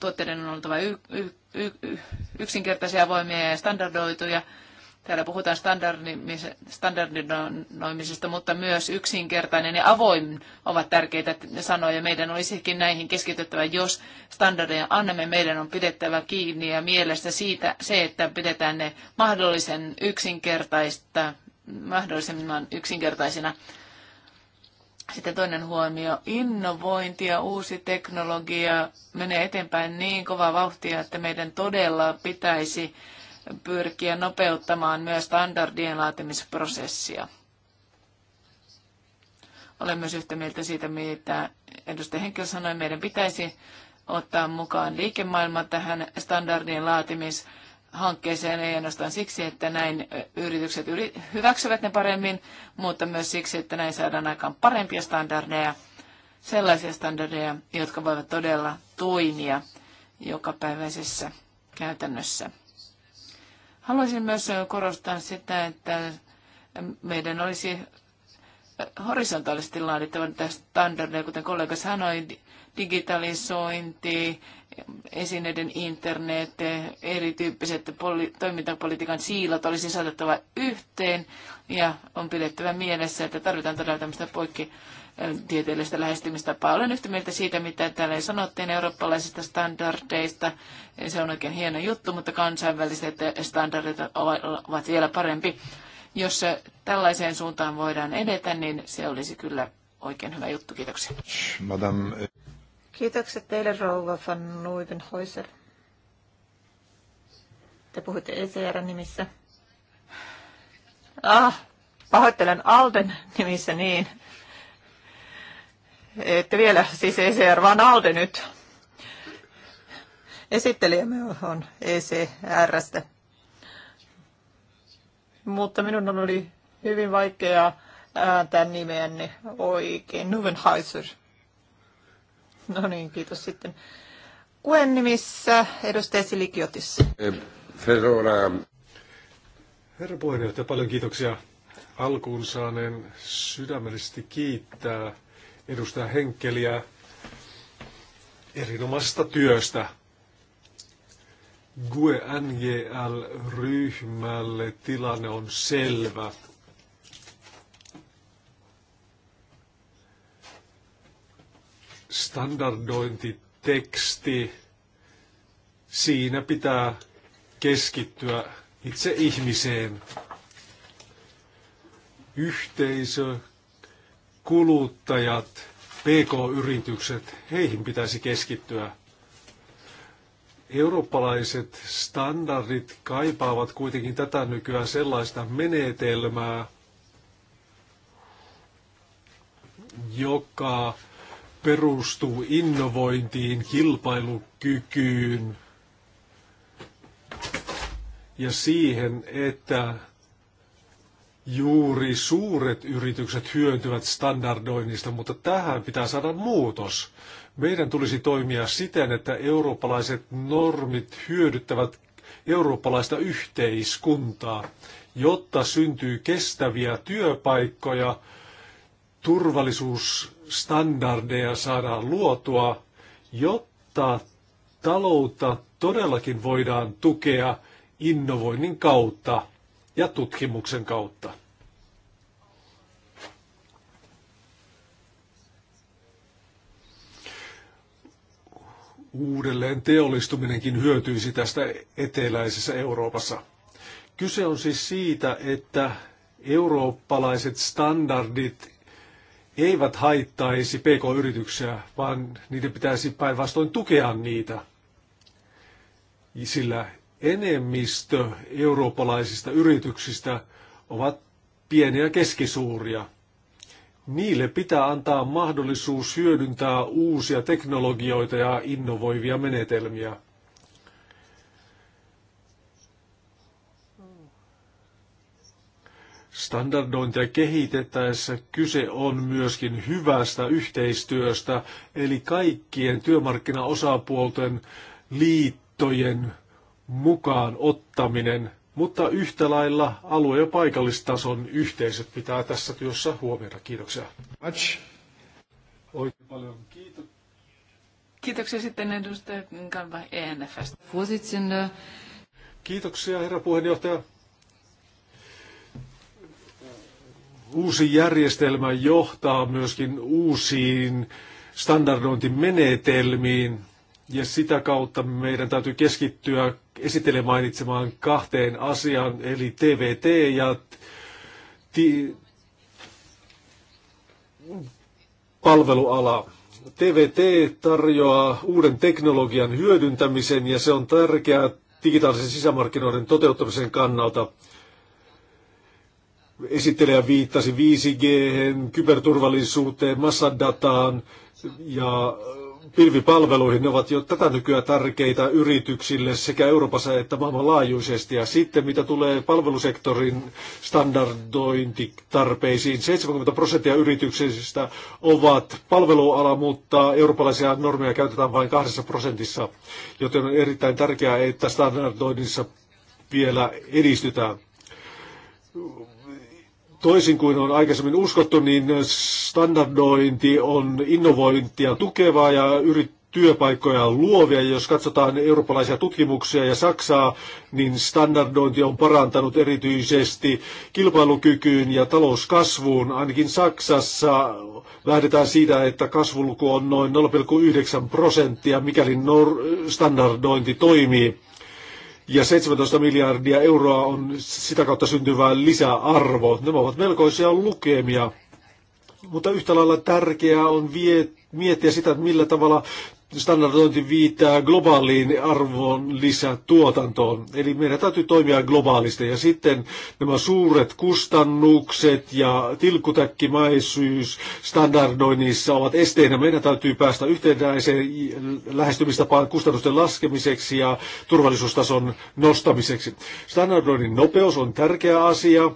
tuotteiden on oltava y, y, y, yksinkertaisia voimia ja standardoituja. Täällä puhutaan standardinoimisesta, mutta myös yksinkertainen ja avoin ovat tärkeitä sanoja. Meidän olisikin näihin keskityttävä, jos standardeja annamme. Meidän on pidettävä kiinni ja mielessä siitä se, että pidetään ne mahdollisen yksinkertaista, mahdollisimman yksinkertaisina. Sitten toinen huomio, innovointi ja uusi teknologia menee eteenpäin niin kovaa vauhtia, että meidän todella pitäisi pyrkiä nopeuttamaan myös standardien laatimisprosessia. Olen myös yhtä mieltä siitä, mitä edustaja Henkel sanoi, meidän pitäisi ottaa mukaan liikemaailma tähän standardien laatimishankkeeseen, ei ainoastaan siksi, että näin yritykset hyväksyvät ne paremmin, mutta myös siksi, että näin saadaan aikaan parempia standardeja, sellaisia standardeja, jotka voivat todella toimia jokapäiväisessä käytännössä. Haluaisin myös korostaa sitä, että meidän olisi horisontaalisesti laadittava tästä standardeja, kuten kollega sanoi, digitalisointi, esineiden internet, erityyppiset poli- toimintapolitiikan siilot olisi saatettava yhteen ja on pidettävä mielessä, että tarvitaan todella tämmöistä poikki tieteellistä lähestymistapaa. Olen yhtä mieltä siitä, mitä täällä sanottiin eurooppalaisista standardeista. Se on oikein hieno juttu, mutta kansainväliset standardit ovat vielä parempi. Jos tällaiseen suuntaan voidaan edetä, niin se olisi kyllä oikein hyvä juttu. Kiitoksia. Madame. Kiitokset teille, rouva van Nuivenhoiser. Te puhutte ECR nimissä. Ah, pahoittelen Alden nimissä niin että vielä, siis ECR, vaan ALDE nyt. Esittelijämme on ECRstä. Mutta minun on oli hyvin vaikea ääntää nimeäni oikein. Nuvenheiser. No niin, kiitos sitten. Kuen nimissä edustaja Silikiotissa. Eh, Herra puheenjohtaja, paljon kiitoksia alkuun saaneen sydämellisesti kiittää edustaja Henkeliä erinomaisesta työstä. GUE NGL-ryhmälle tilanne on selvä. Standardointiteksti, siinä pitää keskittyä itse ihmiseen. Yhteisö kuluttajat, PK-yritykset, heihin pitäisi keskittyä. Eurooppalaiset standardit kaipaavat kuitenkin tätä nykyään sellaista menetelmää, joka perustuu innovointiin, kilpailukykyyn ja siihen, että juuri suuret yritykset hyötyvät standardoinnista, mutta tähän pitää saada muutos. Meidän tulisi toimia siten, että eurooppalaiset normit hyödyttävät eurooppalaista yhteiskuntaa, jotta syntyy kestäviä työpaikkoja, turvallisuusstandardeja saadaan luotua, jotta taloutta todellakin voidaan tukea innovoinnin kautta ja tutkimuksen kautta. Uudelleen teollistuminenkin hyötyisi tästä eteläisessä Euroopassa. Kyse on siis siitä, että eurooppalaiset standardit eivät haittaisi pk-yrityksiä, vaan niiden pitäisi päinvastoin tukea niitä, sillä enemmistö eurooppalaisista yrityksistä ovat pieniä ja keskisuuria. Niille pitää antaa mahdollisuus hyödyntää uusia teknologioita ja innovoivia menetelmiä. Standardointia kehitettäessä kyse on myöskin hyvästä yhteistyöstä, eli kaikkien työmarkkinaosapuolten liittojen mukaan ottaminen, mutta yhtä lailla alue- ja paikallistason yhteisöt pitää tässä työssä huomioida. Kiitoksia. Match. Oikein paljon kiitos. Kiitoksia sitten edustaja Kanva ENFstä. Kiitoksia herra puheenjohtaja. Uusi järjestelmä johtaa myöskin uusiin standardointimenetelmiin ja sitä kautta meidän täytyy keskittyä esittelee mainitsemaan kahteen asiaan, eli TVT ja ti- palveluala. TVT tarjoaa uuden teknologian hyödyntämisen ja se on tärkeää digitaalisen sisämarkkinoiden toteuttamisen kannalta. Esittelijä viittasi 5G, kyberturvallisuuteen, massadataan ja pilvipalveluihin. Ne ovat jo tätä nykyään tärkeitä yrityksille sekä Euroopassa että maailmanlaajuisesti. Ja sitten mitä tulee palvelusektorin standardointitarpeisiin, 70 prosenttia yrityksistä ovat palveluala, mutta eurooppalaisia normeja käytetään vain kahdessa prosentissa, joten on erittäin tärkeää, että standardoinnissa vielä edistytään toisin kuin on aikaisemmin uskottu, niin standardointi on innovointia tukevaa ja yrit, työpaikkoja luovia. Jos katsotaan eurooppalaisia tutkimuksia ja Saksaa, niin standardointi on parantanut erityisesti kilpailukykyyn ja talouskasvuun. Ainakin Saksassa lähdetään siitä, että kasvuluku on noin 0,9 prosenttia, mikäli standardointi toimii ja 17 miljardia euroa on sitä kautta syntyvää lisäarvo. Nämä ovat melkoisia lukemia, mutta yhtä lailla tärkeää on vie, miettiä sitä, että millä tavalla standardointi viittaa globaaliin arvon lisätuotantoon. Eli meidän täytyy toimia globaalisti. Ja sitten nämä suuret kustannukset ja tilkutäkkimäisyys standardoinnissa ovat esteinä. Meidän täytyy päästä yhtenäiseen lähestymistapaan kustannusten laskemiseksi ja turvallisuustason nostamiseksi. Standardoinnin nopeus on tärkeä asia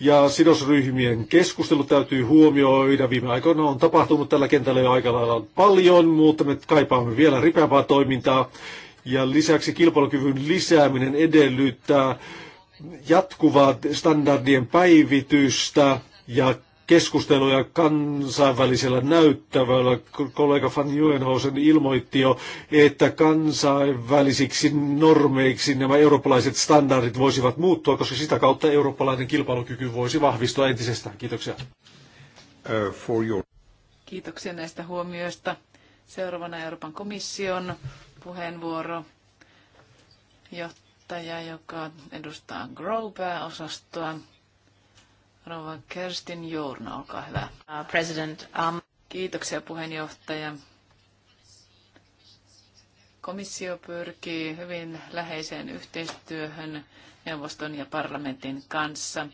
ja sidosryhmien keskustelu täytyy huomioida. Viime aikoina on tapahtunut tällä kentällä jo aika lailla paljon, mutta me kaipaamme vielä ripeämpää toimintaa. Ja lisäksi kilpailukyvyn lisääminen edellyttää jatkuvaa standardien päivitystä ja keskusteluja kansainvälisellä näyttävällä. Kollega Van Juenhosen ilmoitti jo, että kansainvälisiksi normeiksi nämä eurooppalaiset standardit voisivat muuttua, koska sitä kautta eurooppalainen kilpailukyky voisi vahvistua entisestään. Kiitoksia. Uh, for your... Kiitoksia näistä huomioista. Seuraavana Euroopan komission puheenvuoro johtaja, joka edustaa grow osastoa Rova Kerstin Journa, olkaa hyvä. Uh, President, um... Kiitoksia puheenjohtaja. Komissio pyrkii hyvin läheiseen yhteistyöhön neuvoston ja parlamentin kanssa.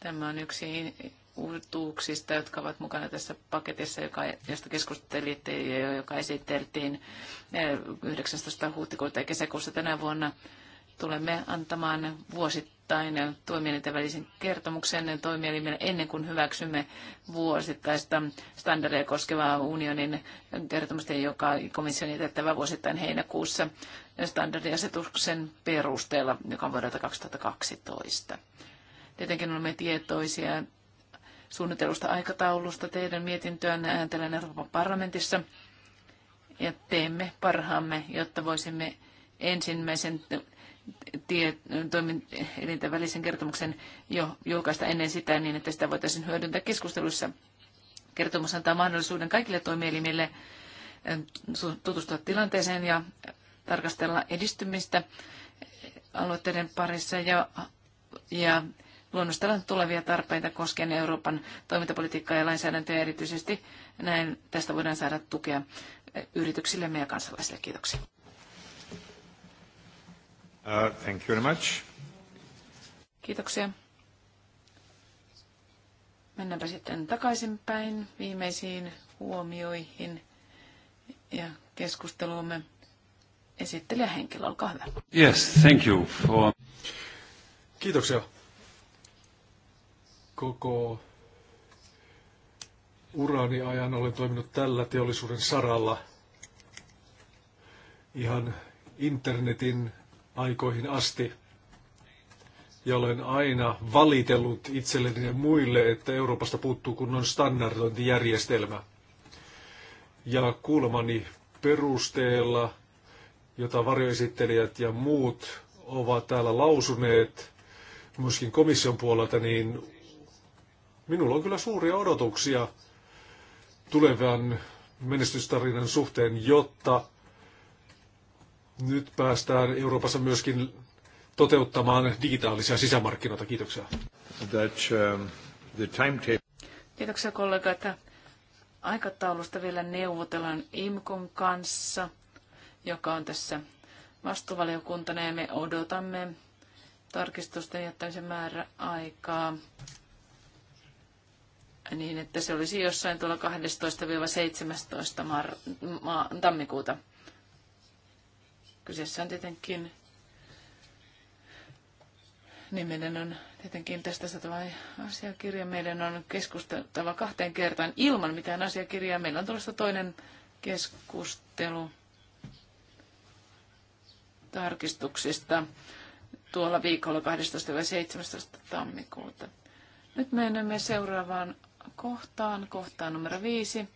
Tämä on yksi uutuuksista, jotka ovat mukana tässä paketissa, joka, josta keskustelitte ja joka esiteltiin 19. Eh, huhtikuuta ja kesäkuussa tänä vuonna. Tulemme antamaan vuosit vuosittain toimielinten välisen kertomuksen toimielimen ennen kuin hyväksymme vuosittaista standardeja koskevaa unionin kertomusta, joka komission jätettävä vuosittain heinäkuussa standardiasetuksen perusteella, joka on vuodelta 2012. Tietenkin olemme tietoisia suunnitelusta aikataulusta teidän mietintöön ääntelen Euroopan parlamentissa ja teemme parhaamme, jotta voisimme ensimmäisen tie, toimielinten välisen kertomuksen jo julkaista ennen sitä niin, että sitä voitaisiin hyödyntää keskusteluissa. Kertomus antaa mahdollisuuden kaikille toimielimille tutustua tilanteeseen ja tarkastella edistymistä aloitteiden parissa ja, ja luonnostella tulevia tarpeita koskien Euroopan toimintapolitiikkaa ja lainsäädäntöä erityisesti. Näin tästä voidaan saada tukea yrityksille ja kansalaisille. Kiitoksia. Uh, thank you very much. Kiitoksia. Mennäänpä sitten takaisinpäin viimeisiin huomioihin ja keskusteluumme. Esittelijä henkilö, olkaa hyvä. Yes, thank you for... Kiitoksia. Koko urani ajan olen toiminut tällä teollisuuden saralla ihan internetin aikoihin asti. Ja olen aina valitellut itselleni ja muille, että Euroopasta puuttuu kunnon standardointijärjestelmä. Ja kuulemani perusteella, jota varjoesittelijät ja muut ovat täällä lausuneet, myöskin komission puolelta, niin minulla on kyllä suuria odotuksia tulevan menestystarinan suhteen, jotta nyt päästään Euroopassa myöskin toteuttamaan digitaalisia sisämarkkinoita. Kiitoksia. Um, Kiitoksia kollega, että aikataulusta vielä neuvotellaan IMKon kanssa, joka on tässä vastuvaliokuntana ja me odotamme tarkistusten jättämisen määräaikaa niin, että se olisi jossain tuolla 12-17 mar- ma- tammikuuta. Kyseessä on tietenkin, niin meidän on tietenkin tästä satava asiakirja. Meidän on keskusteltava kahteen kertaan ilman mitään asiakirjaa. Meillä on tulossa toinen keskustelu tarkistuksista tuolla viikolla 12-17 tammikuuta. Nyt menemme seuraavaan kohtaan, kohtaan numero viisi.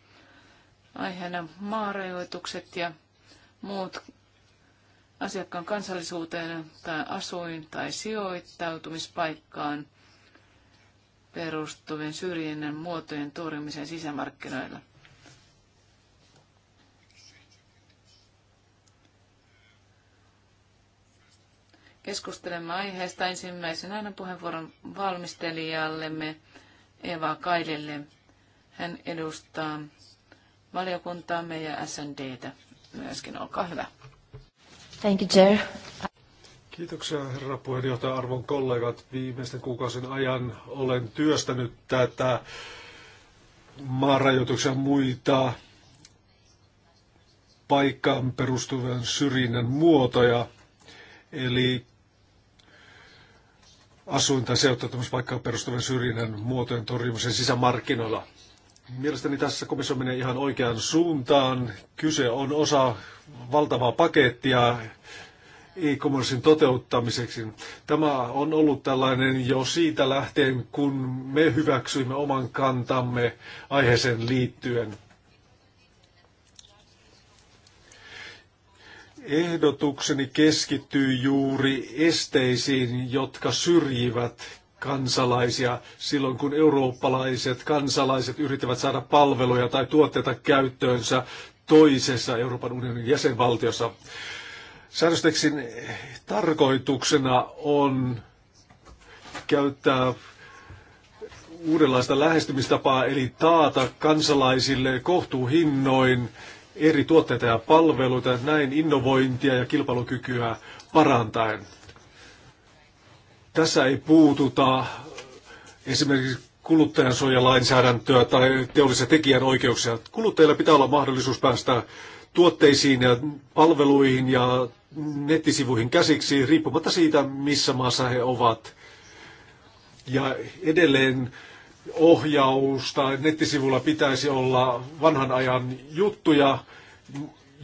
Aiheena maarajoitukset ja muut asiakkaan kansallisuuteen tai asuin- tai sijoittautumispaikkaan perustuvien syrjinnän muotojen torjumisen sisämarkkinoilla. Keskustelemme aiheesta ensimmäisenä aina puheenvuoron valmistelijallemme Eva Kailille. Hän edustaa valiokuntaamme ja SNDtä myöskin. Olkaa hyvä. Thank you, Chair. Kiitoksia herra puheenjohtaja, arvon kollegat. Viimeisten kuukausien ajan olen työstänyt tätä maanrajoituksia muita paikkaan perustuvan syrjinnän muotoja, eli asuin- tai seuttautumispaikkaan perustuvan syrjinnän muotojen torjumisen sisämarkkinoilla. Mielestäni tässä komissio menee ihan oikeaan suuntaan. Kyse on osa valtavaa pakettia e-commercein toteuttamiseksi. Tämä on ollut tällainen jo siitä lähtien, kun me hyväksyimme oman kantamme aiheeseen liittyen. Ehdotukseni keskittyy juuri esteisiin, jotka syrjivät kansalaisia silloin, kun eurooppalaiset kansalaiset yrittävät saada palveluja tai tuotteita käyttöönsä toisessa Euroopan unionin jäsenvaltiossa. Säädösteksin tarkoituksena on käyttää uudenlaista lähestymistapaa, eli taata kansalaisille kohtuuhinnoin eri tuotteita ja palveluita, näin innovointia ja kilpailukykyä parantaen. Tässä ei puututa esimerkiksi kuluttajansuojalainsäädäntöä tai teollisia tekijänoikeuksia. Kuluttajilla pitää olla mahdollisuus päästä tuotteisiin ja palveluihin ja nettisivuihin käsiksi, riippumatta siitä, missä maassa he ovat. Ja edelleen ohjausta nettisivulla pitäisi olla vanhan ajan juttuja.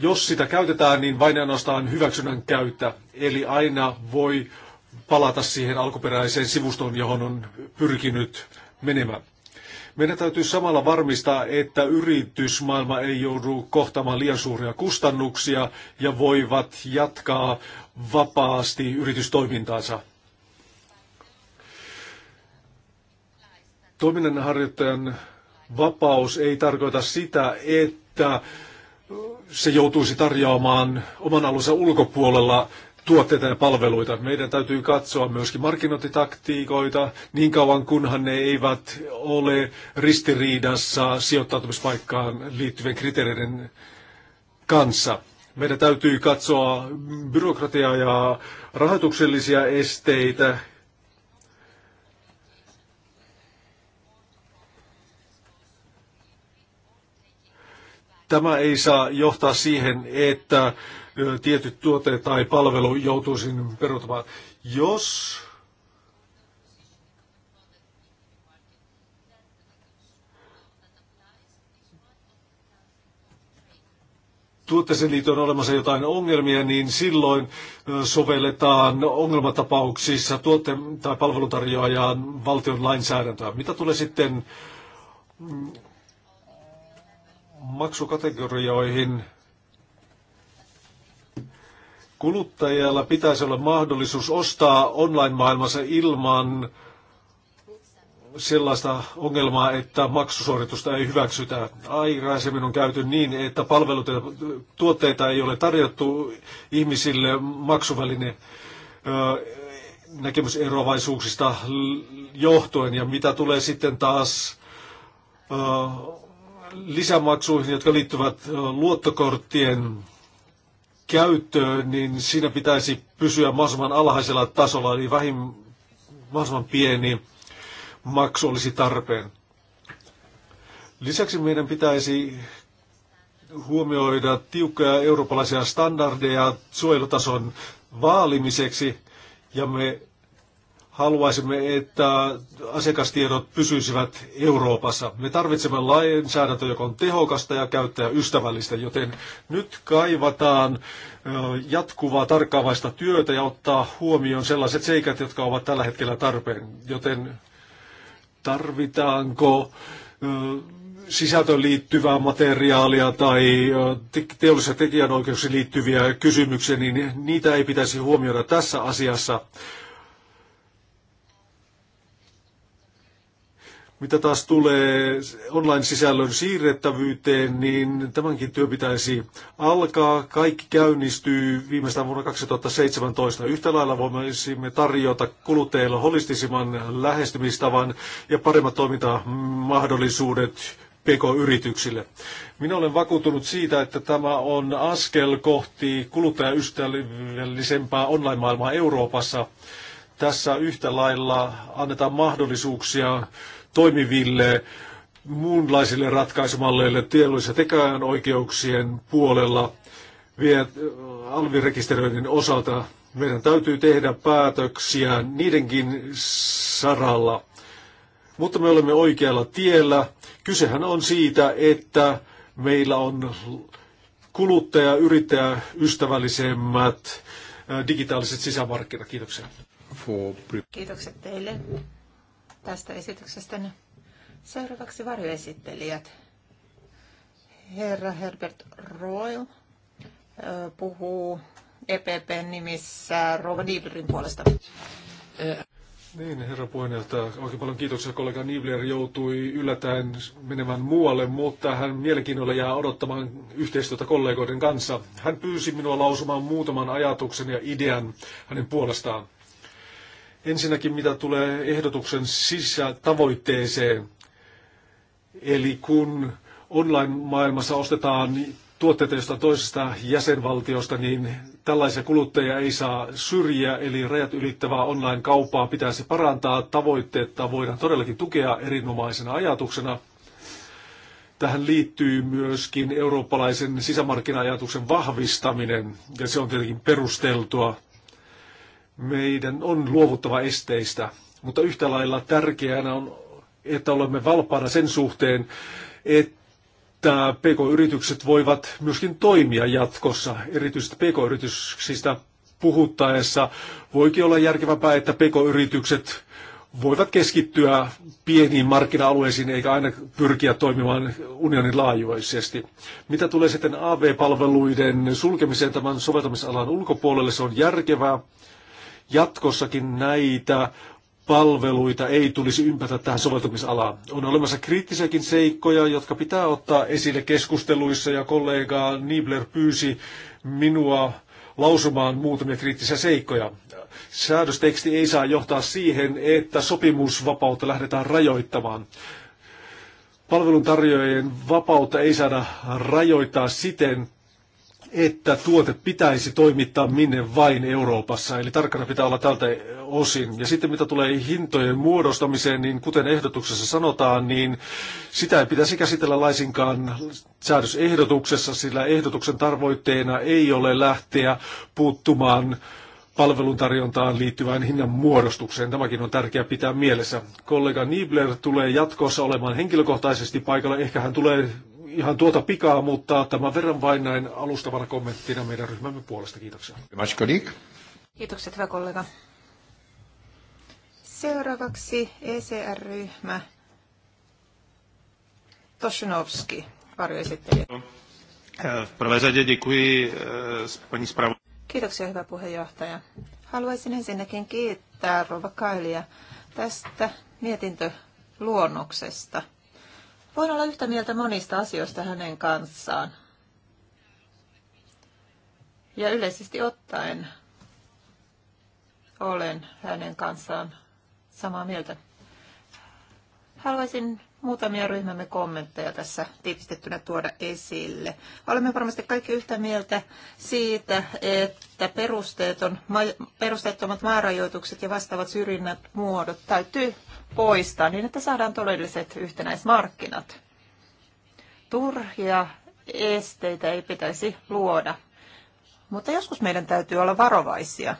Jos sitä käytetään, niin vain ainoastaan hyväksynnän käyttä. Eli aina voi palata siihen alkuperäiseen sivustoon, johon on pyrkinyt menemään. Meidän täytyy samalla varmistaa, että yritysmaailma ei joudu kohtaamaan liian suuria kustannuksia ja voivat jatkaa vapaasti yritystoimintaansa. Toiminnanharjoittajan vapaus ei tarkoita sitä, että se joutuisi tarjoamaan oman alueensa ulkopuolella tuotteita ja palveluita. Meidän täytyy katsoa myöskin markkinointitaktiikoita niin kauan, kunhan ne eivät ole ristiriidassa sijoittautumispaikkaan liittyvien kriteereiden kanssa. Meidän täytyy katsoa byrokratiaa ja rahoituksellisia esteitä. Tämä ei saa johtaa siihen, että tietyt tuote tai palvelu joutuisi sinne peruuttamaan. Jos tuotteeseen liittyen on olemassa jotain ongelmia, niin silloin sovelletaan ongelmatapauksissa tuote tai palveluntarjoajan valtion lainsäädäntöä. Mitä tulee sitten mm, maksukategorioihin, Kuluttajalla pitäisi olla mahdollisuus ostaa online-maailmansa ilman sellaista ongelmaa, että maksusuoritusta ei hyväksytä. Aikaisemmin on käyty niin, että palveluita ja tuotteita ei ole tarjottu ihmisille maksuväline näkemyseroavaisuuksista johtuen. Ja mitä tulee sitten taas lisämaksuihin, jotka liittyvät luottokorttien käyttöön, niin siinä pitäisi pysyä mahdollisimman alhaisella tasolla, eli vähin, mahdollisimman pieni maksu olisi tarpeen. Lisäksi meidän pitäisi huomioida tiukkoja eurooppalaisia standardeja suojelutason vaalimiseksi, ja me haluaisimme, että asiakastiedot pysyisivät Euroopassa. Me tarvitsemme lainsäädäntö, joka on tehokasta ja käyttäjäystävällistä, joten nyt kaivataan jatkuvaa tarkkaavaista työtä ja ottaa huomioon sellaiset seikat, jotka ovat tällä hetkellä tarpeen. Joten tarvitaanko sisältöön liittyvää materiaalia tai teollisuus- ja tekijänoikeuksiin liittyviä kysymyksiä, niin niitä ei pitäisi huomioida tässä asiassa Mitä taas tulee online-sisällön siirrettävyyteen, niin tämänkin työ pitäisi alkaa. Kaikki käynnistyy viimeistään vuonna 2017. Yhtä lailla voisimme tarjota kuluttajille holistisimman lähestymistavan ja paremmat toimintamahdollisuudet PK-yrityksille. Minä olen vakuuttunut siitä, että tämä on askel kohti kuluttajaystävällisempää online-maailmaa Euroopassa. Tässä yhtä lailla annetaan mahdollisuuksia toimiville muunlaisille ratkaisumalleille tieluissa tekään oikeuksien puolella äh, alvirekisteröinnin osalta. Meidän täytyy tehdä päätöksiä niidenkin saralla. Mutta me olemme oikealla tiellä. Kysehän on siitä, että meillä on kuluttaja, yrittäjä, ystävällisemmät äh, digitaaliset sisämarkkinat. Kiitoksia. Kiitokset teille tästä esityksestä. Niin seuraavaksi varjoesittelijät. Herra Herbert Royal puhuu EPPn nimissä Rova Niblerin puolesta. Niin, herra puheenjohtaja. Oikein paljon kiitoksia. Kollega Nibler joutui yllättäen menemään muualle, mutta hän mielenkiinnolla jää odottamaan yhteistyötä kollegoiden kanssa. Hän pyysi minua lausumaan muutaman ajatuksen ja idean hänen puolestaan. Ensinnäkin mitä tulee ehdotuksen sisä tavoitteeseen, eli kun online-maailmassa ostetaan tuotteita jostain toisesta jäsenvaltiosta, niin tällaisia kuluttajia ei saa syrjiä, eli rajat ylittävää online-kaupaa pitäisi parantaa. Tavoitteetta voidaan todellakin tukea erinomaisena ajatuksena. Tähän liittyy myöskin eurooppalaisen sisämarkkina-ajatuksen vahvistaminen, ja se on tietenkin perusteltua meidän on luovuttava esteistä, mutta yhtä lailla tärkeänä on, että olemme valpaana sen suhteen, että pk-yritykset voivat myöskin toimia jatkossa. Erityisesti pk-yrityksistä puhuttaessa voikin olla järkevämpää, että pk-yritykset voivat keskittyä pieniin markkina-alueisiin eikä aina pyrkiä toimimaan unionin laajuisesti. Mitä tulee sitten AV-palveluiden sulkemiseen tämän soveltamisalan ulkopuolelle, se on järkevää jatkossakin näitä palveluita ei tulisi ympätä tähän soveltamisalaan. On olemassa kriittisiäkin seikkoja, jotka pitää ottaa esille keskusteluissa, ja kollega Niebler pyysi minua lausumaan muutamia kriittisiä seikkoja. Säädösteksti ei saa johtaa siihen, että sopimusvapautta lähdetään rajoittamaan. Palveluntarjoajien vapautta ei saada rajoittaa siten, että tuote pitäisi toimittaa minne vain Euroopassa, eli tarkkana pitää olla tältä osin. Ja sitten mitä tulee hintojen muodostamiseen, niin kuten ehdotuksessa sanotaan, niin sitä ei pitäisi käsitellä laisinkaan säädösehdotuksessa, sillä ehdotuksen tarvoitteena ei ole lähteä puuttumaan palveluntarjontaan liittyvään hinnan muodostukseen. Tämäkin on tärkeää pitää mielessä. Kollega Niebler tulee jatkossa olemaan henkilökohtaisesti paikalla. Ehkä hän tulee ihan tuota pikaa, mutta tämän verran vain näin alustavana kommenttina meidän ryhmämme puolesta. Kiitoksia. Kiitokset, hyvä kollega. Seuraavaksi ECR-ryhmä. Toshinovski, varjoesittelijä. Eh, v eh, Kiitoksia, hyvä puheenjohtaja. Haluaisin ensinnäkin kiittää Rova Kailia tästä mietintöluonnoksesta. Voin olla yhtä mieltä monista asioista hänen kanssaan. Ja yleisesti ottaen olen hänen kanssaan samaa mieltä. Haluaisin muutamia ryhmämme kommentteja tässä tiivistettynä tuoda esille. Olemme varmasti kaikki yhtä mieltä siitä, että perusteeton, perusteettomat maarajoitukset ja vastaavat syrjinnät muodot täytyy poistaa niin, että saadaan todelliset yhtenäismarkkinat. Turhia esteitä ei pitäisi luoda, mutta joskus meidän täytyy olla varovaisia,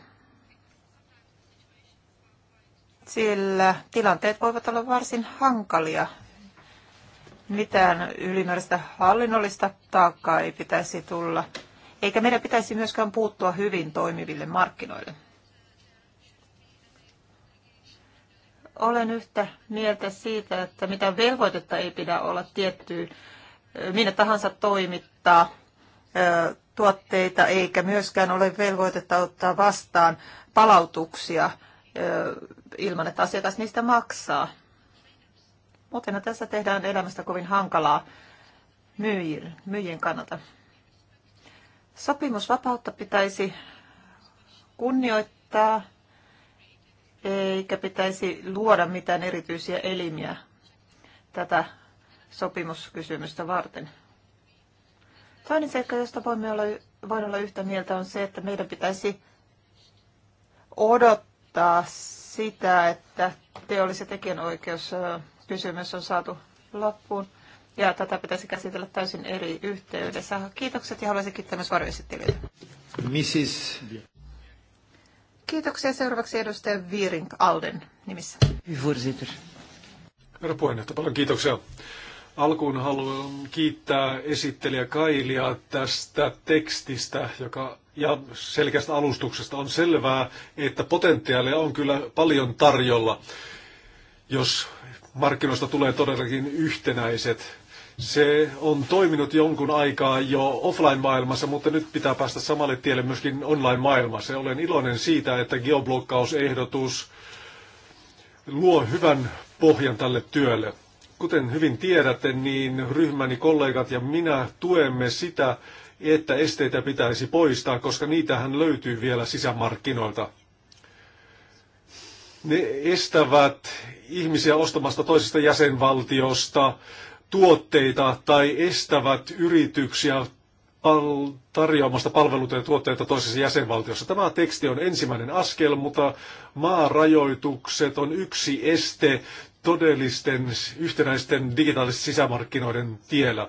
sillä tilanteet voivat olla varsin hankalia. Mitään ylimääräistä hallinnollista taakkaa ei pitäisi tulla, eikä meidän pitäisi myöskään puuttua hyvin toimiville markkinoille. Olen yhtä mieltä siitä, että mitä velvoitetta ei pidä olla tiettyyn, minne tahansa toimittaa tuotteita, eikä myöskään ole velvoitetta ottaa vastaan palautuksia ilman, että asiakas niistä maksaa. Muuten tässä tehdään elämästä kovin hankalaa myyjien, myyjien kannalta. Sopimusvapautta pitäisi kunnioittaa eikä pitäisi luoda mitään erityisiä elimiä tätä sopimuskysymystä varten. Toinen seikka, josta voimme olla, voin olla yhtä mieltä, on se, että meidän pitäisi odottaa sitä, että teollis- ja tekijänoikeuskysymys on saatu loppuun. Ja tätä pitäisi käsitellä täysin eri yhteydessä. Kiitokset ja haluaisin kiittää myös varjoesittelijöitä. Mrs. Kiitoksia. Seuraavaksi edustaja Viering Alden nimissä. Voorzitter. Herra puheenjohtaja, paljon kiitoksia. Alkuun haluan kiittää esittelijä Kailia tästä tekstistä joka, ja selkeästä alustuksesta. On selvää, että potentiaalia on kyllä paljon tarjolla, jos markkinoista tulee todellakin yhtenäiset se on toiminut jonkun aikaa jo offline-maailmassa, mutta nyt pitää päästä samalle tielle myöskin online-maailmassa. Olen iloinen siitä, että geoblokkausehdotus luo hyvän pohjan tälle työlle. Kuten hyvin tiedätte, niin ryhmäni kollegat ja minä tuemme sitä, että esteitä pitäisi poistaa, koska niitähän löytyy vielä sisämarkkinoilta. Ne estävät ihmisiä ostamasta toisesta jäsenvaltiosta, tuotteita tai estävät yrityksiä pal- tarjoamasta palveluita ja tuotteita toisessa jäsenvaltiossa. Tämä teksti on ensimmäinen askel, mutta maarajoitukset on yksi este todellisten yhtenäisten digitaalisten sisämarkkinoiden tiellä.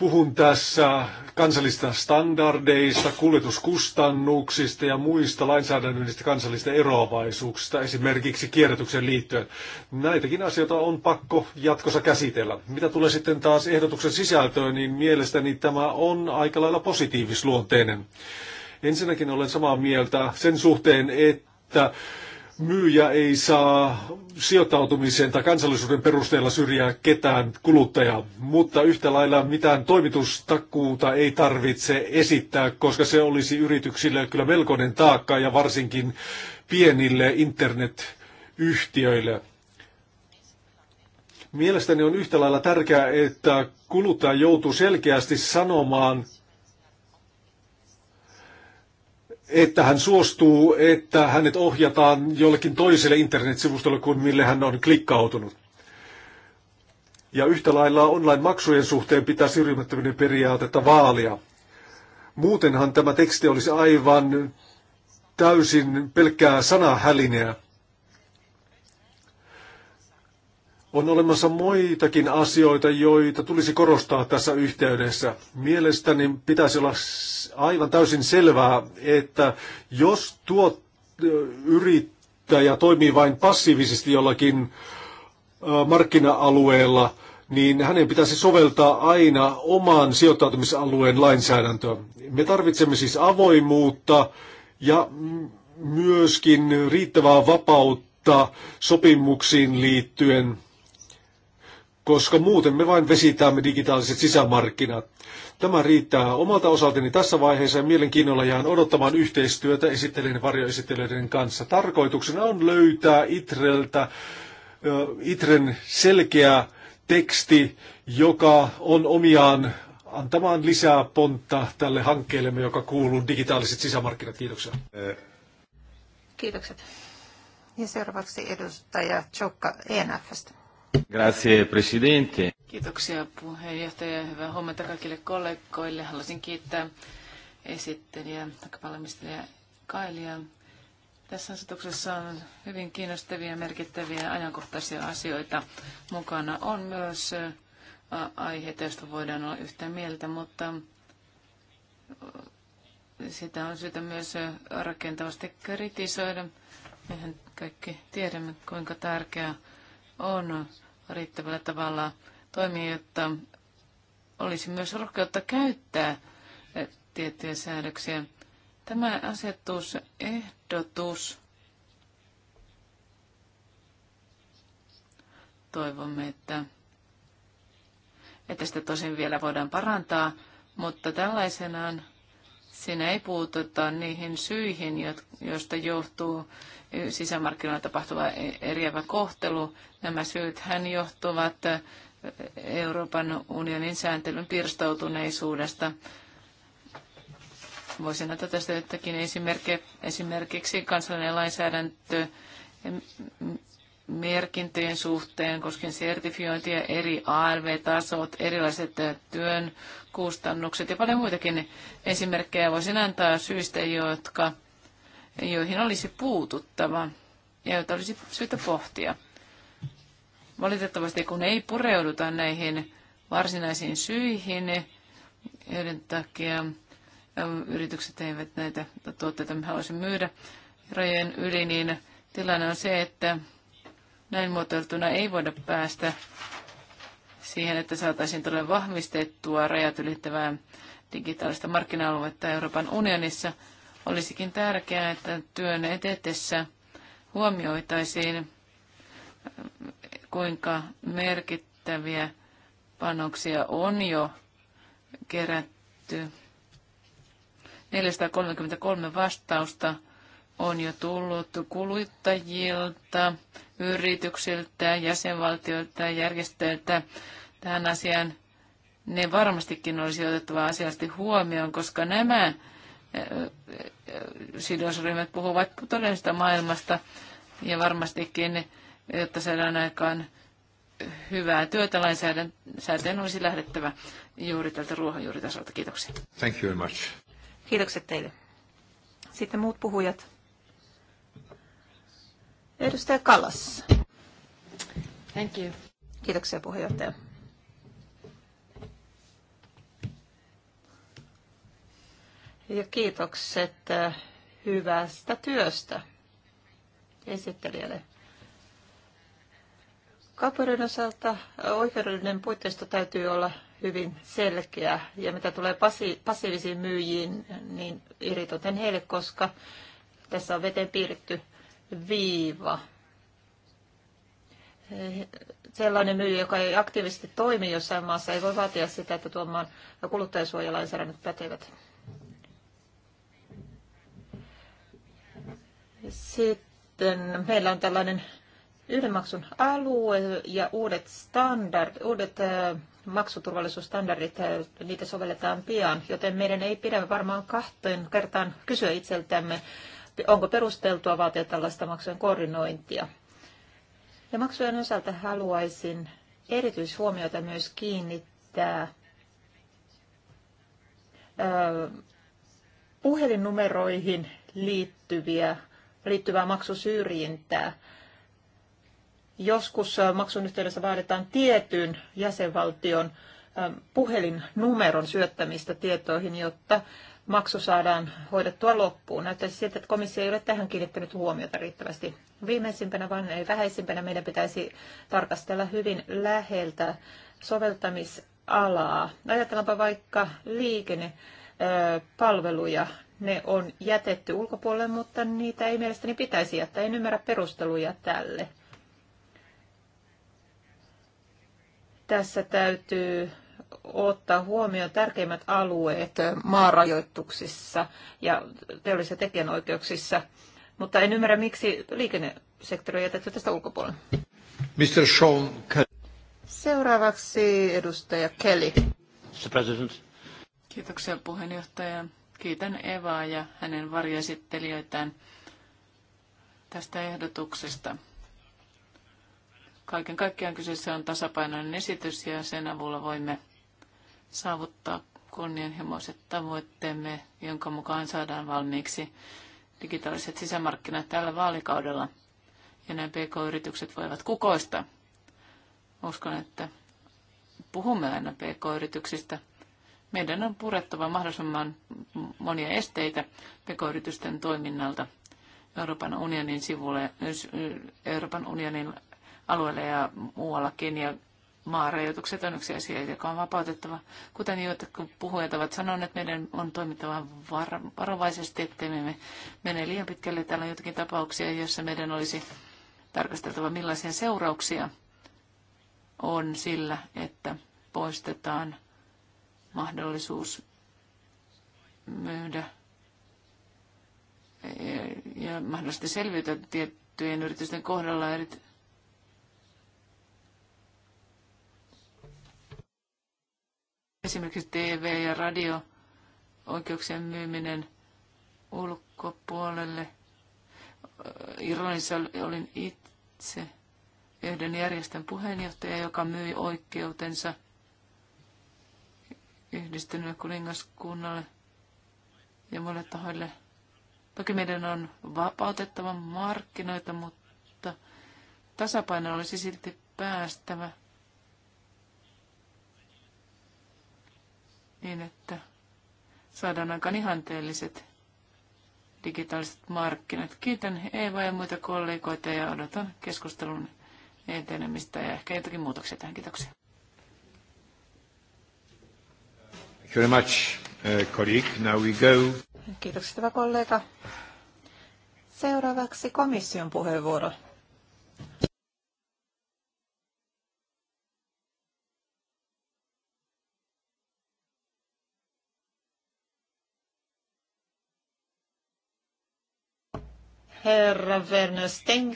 Puhun tässä kansallista standardeista, kuljetuskustannuksista ja muista lainsäädännöllisistä kansallista eroavaisuuksista, esimerkiksi kierrätykseen liittyen. Näitäkin asioita on pakko jatkossa käsitellä. Mitä tulee sitten taas ehdotuksen sisältöön, niin mielestäni tämä on aika lailla positiivisluonteinen. Ensinnäkin olen samaa mieltä sen suhteen, että että myyjä ei saa sijoittautumisen tai kansallisuuden perusteella syrjää ketään kuluttajaa, mutta yhtä lailla mitään toimitustakuuta ei tarvitse esittää, koska se olisi yrityksille kyllä melkoinen taakka ja varsinkin pienille internetyhtiöille. Mielestäni on yhtä lailla tärkeää, että kuluttaja joutuu selkeästi sanomaan, että hän suostuu, että hänet ohjataan jollekin toiselle internetsivustolle kuin mille hän on klikkautunut. Ja yhtä lailla online-maksujen suhteen pitää syrjimättömyyden periaatetta vaalia. Muutenhan tämä teksti olisi aivan täysin pelkkää sanahälineä. On olemassa muitakin asioita, joita tulisi korostaa tässä yhteydessä. Mielestäni pitäisi olla aivan täysin selvää, että jos tuo yrittäjä toimii vain passiivisesti jollakin markkina-alueella, niin hänen pitäisi soveltaa aina oman sijoittautumisalueen lainsäädäntöä. Me tarvitsemme siis avoimuutta ja myöskin riittävää vapautta sopimuksiin liittyen – koska muuten me vain vesitämme digitaaliset sisämarkkinat. Tämä riittää omalta osaltani tässä vaiheessa ja mielenkiinnolla jään odottamaan yhteistyötä esittelijän ja varjoesittelijöiden kanssa. Tarkoituksena on löytää Itreltä, Itren selkeä teksti, joka on omiaan antamaan lisää pontta tälle hankkeellemme, joka kuuluu digitaaliset sisämarkkinat. Kiitoksia. Kiitokset. Ja seuraavaksi edustaja Chokka ENFstä. Grazie, presidente. Kiitoksia puheenjohtaja ja hyvää huomenta kaikille kollegoille. Haluaisin kiittää esittelijä, valmistelija Kailia. Tässä asetuksessa on hyvin kiinnostavia ja merkittäviä ajankohtaisia asioita. Mukana on myös aiheita, joista voidaan olla yhtä mieltä, mutta sitä on syytä myös rakentavasti kritisoida. Mehän kaikki tiedämme, kuinka tärkeää on riittävällä tavalla toimia, jotta olisi myös rohkeutta käyttää tiettyjä säädöksiä. Tämä asetusehdotus toivomme, että, että sitä tosin vielä voidaan parantaa, mutta tällaisenaan Siinä ei puututa niihin syihin, joista johtuu sisämarkkinoilla tapahtuva e-, eriävä kohtelu. Nämä syythän johtuvat e, Euroopan unionin sääntelyn pirstoutuneisuudesta. Voisin näyttää tästä jotakin Esimerkiksi kansallinen lainsäädäntö merkintöjen suhteen, koskien sertifiointia, eri arv tasot erilaiset työn kustannukset ja paljon muitakin esimerkkejä voisin antaa syistä, jotka, joihin olisi puututtava ja joita olisi syytä pohtia. Valitettavasti kun ei pureuduta näihin varsinaisiin syihin, joiden takia yritykset eivät näitä tuotteita haluaisi myydä rajojen yli, niin tilanne on se, että näin muotoiltuna ei voida päästä siihen, että saataisiin todella vahvistettua rajat ylittävää digitaalista markkina-aluetta Euroopan unionissa. Olisikin tärkeää, että työn etetessä huomioitaisiin, kuinka merkittäviä panoksia on jo kerätty. 433 vastausta on jo tullut kuluttajilta, yrityksiltä, jäsenvaltioilta ja järjestöiltä tähän asiaan, ne varmastikin olisi otettava asiallisesti huomioon, koska nämä sidosryhmät puhuvat todellisesta maailmasta ja varmastikin, jotta saadaan aikaan hyvää työtä lainsäädäntöön olisi lähdettävä juuri tältä ruohonjuuritasolta. Kiitoksia. Thank you very much. Kiitokset teille. Sitten muut puhujat. Edustaja Kallas. Thank you. Kiitoksia puheenjohtaja. Ja kiitokset äh, hyvästä työstä esittelijälle. Kaupoiden osalta oikeudellinen puitteisto täytyy olla hyvin selkeä. Ja mitä tulee passi- passiivisiin myyjiin, niin eritoten heille, koska tässä on veteen piirretty viiva. Sellainen myyjä, joka ei aktiivisesti toimi jossain maassa, ei voi vaatia sitä, että tuon maan kuluttajasuojalainsäädännöt pätevät. Sitten meillä on tällainen ylimaksun alue ja uudet, standard, uudet äh, maksuturvallisuusstandardit, äh, niitä sovelletaan pian, joten meidän ei pidä varmaan kahteen kertaan kysyä itseltämme, onko perusteltua vaatia tällaista maksujen koordinointia. Ja maksujen osalta haluaisin erityishuomiota myös kiinnittää puhelinnumeroihin liittyviä, liittyvää maksusyrjintää. Joskus maksun yhteydessä vaaditaan tietyn jäsenvaltion puhelinnumeron syöttämistä tietoihin, jotta maksu saadaan hoidettua loppuun. Näyttäisi siltä, että komissio ei ole tähän kiinnittänyt huomiota riittävästi. Viimeisimpänä, vaan ei vähäisimpänä, meidän pitäisi tarkastella hyvin läheltä soveltamisalaa. Ajatellaanpa vaikka liikennepalveluja. Ne on jätetty ulkopuolelle, mutta niitä ei mielestäni pitäisi jättää. En ymmärrä perusteluja tälle. Tässä täytyy ottaa huomioon tärkeimmät alueet maarajoituksissa ja teollisissa tekijänoikeuksissa, mutta en ymmärrä, miksi liikennesektori on jätetty tästä ulkopuolelle. Mr. Sean Kelly. Seuraavaksi edustaja Kelly. Mr. President. Kiitoksia puheenjohtaja. Kiitän Evaa ja hänen varjoesittelijöitään tästä ehdotuksesta. Kaiken kaikkiaan kyseessä on tasapainoinen esitys ja sen avulla voimme saavuttaa kunnianhimoiset tavoitteemme, jonka mukaan saadaan valmiiksi digitaaliset sisämarkkinat tällä vaalikaudella. Ja näin pk-yritykset voivat kukoista. Uskon, että puhumme aina pk-yrityksistä. Meidän on purettava mahdollisimman monia esteitä pk-yritysten toiminnalta Euroopan unionin sivulle, Euroopan unionin alueelle ja muuallakin. Ja maarajoitukset on yksi asia, joka on vapautettava. Kuten joitakin puhujat ovat sanoneet, meidän on toimittava var- varovaisesti, ettei me mene liian pitkälle. Täällä on jotakin tapauksia, joissa meidän olisi tarkasteltava, millaisia seurauksia on sillä, että poistetaan mahdollisuus myydä ja mahdollisesti selviytyä tiettyjen yritysten kohdalla. Erityisesti Esimerkiksi TV- ja radio-oikeuksien myyminen ulkopuolelle. Ironissa olin itse yhden järjestön puheenjohtaja, joka myi oikeutensa yhdistyneelle kuningaskunnalle ja muille tahoille. Toki meidän on vapautettava markkinoita, mutta tasapaino olisi silti päästävä. niin, että saadaan aika ihanteelliset digitaaliset markkinat. Kiitän Eeva ja muita kollegoita ja odotan keskustelun etenemistä ja ehkä jotakin muutoksia tähän. Kiitoksia. Thank you very much, uh, colleague. Now we go. Kiitoksia, hyvä kollega. Seuraavaksi komission puheenvuoro. herra Werner Steng,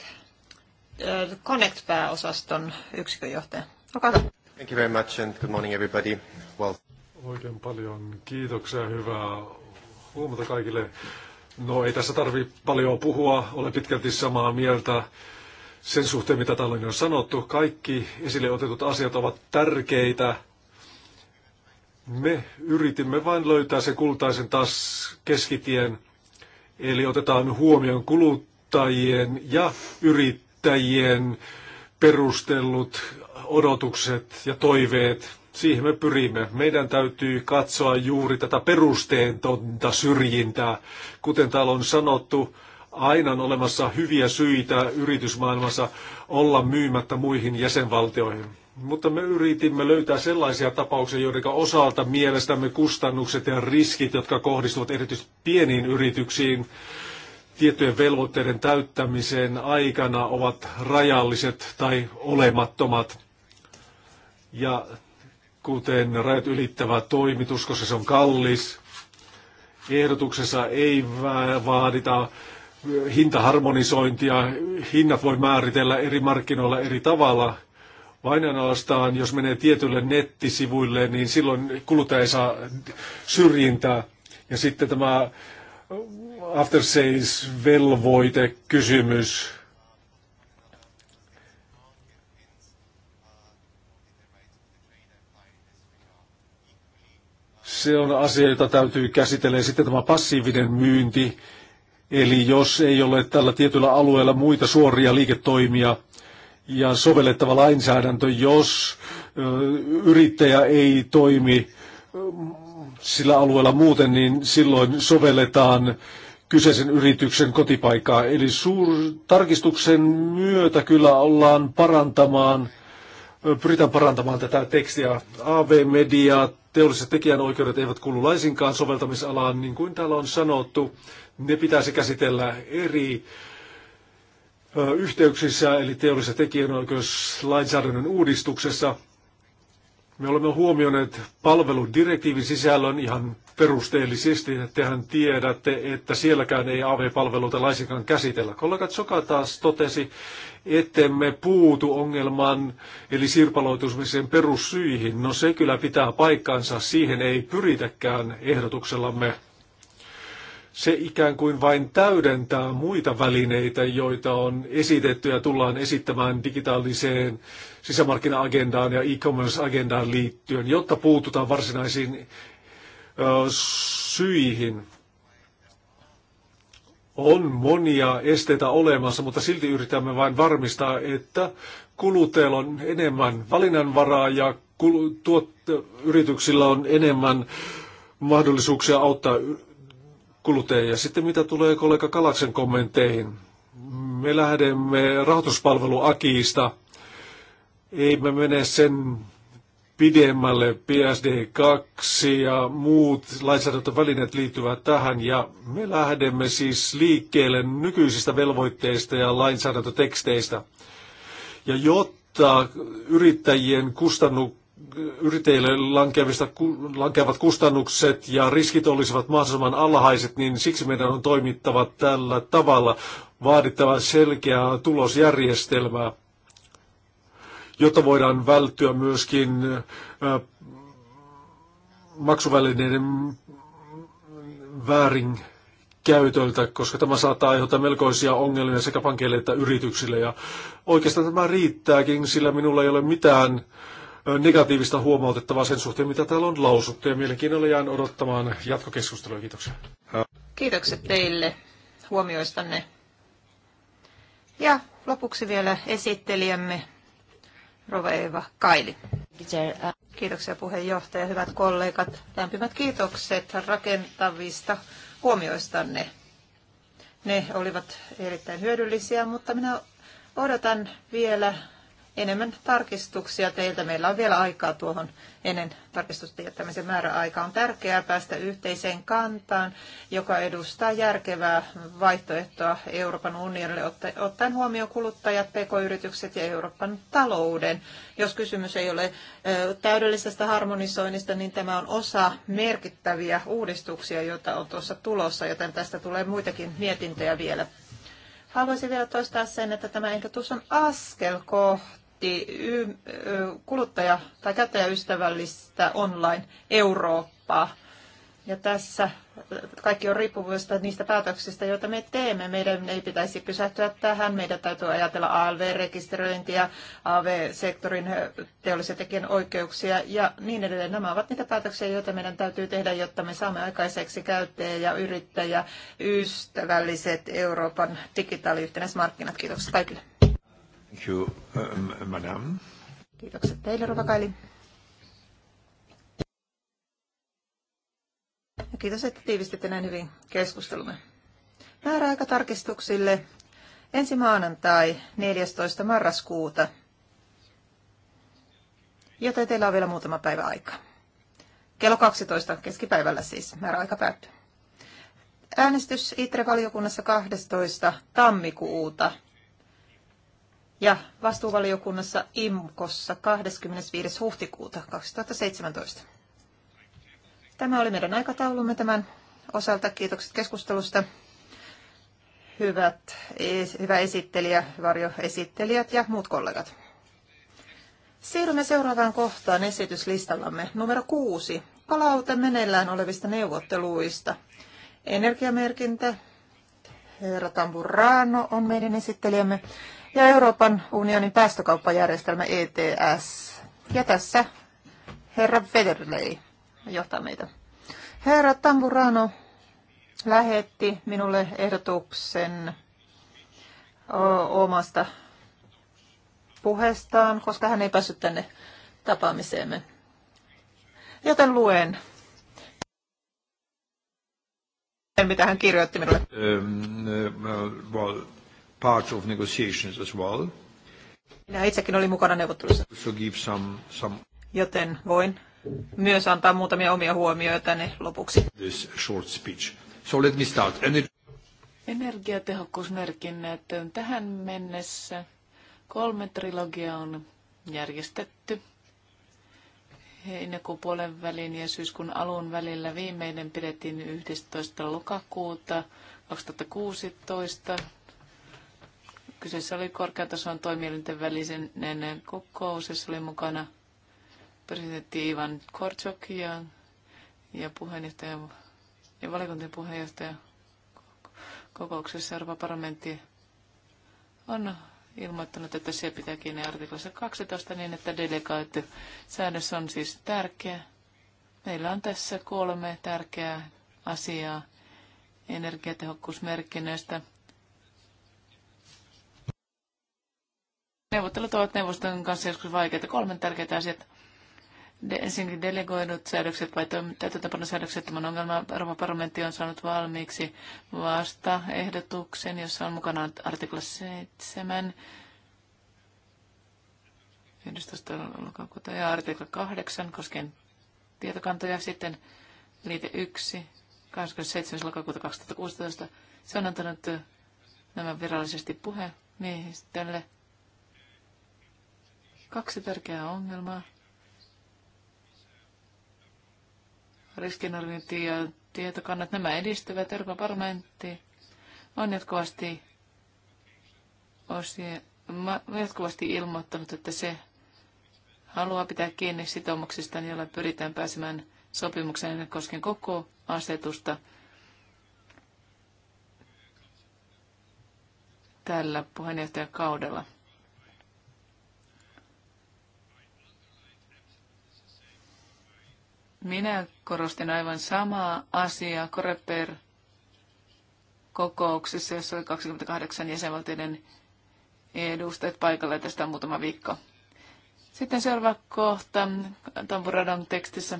äh, Connect-pääosaston yksikönjohtaja. Olkaa Thank you very much and good morning everybody. Well... Oikein paljon kiitoksia, hyvää huomata kaikille. No ei tässä tarvi paljon puhua, olen pitkälti samaa mieltä sen suhteen, mitä täällä on jo sanottu. Kaikki esille otetut asiat ovat tärkeitä. Me yritimme vain löytää se kultaisen taas keskitien Eli otetaan huomioon kuluttajien ja yrittäjien perustellut odotukset ja toiveet. Siihen me pyrimme. Meidän täytyy katsoa juuri tätä perusteentonta syrjintää. Kuten täällä on sanottu, aina on olemassa hyviä syitä yritysmaailmassa olla myymättä muihin jäsenvaltioihin. Mutta me yritimme löytää sellaisia tapauksia, joiden osalta mielestämme kustannukset ja riskit, jotka kohdistuvat erityisesti pieniin yrityksiin, tiettyjen velvoitteiden täyttämiseen aikana ovat rajalliset tai olemattomat. Ja kuten rajat ylittävä toimitus, koska se on kallis, ehdotuksessa ei vaadita hintaharmonisointia. Hinnat voi määritellä eri markkinoilla eri tavalla vain ainoastaan, jos menee tietylle nettisivuille, niin silloin kuluttaja ei saa syrjintää. Ja sitten tämä after sales velvoite kysymys. Se on asia, jota täytyy käsitellä. Ja sitten tämä passiivinen myynti. Eli jos ei ole tällä tietyllä alueella muita suoria liiketoimia, ja sovellettava lainsäädäntö, jos yrittäjä ei toimi sillä alueella muuten, niin silloin sovelletaan kyseisen yrityksen kotipaikkaa. Eli tarkistuksen myötä kyllä ollaan parantamaan, pyritään parantamaan tätä tekstiä. AV-media, teolliset tekijänoikeudet eivät kuulu laisinkaan soveltamisalaan, niin kuin täällä on sanottu, ne pitäisi käsitellä eri yhteyksissä, eli teollis- ja tekijänoikeuslainsäädännön uudistuksessa. Me olemme huomioineet palveludirektiivin sisällön ihan perusteellisesti. Tehän tiedätte, että sielläkään ei AV-palveluita laisinkaan käsitellä. Kollega Tsoka taas totesi, ettemme puutu ongelman eli sirpaloitumisen perussyihin. No se kyllä pitää paikkansa, siihen ei pyritäkään ehdotuksellamme se ikään kuin vain täydentää muita välineitä, joita on esitetty ja tullaan esittämään digitaaliseen sisämarkkina-agendaan ja e-commerce-agendaan liittyen, jotta puututaan varsinaisiin ö, syihin. On monia esteitä olemassa, mutta silti yritämme vain varmistaa, että kuluttajilla on enemmän valinnanvaraa ja yrityksillä on enemmän mahdollisuuksia auttaa kuluttajia. Sitten mitä tulee kollega Kalaksen kommenteihin? me lähdemme rahoituspalvelu Akiista. Ei me mene sen pidemmälle. PSD2 ja muut lainsäädäntövälineet liittyvät tähän ja me lähdemme siis liikkeelle nykyisistä velvoitteista ja lainsäädäntöteksteistä. Ja jotta yrittäjien kustannukset yrittäjille lankeavista, lankeavat kustannukset ja riskit olisivat mahdollisimman alhaiset, niin siksi meidän on toimittava tällä tavalla vaadittava selkeää tulosjärjestelmää, jotta voidaan välttyä myöskin maksuvälineiden väärin käytöltä, koska tämä saattaa aiheuttaa melkoisia ongelmia sekä pankeille että yrityksille. Ja oikeastaan tämä riittääkin, sillä minulla ei ole mitään negatiivista huomautettavaa sen suhteen, mitä täällä on lausuttu. Ja mielenkiinnolla jään odottamaan jatkokeskustelua. Kiitoksia. Kiitokset teille huomioistanne. Ja lopuksi vielä esittelijämme Rova Eeva Kaili. Kiitoksia puheenjohtaja, hyvät kollegat. Lämpimät kiitokset rakentavista huomioistanne. Ne olivat erittäin hyödyllisiä, mutta minä odotan vielä enemmän tarkistuksia teiltä. Meillä on vielä aikaa tuohon ennen jättämisen määräaika. On tärkeää päästä yhteiseen kantaan, joka edustaa järkevää vaihtoehtoa Euroopan unionille, ottaen huomioon kuluttajat, pk-yritykset ja Euroopan talouden. Jos kysymys ei ole täydellisestä harmonisoinnista, niin tämä on osa merkittäviä uudistuksia, joita on tuossa tulossa, joten tästä tulee muitakin mietintöjä vielä haluaisin vielä toistaa sen, että tämä ehdotus on askel kohti kohti kuluttaja- tai käyttäjäystävällistä online-Eurooppaa. Ja tässä kaikki on riippuvuista niistä päätöksistä, joita me teemme. Meidän ei pitäisi pysähtyä tähän. Meidän täytyy ajatella ALV-rekisteröintiä, AV-sektorin teollisen tekijän oikeuksia ja niin edelleen. Nämä ovat niitä päätöksiä, joita meidän täytyy tehdä, jotta me saamme aikaiseksi käyttäjä- ja yrittäjä ystävälliset Euroopan digitaaliyhtenäismarkkinat. Kiitoksia kaikille. Thank you, uh, madam. Kiitokset teille, Rovakaili. Ja kiitos, että tiivistitte näin hyvin keskustelumme. Määräaika tarkistuksille ensi maanantai 14. marraskuuta, joten teillä on vielä muutama päivä aika. Kello 12 keskipäivällä siis määräaika päättyy. Äänestys ITRE-valiokunnassa 12. tammikuuta ja vastuuvaliokunnassa IMKossa 25. huhtikuuta 2017. Tämä oli meidän aikataulumme tämän osalta. Kiitokset keskustelusta. Hyvät, hyvä esittelijä, varjoesittelijät ja muut kollegat. Siirrymme seuraavaan kohtaan esityslistallamme numero kuusi. Palaute meneillään olevista neuvotteluista. Energiamerkintä. Herra Tamburano on meidän esittelijämme ja Euroopan unionin päästökauppajärjestelmä ETS. Ja tässä herra Federley johtaa meitä. Herra Tamburano lähetti minulle ehdotuksen omasta puheestaan, koska hän ei päässyt tänne tapaamiseemme. Joten luen, mitä hän kirjoitti minulle. Um, well, part of negotiations as well. Minä itsekin olin mukana neuvottelussa. So give some, some... Joten voin myös antaa muutamia omia huomioita tänne lopuksi. This short speech. So let me start. Ener- Energiatehokkuusmerkinnät. Tähän mennessä kolme trilogia on järjestetty. Heinäkuun puolen välin ja syyskuun alun välillä viimeinen pidettiin 11. lokakuuta 2016 Kyseessä oli korkeatason toimielinten välinen kokous, jossa oli mukana presidentti Ivan Korchok ja, ja puheenjohtaja ja valikuntien puheenjohtaja kokouksessa Euroopan parlamentti on ilmoittanut, että se pitää kiinni artiklassa 12 niin, että delegaatio säännös on siis tärkeä. Meillä on tässä kolme tärkeää asiaa energiatehokkuusmerkinnöistä – Neuvottelut ovat neuvoston kanssa joskus vaikeita. Kolmen tärkeitä asiat. De, ensinnäkin delegoidut säädökset vai täytäntöpanon säädökset. Tämän ongelman Euroopan parlamentti on saanut valmiiksi vasta ehdotuksen, jossa on mukana artikla 7. 11. lokakuuta ja artikla 8 koskien tietokantoja. Sitten liite 1, 27. lokakuuta 2016. Se on antanut nämä virallisesti puhemiehistölle Kaksi tärkeää ongelmaa. Riskinarviointi ja tietokannat, nämä edistyvät. Euroopan parlamentti on jatkuvasti, osia, jatkuvasti ilmoittanut, että se haluaa pitää kiinni sitoumuksista, joilla pyritään pääsemään sopimukseen kosken koko asetusta. tällä puheenjohtajakaudella. Minä korostin aivan samaa asiaa Koreper kokouksessa, jossa oli 28 jäsenvaltioiden edustajat paikalla tästä on muutama viikko. Sitten seuraava kohta Tampuradon tekstissä.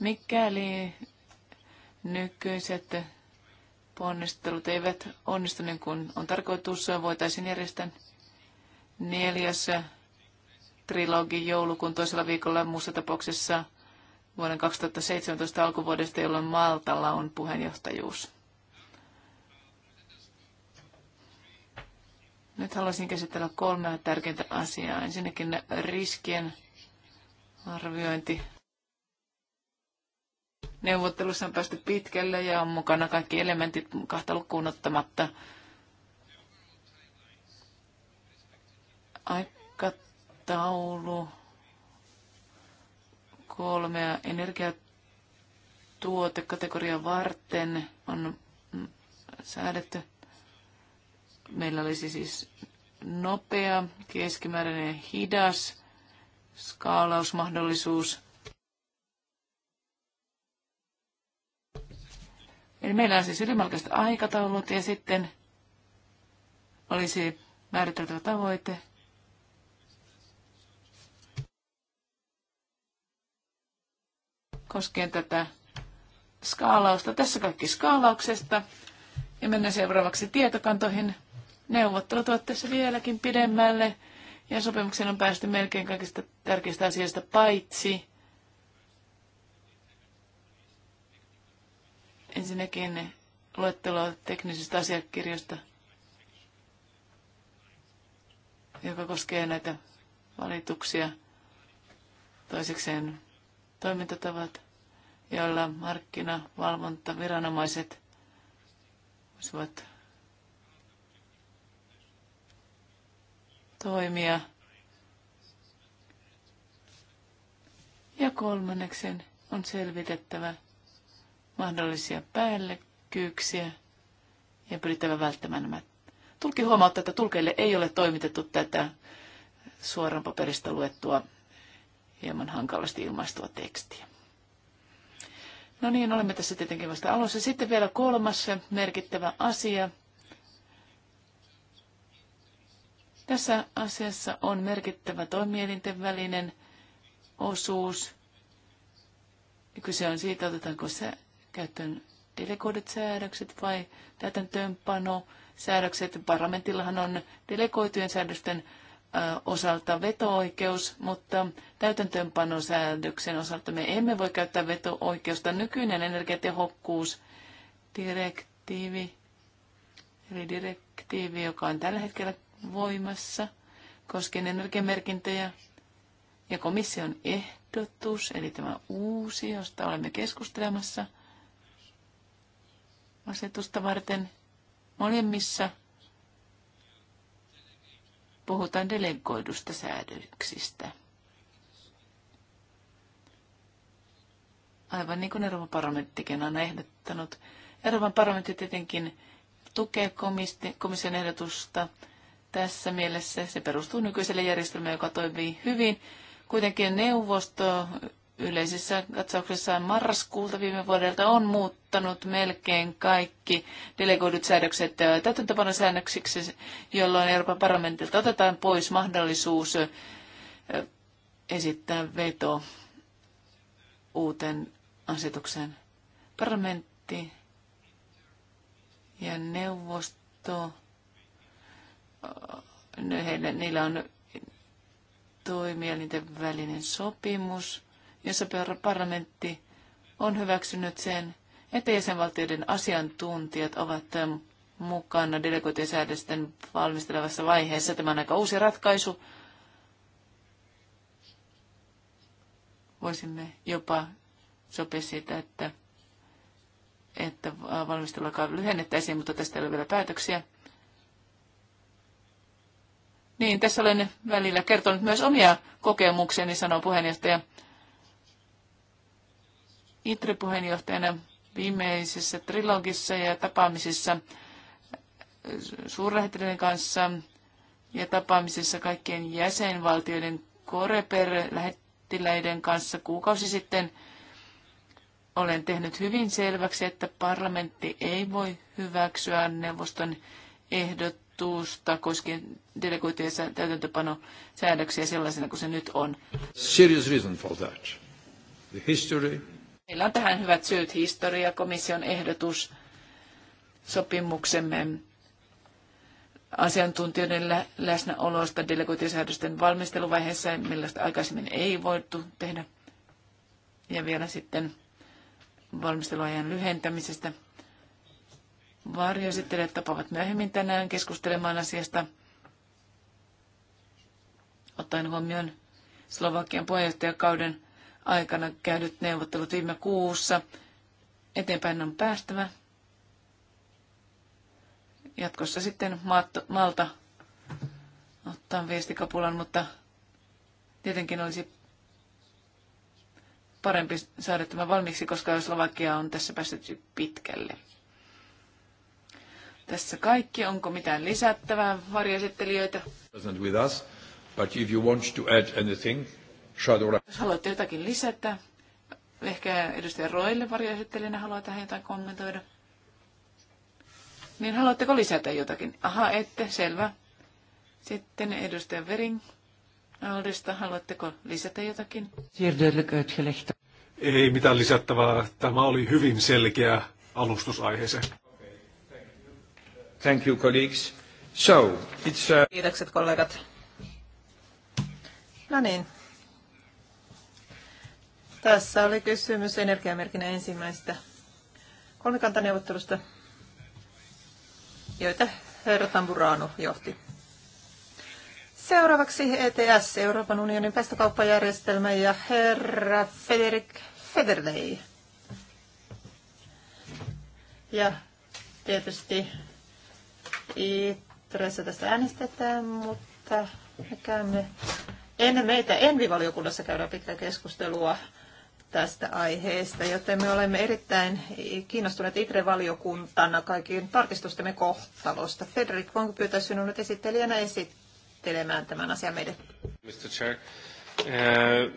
Mikäli nykyiset ponnistelut eivät onnistu niin kuin on tarkoitus, voitaisiin järjestää neljäs trilogi joulukuun toisella viikolla muussa tapauksessa vuoden 2017 alkuvuodesta, jolloin Maltalla on puheenjohtajuus. Nyt haluaisin käsitellä kolmea tärkeintä asiaa. Ensinnäkin riskien arviointi. Neuvottelussa on päästy pitkälle ja on mukana kaikki elementit kahta lukuun ottamatta. Aikataulu kolmea energiatuotekategoriaa varten on mm, säädetty. Meillä olisi siis nopea, keskimääräinen ja hidas skaalausmahdollisuus. Eli meillä on siis ylimalkaiset aikataulut ja sitten olisi määriteltävä tavoite, koskien tätä skaalausta. Tässä kaikki skaalauksesta. Ja mennään seuraavaksi tietokantoihin. Neuvottelut ovat tässä vieläkin pidemmälle. Ja sopimuksen on päästy melkein kaikista tärkeistä asioista paitsi ensinnäkin luettelo teknisistä asiakirjoista, joka koskee näitä valituksia. Toisekseen toimintatavat, joilla markkinavalvontaviranomaiset voisivat toimia. Ja kolmanneksen on selvitettävä mahdollisia päällekkyyksiä ja pyrittävä välttämään nämä. Tulki huomauttaa, että tulkeille ei ole toimitettu tätä suoran paperista luettua hieman hankalasti ilmaistua tekstiä. No niin, olemme tässä tietenkin vasta alussa. Sitten vielä kolmas merkittävä asia. Tässä asiassa on merkittävä toimielinten välinen osuus. Kyse on siitä, otetaanko se käyttöön delegoidut säädökset vai täytäntöönpano säädökset. Parlamentillahan on delegoitujen säädösten osalta veto-oikeus, mutta täytäntöönpanosäädöksen osalta me emme voi käyttää veto-oikeusta. Nykyinen energiatehokkuusdirektiivi, eli direktiivi, joka on tällä hetkellä voimassa, koskien energiamerkintöjä ja komission ehdotus, eli tämä uusi, josta olemme keskustelemassa asetusta varten molemmissa – puhutaan delegoidusta säädöksistä. Aivan niin kuin Euroopan parlamenttikin on ehdottanut. Euroopan parlamentti tietenkin tukee komission ehdotusta tässä mielessä. Se perustuu nykyiselle järjestelmälle, joka toimii hyvin. Kuitenkin neuvosto Yleisissä katsauksissa marraskuulta viime vuodelta on muuttanut melkein kaikki delegoidut säädökset äh, täytäntöpanosäännöksiksi, jolloin Euroopan parlamentilta otetaan pois mahdollisuus äh, esittää veto uuteen asetukseen. Parlamentti ja neuvosto, äh, niillä on toimielinten välinen sopimus – jossa parlamentti on hyväksynyt sen, että jäsenvaltioiden asiantuntijat ovat ähm, mukana delegointisäädösten valmistelevassa vaiheessa. Tämä on aika uusi ratkaisu. Voisimme jopa sopia siitä, että, että äh, valmisteluakaan lyhennettäisiin, mutta tästä ei ole vielä päätöksiä. Niin, tässä olen välillä kertonut myös omia kokemuksiani, sanoo puheenjohtaja. ITRE-puheenjohtajana viimeisessä trilogissa ja tapaamisissa suurlähettiläiden kanssa ja tapaamisissa kaikkien jäsenvaltioiden Koreper-lähettiläiden kanssa kuukausi sitten olen tehnyt hyvin selväksi, että parlamentti ei voi hyväksyä neuvoston ehdotusta koskien delegoituja täytäntöpanosäädöksiä sellaisena kuin se nyt on. Serious reason for that. The history Meillä on tähän hyvät syyt, historia, komission ehdotus, sopimuksemme asiantuntijoiden läsnäolosta delegointisäädösten valmisteluvaiheessa, millaista aikaisemmin ei voitu tehdä. Ja vielä sitten valmisteluajan lyhentämisestä. Varjoesittelijät tapaavat myöhemmin tänään keskustelemaan asiasta, ottaen huomioon Slovakian puheenjohtajakauden aikana käydyt neuvottelut viime kuussa. Eteenpäin on päästävä. Jatkossa sitten Malta ottaa viestikapulan, mutta tietenkin olisi parempi saada tämä valmiiksi, koska Slovakia on tässä päässyt pitkälle. Tässä kaikki. Onko mitään lisättävää varjoesittelijöitä? With us, but if you want to add anything, jos haluatte jotakin lisätä, ehkä edustaja Roille varjoesittelijänä haluaa tähän jotain kommentoida. Niin haluatteko lisätä jotakin? Aha, ette, selvä. Sitten edustaja Vering Aldista, haluatteko lisätä jotakin? Ei mitään lisättävää. Tämä oli hyvin selkeä alustusaiheeseen. Thank you, colleagues. So, it's uh... Kiitokset kollegat. No niin, tässä oli kysymys energiamerkinä ensimmäistä kolmikantaneuvottelusta, joita herra Tamburano johti. Seuraavaksi ETS, Euroopan unionin päästökauppajärjestelmä ja herra Federik Federley. Ja tietysti Itressä tästä äänestetään, mutta me käymme ennen meitä Envivaliokunnassa käydään pitkää keskustelua tästä aiheesta, joten me olemme erittäin kiinnostuneet ITRE-valiokuntana kaikkien tarkistustemme kohtalosta. Federik, voinko pyytää sinun nyt esittelijänä esittelemään tämän asian meidän? Mr. Chair. Uh...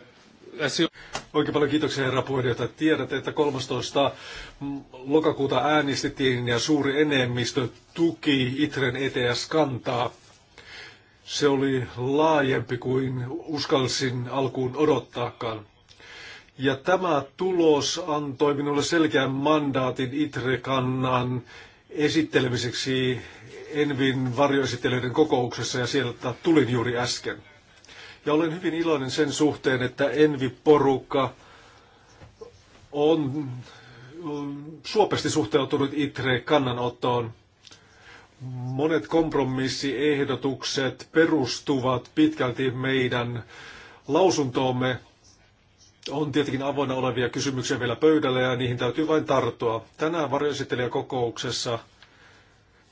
Oikein paljon kiitoksia herra puheenjohtaja. Tiedätte, että 13. lokakuuta äänestettiin ja suuri enemmistö tuki Itren ETS-kantaa. Se oli laajempi kuin uskalsin alkuun odottaakaan. Ja tämä tulos antoi minulle selkeän mandaatin Itrekannan esittelemiseksi Envin varjoesittelijöiden kokouksessa ja sieltä tulin juuri äsken. Ja olen hyvin iloinen sen suhteen, että Envi-porukka on suopesti suhteutunut ITRE kannanottoon. Monet kompromissiehdotukset perustuvat pitkälti meidän lausuntoomme on tietenkin avoinna olevia kysymyksiä vielä pöydällä ja niihin täytyy vain tarttua. Tänään varjoesittelijäkokouksessa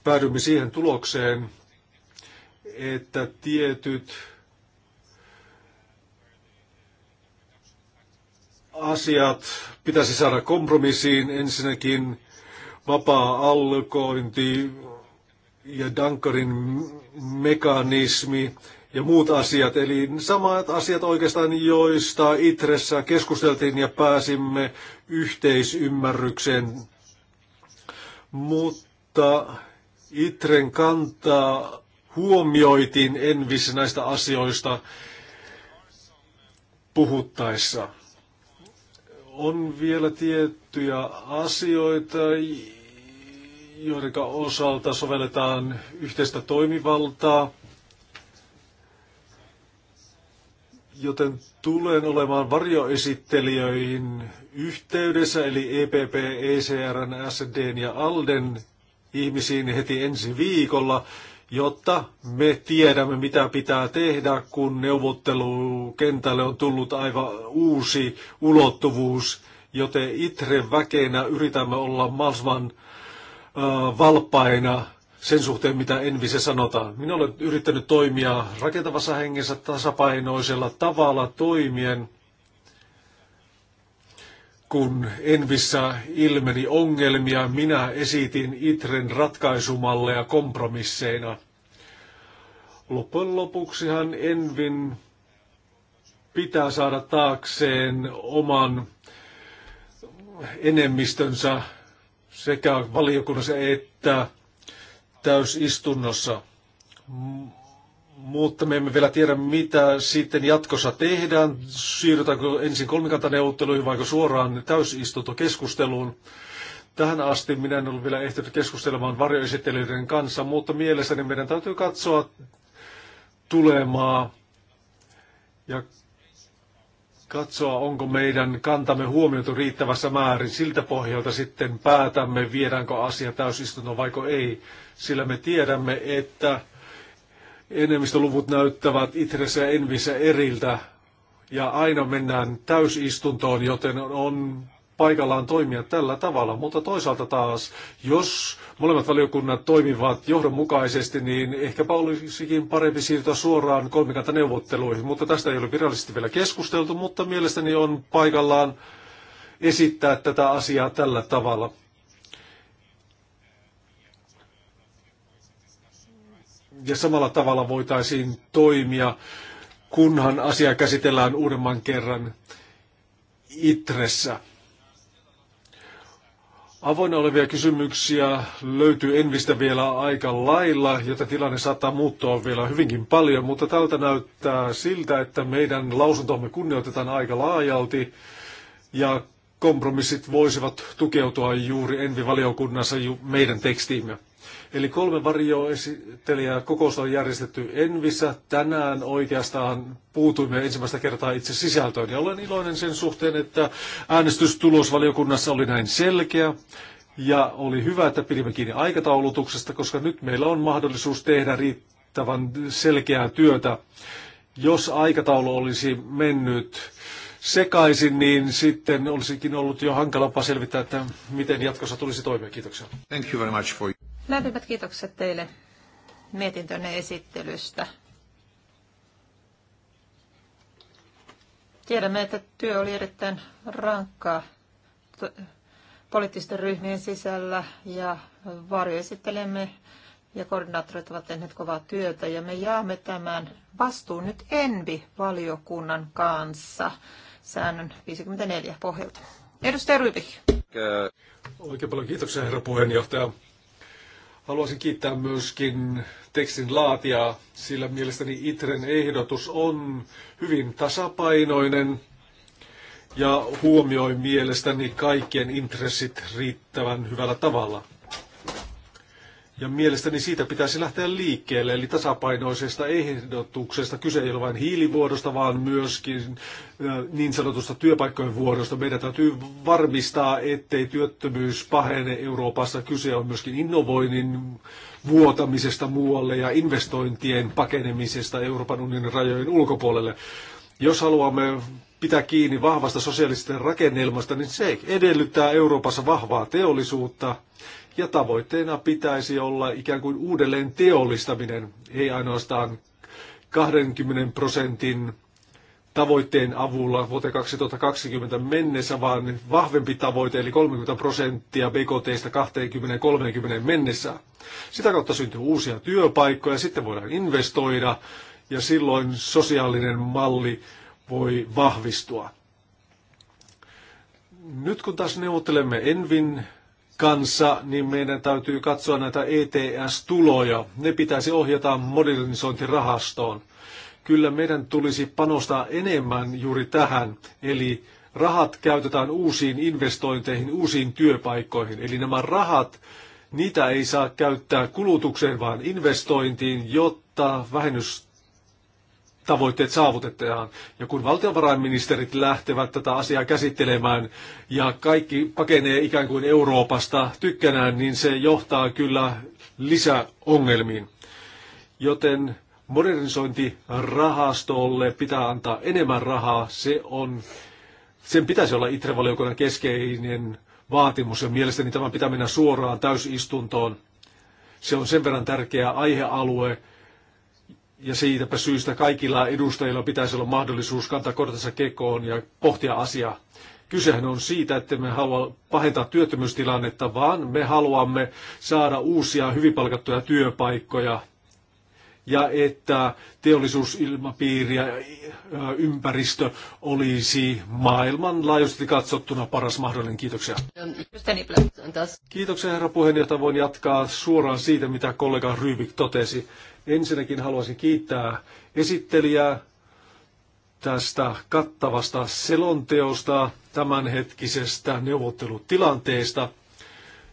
päädymme siihen tulokseen, että tietyt asiat pitäisi saada kompromissiin. Ensinnäkin vapaa alkointi ja Dankarin mekanismi ja muut asiat. Eli samat asiat oikeastaan, joista Itressä keskusteltiin ja pääsimme yhteisymmärrykseen. Mutta Itren kantaa huomioitiin envis näistä asioista puhuttaessa. On vielä tiettyjä asioita, joiden osalta sovelletaan yhteistä toimivaltaa. joten tulen olemaan varjoesittelijöihin yhteydessä, eli EPP, ECR, SDn ja ALDEn ihmisiin heti ensi viikolla, jotta me tiedämme, mitä pitää tehdä, kun neuvottelukentälle on tullut aivan uusi ulottuvuus, joten itre väkeenä yritämme olla mahdollisimman valppaina sen suhteen, mitä Envise sanotaan. Minä olen yrittänyt toimia rakentavassa hengessä tasapainoisella tavalla toimien, kun Envissä ilmeni ongelmia, minä esitin Itren ratkaisumalleja kompromisseina. Loppujen lopuksihan Envin pitää saada taakseen oman enemmistönsä sekä valiokunnassa että täysistunnossa. Mutta me emme vielä tiedä, mitä sitten jatkossa tehdään. Siirrytäänkö ensin kolmikantaneuvotteluihin vai suoraan täysistuntokeskusteluun? Tähän asti minä en ole vielä ehtinyt keskustelemaan varjoesittelijöiden kanssa, mutta mielestäni meidän täytyy katsoa tulemaa ja katsoa, onko meidän kantamme huomioitu riittävässä määrin. Siltä pohjalta sitten päätämme, viedäänkö asia täysistuntoon vaiko ei. Sillä me tiedämme, että enemmistöluvut näyttävät Itressä ja Envissä eriltä. Ja aina mennään täysistuntoon, joten on paikallaan toimia tällä tavalla, mutta toisaalta taas, jos molemmat valiokunnat toimivat johdonmukaisesti, niin ehkäpä olisikin parempi siirtyä suoraan kolmikantaneuvotteluihin, mutta tästä ei ole virallisesti vielä keskusteltu, mutta mielestäni on paikallaan esittää tätä asiaa tällä tavalla. Ja samalla tavalla voitaisiin toimia, kunhan asia käsitellään uudemman kerran itressä. Avoinna olevia kysymyksiä löytyy Envistä vielä aika lailla, joten tilanne saattaa muuttua vielä hyvinkin paljon, mutta tältä näyttää siltä, että meidän lausuntomme kunnioitetaan aika laajalti ja kompromissit voisivat tukeutua juuri Envi-valiokunnassa meidän tekstiimme. Eli kolme varjoesittelijää kokous on järjestetty Envissä. Tänään oikeastaan puutuimme ensimmäistä kertaa itse sisältöön ja olen iloinen sen suhteen, että äänestystulos valiokunnassa oli näin selkeä. Ja oli hyvä, että pidimme kiinni aikataulutuksesta, koska nyt meillä on mahdollisuus tehdä riittävän selkeää työtä. Jos aikataulu olisi mennyt sekaisin, niin sitten olisikin ollut jo hankalampaa selvittää, että miten jatkossa tulisi toimia. Kiitoksia. Thank you very much for... Lämpimät kiitokset teille mietintönne esittelystä. Tiedämme, että työ oli erittäin rankkaa poliittisten ryhmien sisällä ja varjoesittelemme ja koordinaattorit ovat tehneet kovaa työtä ja me jaamme tämän vastuun nyt Envi-valiokunnan kanssa säännön 54 pohjalta. Edustaja Rybik. Oikein paljon kiitoksia herra puheenjohtaja. Haluaisin kiittää myöskin tekstin laatijaa, sillä mielestäni Itren ehdotus on hyvin tasapainoinen ja huomioi mielestäni kaikkien intressit riittävän hyvällä tavalla. Ja mielestäni siitä pitäisi lähteä liikkeelle, eli tasapainoisesta ehdotuksesta. Kyse ei ole vain hiilivuodosta, vaan myöskin niin sanotusta työpaikkojen vuodosta. Meidän täytyy varmistaa, ettei työttömyys pahene Euroopassa. Kyse on myöskin innovoinnin vuotamisesta muualle ja investointien pakenemisesta Euroopan unionin rajojen ulkopuolelle. Jos haluamme pitää kiinni vahvasta sosiaalisesta rakennelmasta, niin se edellyttää Euroopassa vahvaa teollisuutta ja tavoitteena pitäisi olla ikään kuin uudelleen teollistaminen, ei ainoastaan 20 prosentin tavoitteen avulla vuoteen 2020 mennessä, vaan vahvempi tavoite, eli 30 prosenttia BKTstä 20-30 mennessä. Sitä kautta syntyy uusia työpaikkoja, sitten voidaan investoida ja silloin sosiaalinen malli voi vahvistua. Nyt kun taas neuvottelemme Envin kanssa, niin meidän täytyy katsoa näitä ETS-tuloja. Ne pitäisi ohjata modernisointirahastoon. Kyllä meidän tulisi panostaa enemmän juuri tähän, eli rahat käytetään uusiin investointeihin, uusiin työpaikkoihin. Eli nämä rahat, niitä ei saa käyttää kulutukseen, vaan investointiin, jotta vähennys tavoitteet saavutetaan. Ja kun valtiovarainministerit lähtevät tätä asiaa käsittelemään ja kaikki pakenee ikään kuin Euroopasta tykkänään, niin se johtaa kyllä lisäongelmiin. Joten modernisointirahastolle pitää antaa enemmän rahaa. Se on, sen pitäisi olla itrevaliokunnan keskeinen vaatimus ja mielestäni tämä pitää mennä suoraan täysistuntoon. Se on sen verran tärkeä aihealue, ja siitäpä syystä kaikilla edustajilla pitäisi olla mahdollisuus kantaa kortensa kekoon ja pohtia asiaa. Kysehän on siitä, että me halua pahentaa työttömyystilannetta, vaan me haluamme saada uusia hyvin palkattuja työpaikkoja ja että teollisuusilmapiiri ja ympäristö olisi maailmanlaajuisesti katsottuna paras mahdollinen. Kiitoksia. Kiitoksia herra puheenjohtaja. Voin jatkaa suoraan siitä, mitä kollega Rybik totesi. Ensinnäkin haluaisin kiittää esittelijää tästä kattavasta selonteosta, tämänhetkisestä neuvottelutilanteesta.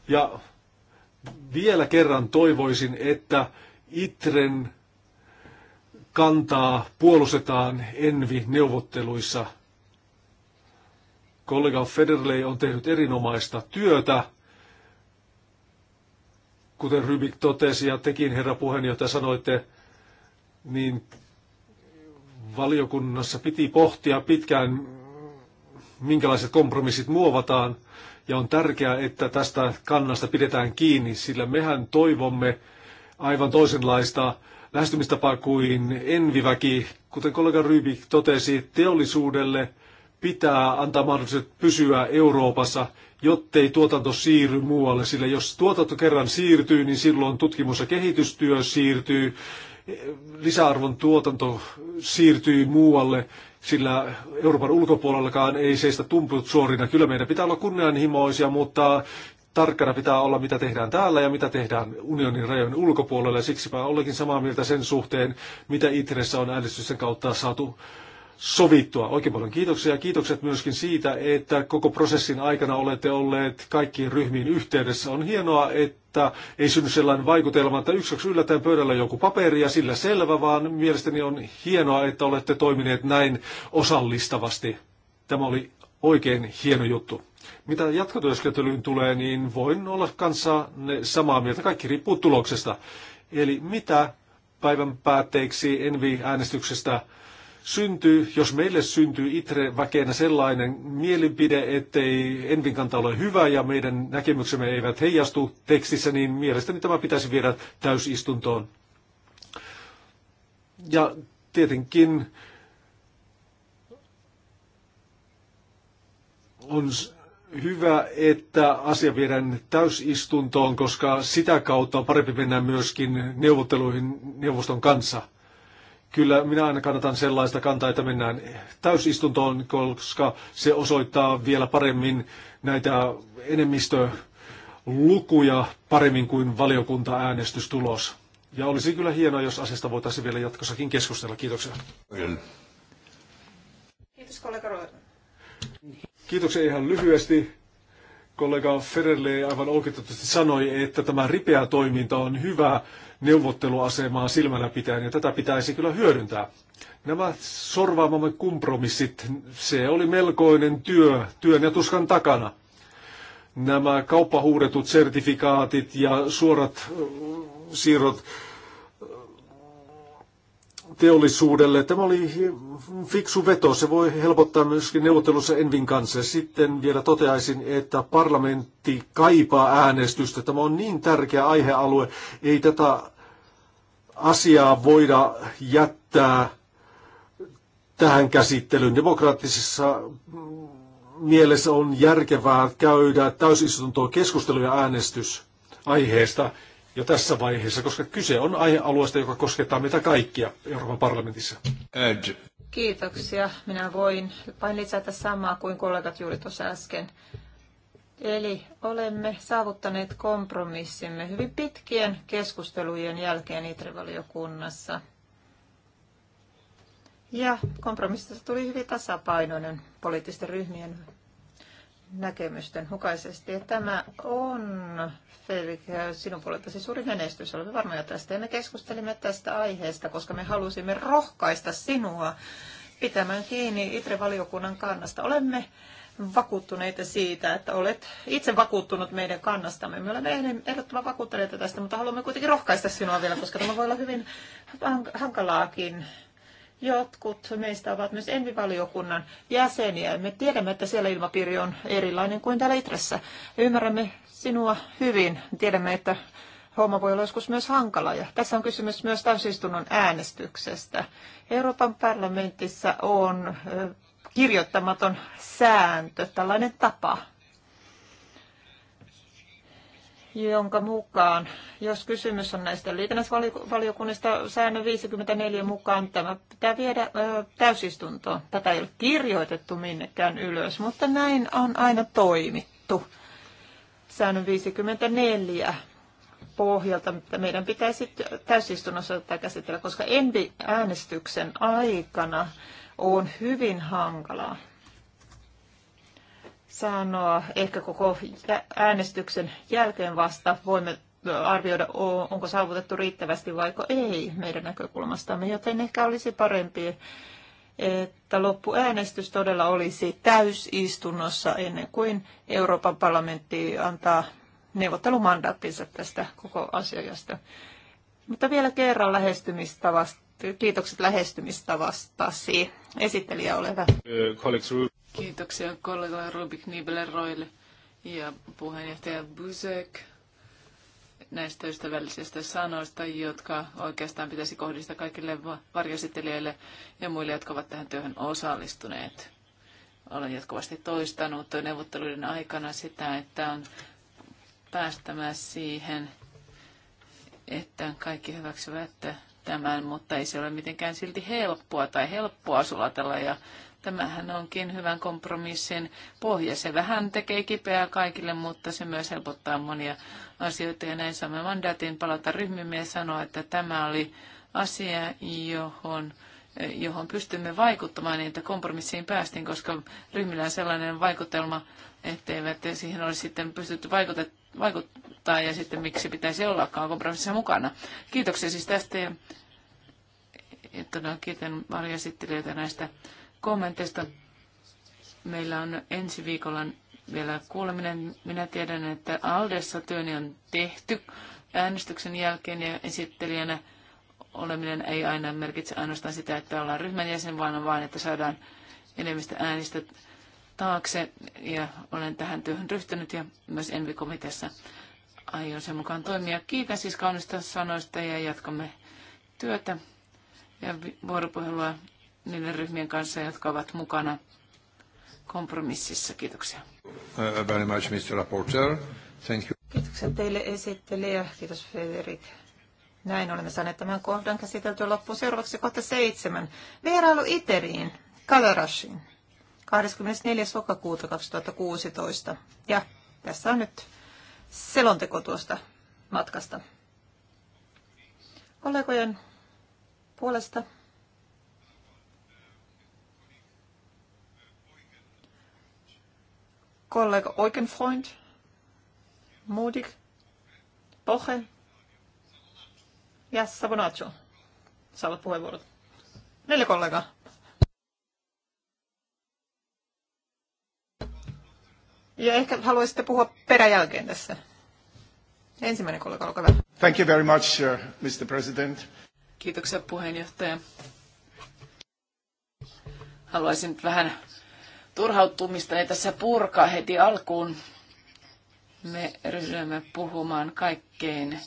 Ja vielä kerran toivoisin, että ITREN kantaa puolustetaan Envi-neuvotteluissa. Kollega Federley on tehnyt erinomaista työtä kuten Rybik totesi ja tekin herra puheenjohtaja sanoitte, niin valiokunnassa piti pohtia pitkään, minkälaiset kompromissit muovataan. Ja on tärkeää, että tästä kannasta pidetään kiinni, sillä mehän toivomme aivan toisenlaista lähestymistapaa kuin enviväki. Kuten kollega Rybik totesi, teollisuudelle – pitää antaa mahdollisuudet pysyä Euroopassa, jottei tuotanto siirry muualle, sillä jos tuotanto kerran siirtyy, niin silloin tutkimus- ja kehitystyö siirtyy, lisäarvon tuotanto siirtyy muualle, sillä Euroopan ulkopuolellakaan ei seistä tumput suorina. Kyllä meidän pitää olla kunnianhimoisia, mutta tarkkana pitää olla, mitä tehdään täällä ja mitä tehdään unionin rajojen ulkopuolella. siksi mä olenkin samaa mieltä sen suhteen, mitä Itressä on äänestysten kautta saatu sovittua. Oikein paljon kiitoksia ja kiitokset myöskin siitä, että koko prosessin aikana olette olleet kaikkiin ryhmiin yhteydessä. On hienoa, että ei synny sellainen vaikutelma, että yksi yllätään pöydällä joku paperi ja sillä selvä, vaan mielestäni on hienoa, että olette toimineet näin osallistavasti. Tämä oli oikein hieno juttu. Mitä jatkotyöskentelyyn tulee, niin voin olla kanssa samaa mieltä. Kaikki riippuu tuloksesta. Eli mitä päivän päätteeksi Envi-äänestyksestä syntyy, jos meille syntyy itre väkeenä sellainen mielipide, ettei Envin kanta ole hyvä ja meidän näkemyksemme eivät heijastu tekstissä, niin mielestäni tämä pitäisi viedä täysistuntoon. Ja tietenkin on hyvä, että asia viedään täysistuntoon, koska sitä kautta on parempi mennä myöskin neuvotteluihin neuvoston kanssa – Kyllä minä aina kannatan sellaista kantaa, että mennään täysistuntoon, koska se osoittaa vielä paremmin näitä enemmistölukuja paremmin kuin valiokuntaäänestystulos. Ja olisi kyllä hienoa, jos asiasta voitaisiin vielä jatkossakin keskustella. Kiitoksia. Kiitos kollega Ruoinen. Kiitoksia ihan lyhyesti. Kollega Ferrelle aivan oikeutettavasti sanoi, että tämä ripeä toiminta on hyvä neuvotteluasemaa silmällä pitäen, ja tätä pitäisi kyllä hyödyntää. Nämä sorvaamamme kompromissit, se oli melkoinen työ, työn ja tuskan takana. Nämä kauppahuudetut sertifikaatit ja suorat siirrot teollisuudelle. Tämä oli fiksu veto. Se voi helpottaa myöskin neuvottelussa Envin kanssa. Sitten vielä toteaisin, että parlamentti kaipaa äänestystä. Tämä on niin tärkeä aihealue. Ei tätä asiaa voida jättää tähän käsittelyyn. Demokraattisessa mielessä on järkevää käydä täysistuntoa keskustelu ja äänestys aiheesta jo tässä vaiheessa, koska kyse on aihealueesta, joka koskettaa meitä kaikkia Euroopan parlamentissa. Ed. Kiitoksia. Minä voin vain lisätä samaa kuin kollegat juuri tuossa äsken. Eli olemme saavuttaneet kompromissimme hyvin pitkien keskustelujen jälkeen Itrevaliokunnassa. Ja kompromissista tuli hyvin tasapainoinen poliittisten ryhmien näkemysten hukaisesti. Ja tämä on, Felix, sinun puoleltasi suuri menestys, olemme varmoja tästä. Ja me keskustelimme tästä aiheesta, koska me halusimme rohkaista sinua pitämään kiinni ITRE-valiokunnan kannasta. Olemme vakuuttuneita siitä, että olet itse vakuuttunut meidän kannastamme. Me olemme ehdottoman vakuuttuneita tästä, mutta haluamme kuitenkin rohkaista sinua vielä, koska tämä voi olla hyvin hankalaakin Jotkut meistä ovat myös envivaliokunnan jäseniä. Me tiedämme, että siellä ilmapiiri on erilainen kuin täällä Itressä. Ymmärrämme sinua hyvin. Tiedämme, että homma voi olla joskus myös hankala. Ja tässä on kysymys myös täysistunnon äänestyksestä. Euroopan parlamentissa on kirjoittamaton sääntö, tällainen tapa, jonka mukaan, jos kysymys on näistä liikennesvaliokunnista, säännön 54 mukaan tämä pitää viedä ö, täysistuntoon. Tätä ei ole kirjoitettu minnekään ylös, mutta näin on aina toimittu. Säännön 54 pohjalta että meidän pitäisi täysistunnossa tätä käsitellä, koska envi-äänestyksen aikana on hyvin hankalaa sanoa. Ehkä koko äänestyksen jälkeen vasta voimme arvioida, onko saavutettu riittävästi vai ei meidän näkökulmastamme, joten ehkä olisi parempi, että loppuäänestys todella olisi täysistunnossa ennen kuin Euroopan parlamentti antaa neuvottelumandaattinsa tästä koko asiasta. Mutta vielä kerran lähestymistavasta. Kiitokset lähestymistavastasi. Esittelijä, ole hyvä. Äh, Kiitoksia kollega Rubik Nibeleroille ja puheenjohtaja Busek näistä ystävällisistä sanoista, jotka oikeastaan pitäisi kohdistaa kaikille varjositelijoille ja muille, jotka ovat tähän työhön osallistuneet. Olen jatkuvasti toistanut neuvotteluiden aikana sitä, että on päästämään siihen, että kaikki hyväksyvät tämän, mutta ei se ole mitenkään silti helppoa tai helppoa sulatella ja Tämähän onkin hyvän kompromissin pohja. Se vähän tekee kipeää kaikille, mutta se myös helpottaa monia asioita. Ja näin saamme mandaatin palata ryhmimme ja sanoa, että tämä oli asia, johon johon pystymme vaikuttamaan niin, että kompromissiin päästiin, koska ryhmillä on sellainen vaikutelma, etteivät siihen olisi sitten pystytty vaikuttaa ja sitten miksi pitäisi ollakaan kompromississa mukana. Kiitoksia siis tästä ja, ja todella kiitän varjoesittelijöitä näistä kommenteista. Meillä on ensi viikolla vielä kuuleminen. Minä tiedän, että Aldessa työni on tehty äänestyksen jälkeen ja esittelijänä oleminen ei aina merkitse ainoastaan sitä, että ollaan ryhmän jäsen, vaan vaan, että saadaan enemmistö äänistä taakse. Ja olen tähän työhön ryhtynyt ja myös Envi-komiteassa aion sen mukaan toimia. Kiitän siis kaunista sanoista ja jatkamme työtä ja vuoropuhelua niiden ryhmien kanssa, jotka ovat mukana kompromississa. Kiitoksia. Uh, very much, Mr. Rapporteur. Thank you. Kiitoksia teille esittelijä. Kiitos Federik. Näin olemme saaneet tämän kohdan käsiteltyä loppuun. Seuraavaksi kohta seitsemän. Vierailu Iteriin, Kalarashin, 24. lokakuuta 2016. Ja tässä on nyt selonteko tuosta matkasta. Kollegojen puolesta kollega Eugenfreund, Modig, Poche ja Sabonaccio saavat puheenvuorot. Neljä kollegaa. Ja ehkä haluaisitte puhua peräjälkeen tässä. Ensimmäinen kollega, olkaa hyvä. Thank you very much, uh, Mr. President. Kiitoksia puheenjohtaja. Haluaisin vähän turhautumista, ei niin tässä purkaa heti alkuun. Me ryhdymme puhumaan kaikkein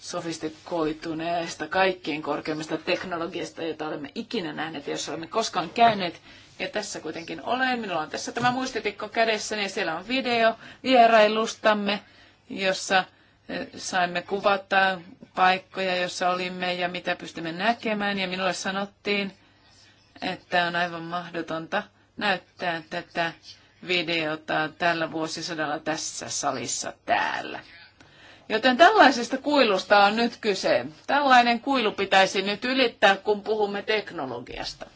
sofistikoituneesta, kaikkein korkeimmista teknologiasta, jota olemme ikinä nähneet, jos olemme koskaan käyneet. Ja tässä kuitenkin olen. Minulla on tässä tämä muistitikko kädessäni ja siellä on video vierailustamme, jossa eh, saimme kuvata paikkoja, joissa olimme ja mitä pystymme näkemään. Ja minulle sanottiin, että on aivan mahdotonta näyttää tätä videota tällä vuosisadalla tässä salissa täällä. Joten tällaisesta kuilusta on nyt kyse. Tällainen kuilu pitäisi nyt ylittää, kun puhumme teknologiasta.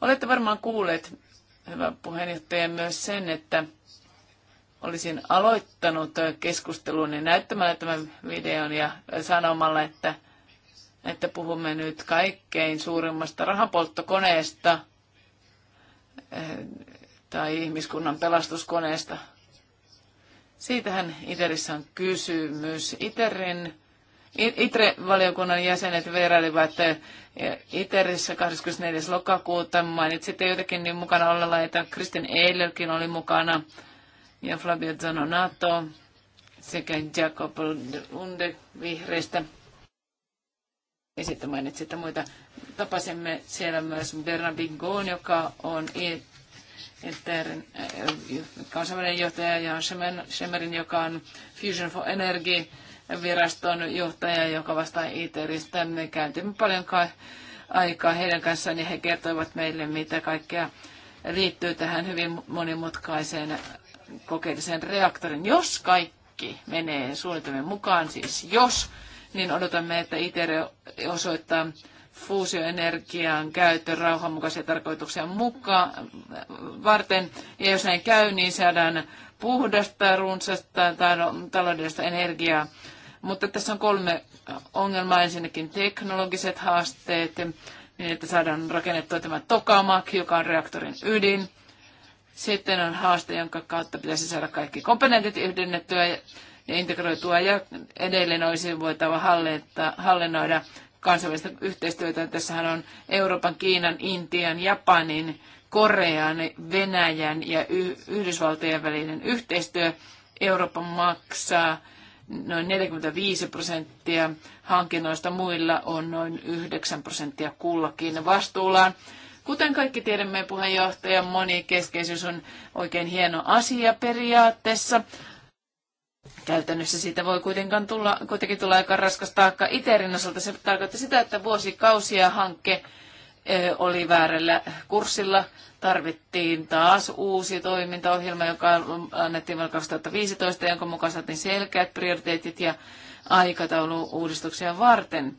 Olette varmaan kuulleet, hyvä puheenjohtaja, myös sen, että olisin aloittanut keskustelun näyttämällä tämän videon ja sanomalla, että, että puhumme nyt kaikkein suurimmasta rahapolttokoneesta. Eh, tai ihmiskunnan pelastuskoneesta. Siitähän Iterissä on kysymys. Iterin ITRE-valiokunnan jäsenet vierailivat eh, ITERissä 24. lokakuuta. Mainitsitte jotenkin niin mukana olla, että Kristin Eilerkin oli mukana ja Flavio Zanonato sekä Jacob Lunde vihreistä. Ja sitten mainitsitte muita. Tapasimme siellä myös Bernabingon, joka on Interin äh, kansainvälinen johtaja, ja Schemerin, joka on Fusion for Energy viraston johtaja, joka vastaa ITERistä. Me käytimme paljon aikaa heidän kanssaan ja he kertoivat meille, mitä kaikkea liittyy tähän hyvin monimutkaiseen kokeelliseen reaktorin. Jos kaikki menee suunnitelmien mukaan, siis jos niin odotamme, että ITER osoittaa fuusioenergian käytön rauhanmukaisia tarkoituksia mukaan varten. Ja jos näin käy, niin saadaan puhdasta, runsasta taloudellista energiaa. Mutta tässä on kolme ongelmaa. Ensinnäkin teknologiset haasteet, niin että saadaan rakennettua tämä tokamak, joka on reaktorin ydin. Sitten on haaste, jonka kautta pitäisi saada kaikki komponentit yhdennettyä integroitua ja edelleen olisi voitava hallinnoida kansainvälistä yhteistyötä. Tässähän on Euroopan, Kiinan, Intian, Japanin, Korean, Venäjän ja Yhdysvaltojen välinen yhteistyö. Eurooppa maksaa noin 45 prosenttia hankinnoista, muilla on noin 9 prosenttia kullakin vastuullaan. Kuten kaikki tiedämme, puheenjohtaja, monikeskeisyys on oikein hieno asia periaatteessa, Käytännössä siitä voi kuitenkin tulla, kuitenkin tulla aika raskas taakka. ITERin osalta se tarkoittaa sitä, että vuosikausia hankke oli väärällä kurssilla. Tarvittiin taas uusi toimintaohjelma, joka annettiin vuonna 2015, jonka mukaan saatiin selkeät prioriteetit ja aikataulu uudistuksia varten.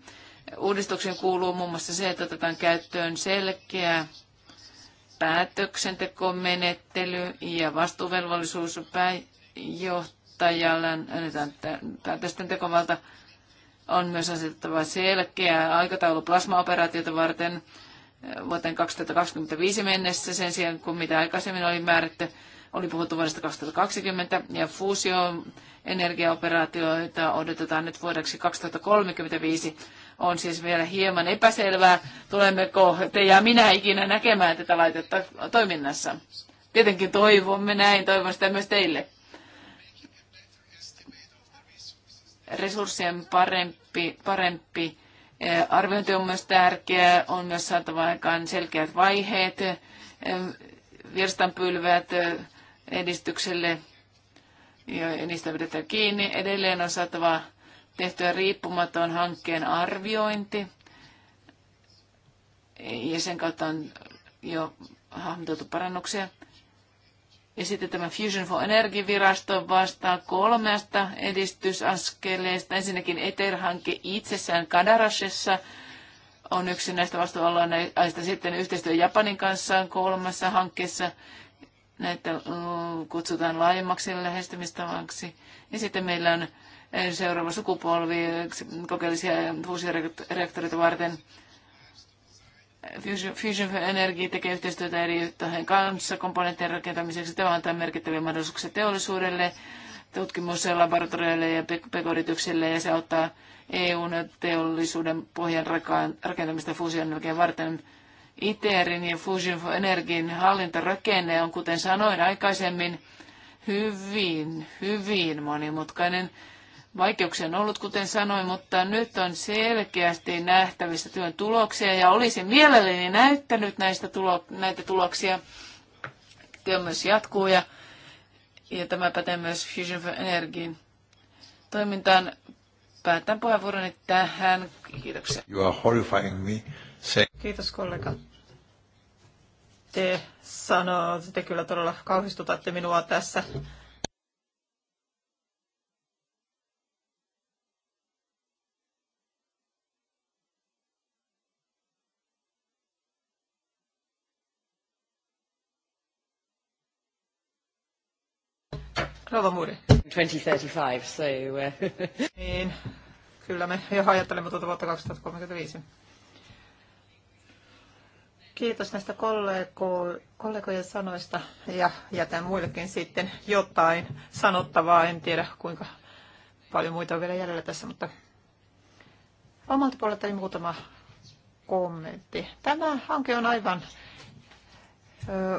Uudistuksen kuuluu muun muassa se, että otetaan käyttöön selkeä päätöksentekomenettely ja vastuuvelvollisuus pääjohtaja kuluttajalle annetaan päätösten tekovalta. On myös asetettava selkeä aikataulu plasmaoperaatiota varten eh, vuoteen 2025 mennessä sen sijaan, kun mitä aikaisemmin oli määrätty, oli puhuttu vuodesta 2020 ja fuusioenergiaoperaatioita odotetaan nyt vuodeksi 2035. On siis vielä hieman epäselvää, tulemmeko te ja minä ikinä näkemään tätä laitetta toiminnassa. Tietenkin toivomme näin, toivon sitä myös teille. resurssien parempi, parempi arviointi on myös tärkeää. On myös saatava aikaan selkeät vaiheet, virstanpylväät edistykselle ja niistä pidetään kiinni. Edelleen on saatava tehtyä riippumaton hankkeen arviointi. Ja sen kautta on jo hahmoteltu parannuksia. Ja sitten tämä Fusion for Energy-virasto vastaa kolmesta edistysaskeleesta. Ensinnäkin ETER-hanke itsessään Kadarashessa on yksi näistä vastuualueista. Sitten yhteistyö Japanin kanssa on kolmassa hankkeessa. Näitä kutsutaan laajemmaksi lähestymistavaksi. Ja sitten meillä on seuraava sukupolvi kokeellisia fuusioreaktoreita varten – Fusion Energy tekee yhteistyötä eri tahojen kanssa komponenttien rakentamiseksi. Tämä antaa merkittäviä mahdollisuuksia teollisuudelle, tutkimus- ja laboratorioille ja pekoyrityksille ja se auttaa EUn teollisuuden pohjan rakentamista fuusioenergian varten. ITERin ja Fusion for Energyn hallintarakenne on, kuten sanoin aikaisemmin, hyvin, hyvin monimutkainen Vaikeuksia on ollut, kuten sanoin, mutta nyt on selkeästi nähtävissä työn tuloksia ja olisin mielelläni näyttänyt näistä tulo, näitä tuloksia. Työ myös jatkuu ja, ja tämä pätee myös Fusion for Energiin toimintaan. Päätän puheenvuoroni tähän. Kiitoksia. You are horrifying me. Say. Kiitos kollega. Te sanoo, te kyllä todella kauhistutatte minua tässä. Rova 2035, so... Uh... niin, kyllä me jo ajattelemme tuota vuotta 2035. Kiitos näistä kollego- kollegojen sanoista ja jätän muillekin sitten jotain sanottavaa. En tiedä kuinka paljon muita on vielä jäljellä tässä, mutta omalta puoleltani muutama kommentti. Tämä hanke on aivan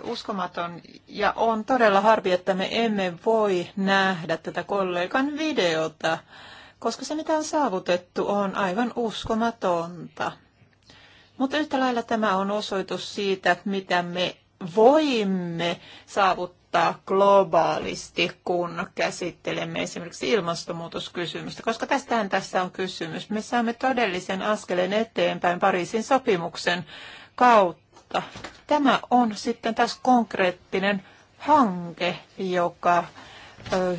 uskomaton ja on todella harvi, että me emme voi nähdä tätä kollegan videota, koska se mitä on saavutettu on aivan uskomatonta. Mutta yhtä lailla tämä on osoitus siitä, mitä me voimme saavuttaa globaalisti, kun käsittelemme esimerkiksi ilmastonmuutoskysymystä, koska tästähän tässä on kysymys. Me saamme todellisen askeleen eteenpäin Pariisin sopimuksen kautta mutta tämä on sitten tässä konkreettinen hanke, joka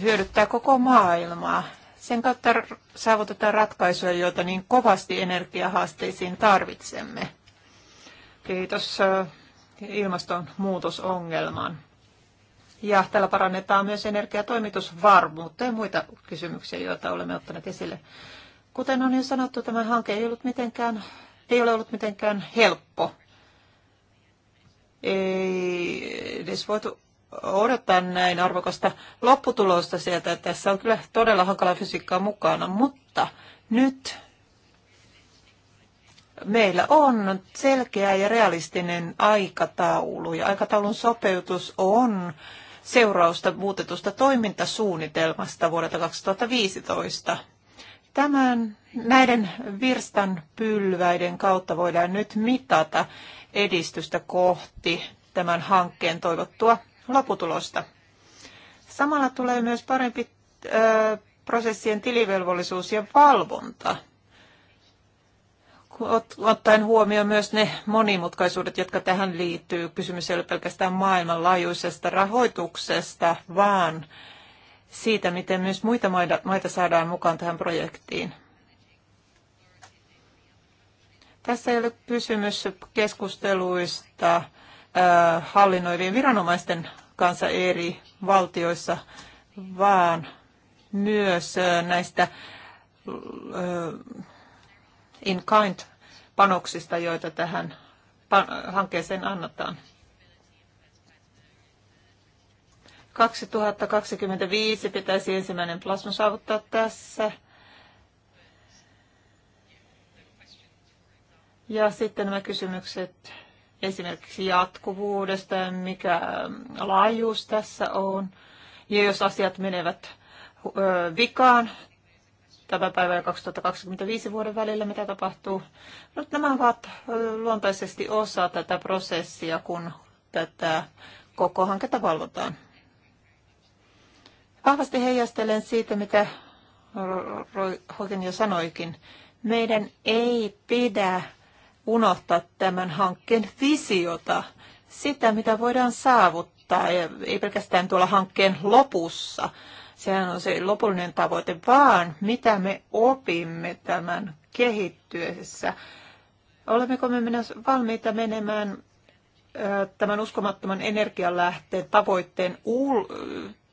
hyödyttää koko maailmaa. Sen kautta saavutetaan ratkaisuja, joita niin kovasti energiahaasteisiin tarvitsemme. Kiitos ilmastonmuutosongelman. Ja tällä parannetaan myös energiatoimitusvarmuutta ja muita kysymyksiä, joita olemme ottaneet esille. Kuten on jo sanottu, tämä hanke ei, ollut mitenkään, ei ole ollut mitenkään helppo ei edes voitu odottaa näin arvokasta lopputulosta sieltä. Tässä on kyllä todella hankala fysiikkaa mukana, mutta nyt meillä on selkeä ja realistinen aikataulu ja aikataulun sopeutus on seurausta muutetusta toimintasuunnitelmasta vuodelta 2015. Tämän, näiden virstan pylväiden kautta voidaan nyt mitata edistystä kohti tämän hankkeen toivottua loputulosta. Samalla tulee myös parempi ö, prosessien tilivelvollisuus ja valvonta, ottaen huomioon myös ne monimutkaisuudet, jotka tähän liittyy. Kysymys ei ole pelkästään maailmanlaajuisesta rahoituksesta, vaan siitä, miten myös muita maita saadaan mukaan tähän projektiin. Tässä ei ole kysymys keskusteluista äh, hallinnoivien viranomaisten kanssa eri valtioissa, vaan myös äh, näistä äh, in-kind-panoksista, joita tähän hankkeeseen annetaan. 2025 pitäisi ensimmäinen plasma saavuttaa tässä. Ja sitten nämä kysymykset esimerkiksi jatkuvuudesta, mikä ähm, laajuus tässä on. Ja jos asiat menevät vikaan tämän päivän ja 2025 vuoden välillä, mitä tapahtuu. No, nämä ovat luontaisesti osa tätä prosessia, kun tätä koko hanketta valvotaan. Vahvasti heijastelen siitä, mitä Hogan jo sanoikin. Meidän ei pidä unohtaa tämän hankkeen visiota, sitä mitä voidaan saavuttaa, ei pelkästään tuolla hankkeen lopussa, sehän on se lopullinen tavoite, vaan mitä me opimme tämän kehittyessä. Olemmeko me valmiita menemään tämän uskomattoman energialähteen tavoitteen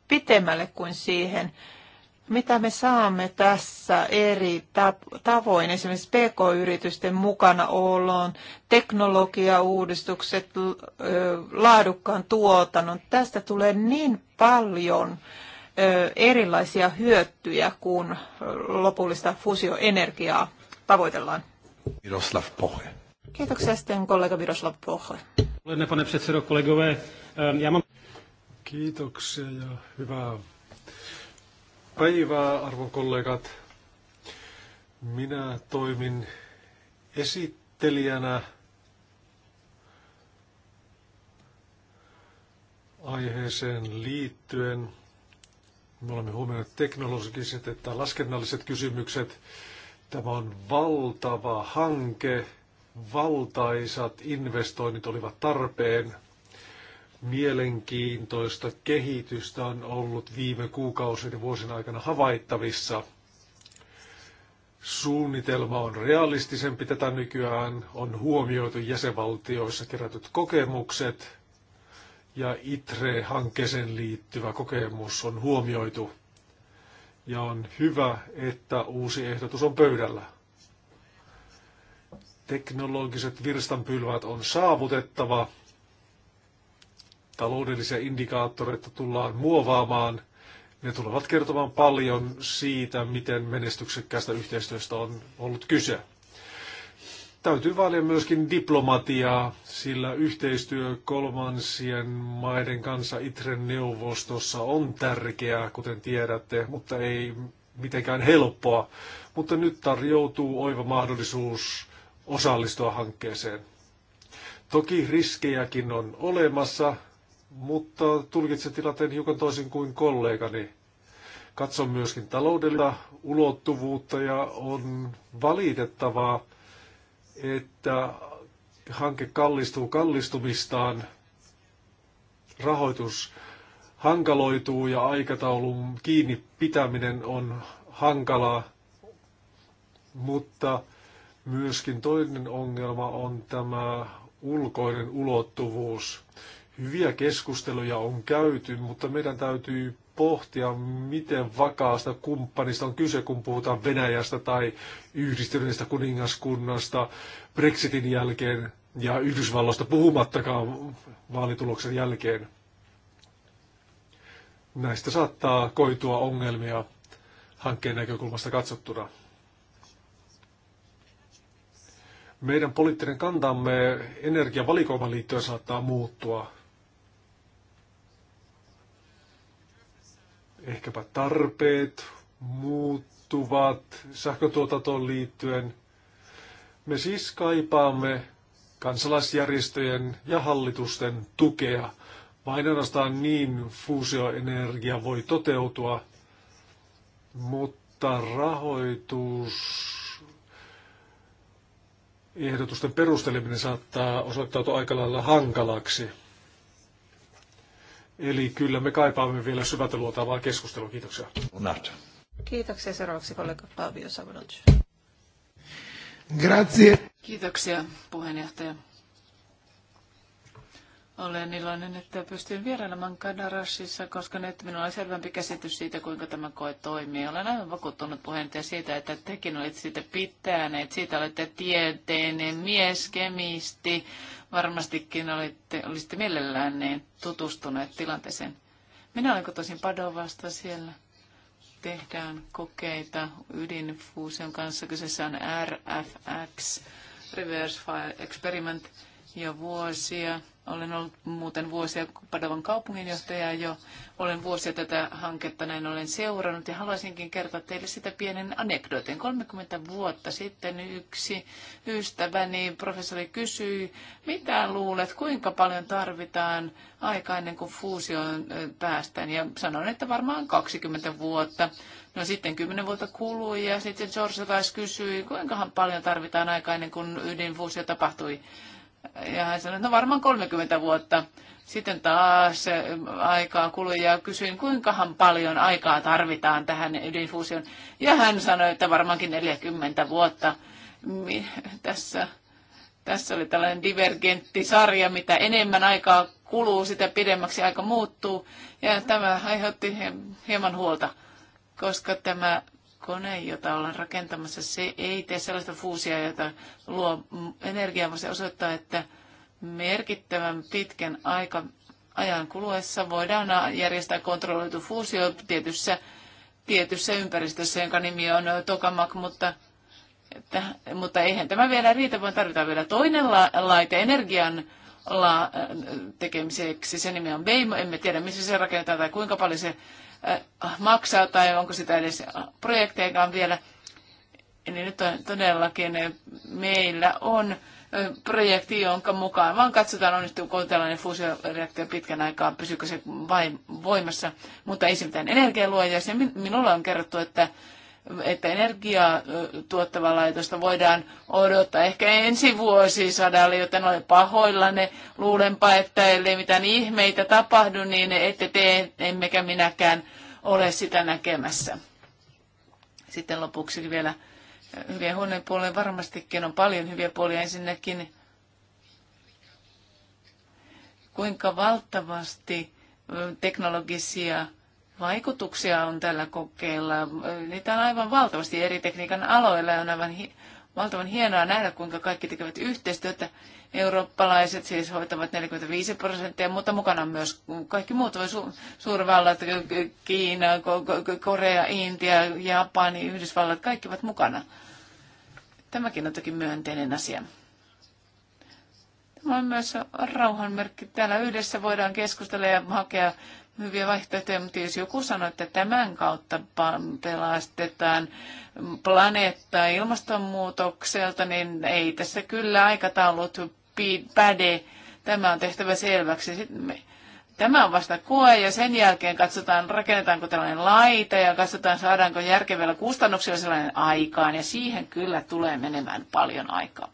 pitemmälle kuin siihen, mitä me saamme tässä eri tavoin, esimerkiksi pk-yritysten mukanaoloon, teknologiauudistukset, laadukkaan tuotannon. Tästä tulee niin paljon erilaisia hyötyjä, kun lopullista fusioenergiaa tavoitellaan. Miroslav Pohe. Kiitoksia sitten kollega Miroslav Pohe. Ehm, Kiitoksia ja hyvää päivää, arvon kollegat. Minä toimin esittelijänä aiheeseen liittyen. Me olemme huomioineet teknologiset että laskennalliset kysymykset. Tämä on valtava hanke. Valtaisat investoinnit olivat tarpeen – Mielenkiintoista kehitystä on ollut viime kuukausien ja vuosien aikana havaittavissa. Suunnitelma on realistisempi tätä nykyään, on huomioitu jäsenvaltioissa kerätyt kokemukset ja ITRE-hankkeeseen liittyvä kokemus on huomioitu. Ja on hyvä, että uusi ehdotus on pöydällä. Teknologiset virstanpylvät on saavutettava taloudellisia indikaattoreita tullaan muovaamaan. Ne tulevat kertomaan paljon siitä, miten menestyksekkäästä yhteistyöstä on ollut kyse. Täytyy vaalia myöskin diplomatiaa, sillä yhteistyö kolmansien maiden kanssa ITREN neuvostossa on tärkeää, kuten tiedätte, mutta ei mitenkään helppoa. Mutta nyt tarjoutuu oiva mahdollisuus osallistua hankkeeseen. Toki riskejäkin on olemassa, mutta tulkitsen tilanteen hiukan toisin kuin kollegani. Katson myöskin taloudellista ulottuvuutta ja on valitettavaa, että hanke kallistuu kallistumistaan, rahoitus hankaloituu ja aikataulun kiinni pitäminen on hankalaa, mutta myöskin toinen ongelma on tämä ulkoinen ulottuvuus. Hyviä keskusteluja on käyty, mutta meidän täytyy pohtia, miten vakaasta kumppanista on kyse, kun puhutaan Venäjästä tai yhdistyneestä kuningaskunnasta Brexitin jälkeen ja Yhdysvalloista puhumattakaan vaalituloksen jälkeen. Näistä saattaa koitua ongelmia hankkeen näkökulmasta katsottuna. Meidän poliittinen kantamme energiavalikoiman liittyen saattaa muuttua ehkäpä tarpeet muuttuvat sähkötuotantoon liittyen. Me siis kaipaamme kansalaisjärjestöjen ja hallitusten tukea. Vain ainoastaan niin fuusioenergia voi toteutua, mutta rahoitus ehdotusten perusteleminen saattaa osoittautua aika lailla hankalaksi. Eli kyllä me kaipaamme vielä syvältä luotaavaa keskustelua. Kiitoksia. Not. Kiitoksia seuraavaksi kollega Fabio Savonotch. Grazie. Kiitoksia puheenjohtaja. Olen iloinen, että pystyn vierailemaan Kadarashissa, koska nyt minulla on selvempi käsitys siitä, kuinka tämä koe toimii. Olen aivan vakuuttunut puheenjohtaja siitä, että tekin olette siitä pitäneet. Siitä olette tieteinen mies, kemisti. Varmastikin olitte, olisitte mielellään niin tutustuneet tilanteeseen. Minä olen tosin Padovasta siellä. Tehdään kokeita ydinfuusion kanssa. Kyseessä on RFX, Reverse Fire Experiment jo vuosia. Olen ollut muuten vuosia Padovan kaupunginjohtaja jo. Olen vuosia tätä hanketta näin olen seurannut ja haluaisinkin kertoa teille sitä pienen anekdootin. 30 vuotta sitten yksi ystäväni, professori, kysyi, mitä luulet, kuinka paljon tarvitaan aikaa ennen kuin fuusioon päästään? Ja sanoin, että varmaan 20 vuotta. No sitten 10 vuotta kului ja sitten George taas kysyi, kuinka paljon tarvitaan aikaa ennen kuin ydinfuusio tapahtui. Ja hän sanoi, no varmaan 30 vuotta. Sitten taas aikaa kului ja kysyin, kuinkahan paljon aikaa tarvitaan tähän ydinfuusioon. Ja hän sanoi, että varmaankin 40 vuotta. Tässä, tässä oli tällainen divergentti sarja, mitä enemmän aikaa kuluu, sitä pidemmäksi aika muuttuu. Ja tämä aiheutti hieman huolta, koska tämä kone, jota ollaan rakentamassa, se ei tee sellaista fuusia, jota luo energiaa, vaan se osoittaa, että merkittävän pitkän aika, ajan kuluessa voidaan järjestää kontrolloitu fuusio tietyssä, tietyssä ympäristössä, jonka nimi on tokamak, mutta, että, mutta eihän tämä vielä riitä, vaan tarvitaan vielä toinen la, laite energian la, tekemiseksi. Se nimi on Beimo, emme tiedä missä se rakennetaan tai kuinka paljon se Äh, maksaa tai onko sitä edes projektejakaan vielä. Eli nyt on todellakin äh, meillä on äh, projekti, jonka mukaan vaan katsotaan, onnistuuko tällainen fuusioreaktio pitkän aikaa, pysyykö se vain voimassa, mutta ei se mitään energialuoja. minulla on kerrottu, että että energiaa tuottavaa laitosta voidaan odottaa ehkä ensi vuosisadalle, joten olen ne. Luulenpa, että ellei mitään ihmeitä tapahdu, niin ette tee, emmekä minäkään ole sitä näkemässä. Sitten lopuksi vielä hyviä huoneen puoleen varmastikin on paljon hyviä puolia. Ensinnäkin kuinka valtavasti teknologisia vaikutuksia on tällä kokeella. Niitä on aivan valtavasti eri tekniikan aloilla ja on aivan hi- valtavan hienoa nähdä, kuinka kaikki tekevät yhteistyötä. Eurooppalaiset siis hoitavat 45 prosenttia, mutta mukana on myös kaikki muut su- suurvallat, Kiina, Korea, Intia, Japani, Yhdysvallat, kaikki ovat mukana. Tämäkin on toki myönteinen asia. Tämä on myös rauhanmerkki. Täällä yhdessä voidaan keskustella ja hakea hyviä vaihtoehtoja, mutta jos joku sanoo, että tämän kautta pelastetaan planeetta ilmastonmuutokselta, niin ei tässä kyllä aikataulut päde. Tämä on tehtävä selväksi. me, tämä on vasta koe ja sen jälkeen katsotaan, rakennetaanko tällainen laite ja katsotaan, saadaanko järkevällä kustannuksella sellainen aikaan ja siihen kyllä tulee menemään paljon aikaa.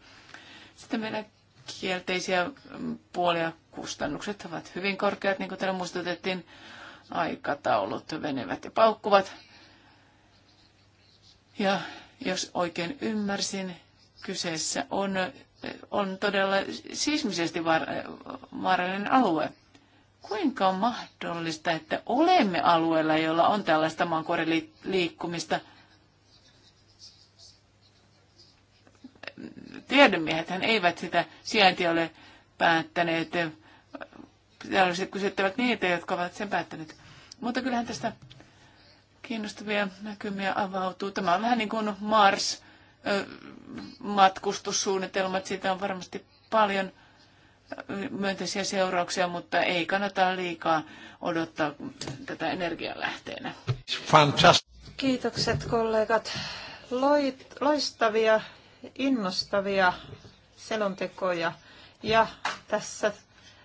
Sitten meillä kielteisiä puolia. Kustannukset ovat hyvin korkeat, niin kuin täällä muistutettiin. Aikataulut venevät ja paukkuvat. Ja jos oikein ymmärsin, kyseessä on, on todella sismisesti vaarallinen alue. Kuinka on mahdollista, että olemme alueella, jolla on tällaista maankuoriliikkumista? liikkumista – Tiedemiehet hän eivät sitä sijaintia ole päättäneet. Tällaiset kysyttävät niitä, jotka ovat sen päättäneet. Mutta kyllähän tästä kiinnostavia näkymiä avautuu. Tämä on vähän niin kuin Mars, matkustussuunnitelmat, siitä on varmasti paljon myönteisiä seurauksia, mutta ei kannata liikaa odottaa tätä energialähteenä. Fantastic. Kiitokset kollegat. Loit, loistavia innostavia selontekoja ja tässä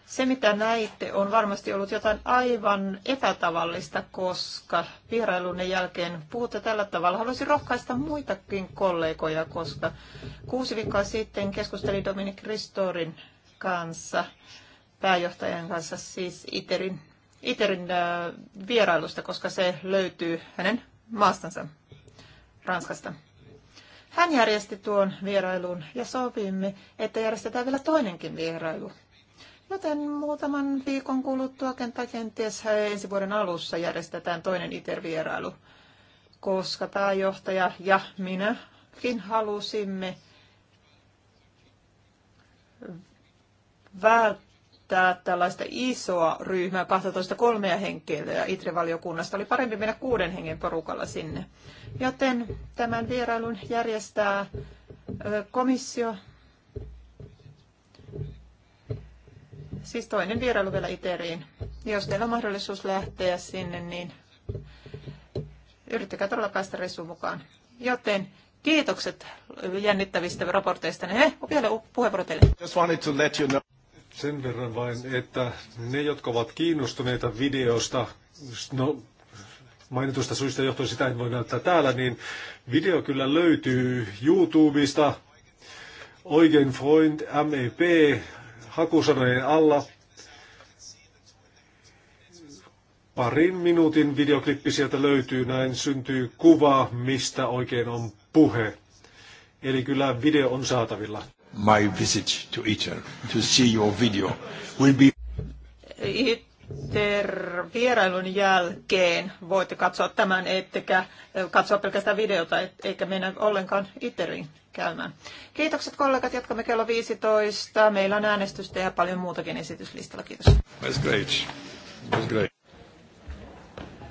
se, mitä näitte, on varmasti ollut jotain aivan epätavallista, koska vierailun jälkeen puhutte tällä tavalla. Haluaisin rohkaista muitakin kollegoja, koska kuusi viikkoa sitten keskustelin Dominik Ristorin kanssa, pääjohtajan kanssa, siis ITERin, ITERin äh, vierailusta, koska se löytyy hänen maastansa, Ranskasta. Hän järjesti tuon vierailun ja sovimme, että järjestetään vielä toinenkin vierailu. Joten muutaman viikon kuluttua kenties ensi vuoden alussa järjestetään toinen ITER-vierailu, koska pääjohtaja ja minäkin halusimme välttää välttää tällaista isoa ryhmää, 12 kolmea henkilöä ITRE-valiokunnasta. Oli parempi mennä kuuden hengen porukalla sinne. Joten tämän vierailun järjestää komissio. Siis toinen vierailu vielä ITERiin. Jos teillä on mahdollisuus lähteä sinne, niin yrittäkää todella päästä resuun mukaan. Joten kiitokset jännittävistä raporteista. Ne eh, vielä puheenvuoro teille. Just wanted to let you know. Sen verran vain, että ne, jotka ovat kiinnostuneita videosta, no mainitusta syystä johtuen sitä en voi näyttää täällä, niin video kyllä löytyy YouTubesta, Oikein Freund MEP, hakusanojen alla. Parin minuutin videoklippi sieltä löytyy, näin syntyy kuva, mistä oikein on puhe. Eli kyllä video on saatavilla my visit to ITER to see your video will be... ITER-vierailun jälkeen voitte katsoa tämän, ettekä katsoa pelkästään videota, eikä mennä ollenkaan ITERiin käymään. Kiitokset kollegat, jatkamme kello 15. Meillä on äänestystä ja paljon muutakin esityslistalla. Kiitos. That's great. That's great.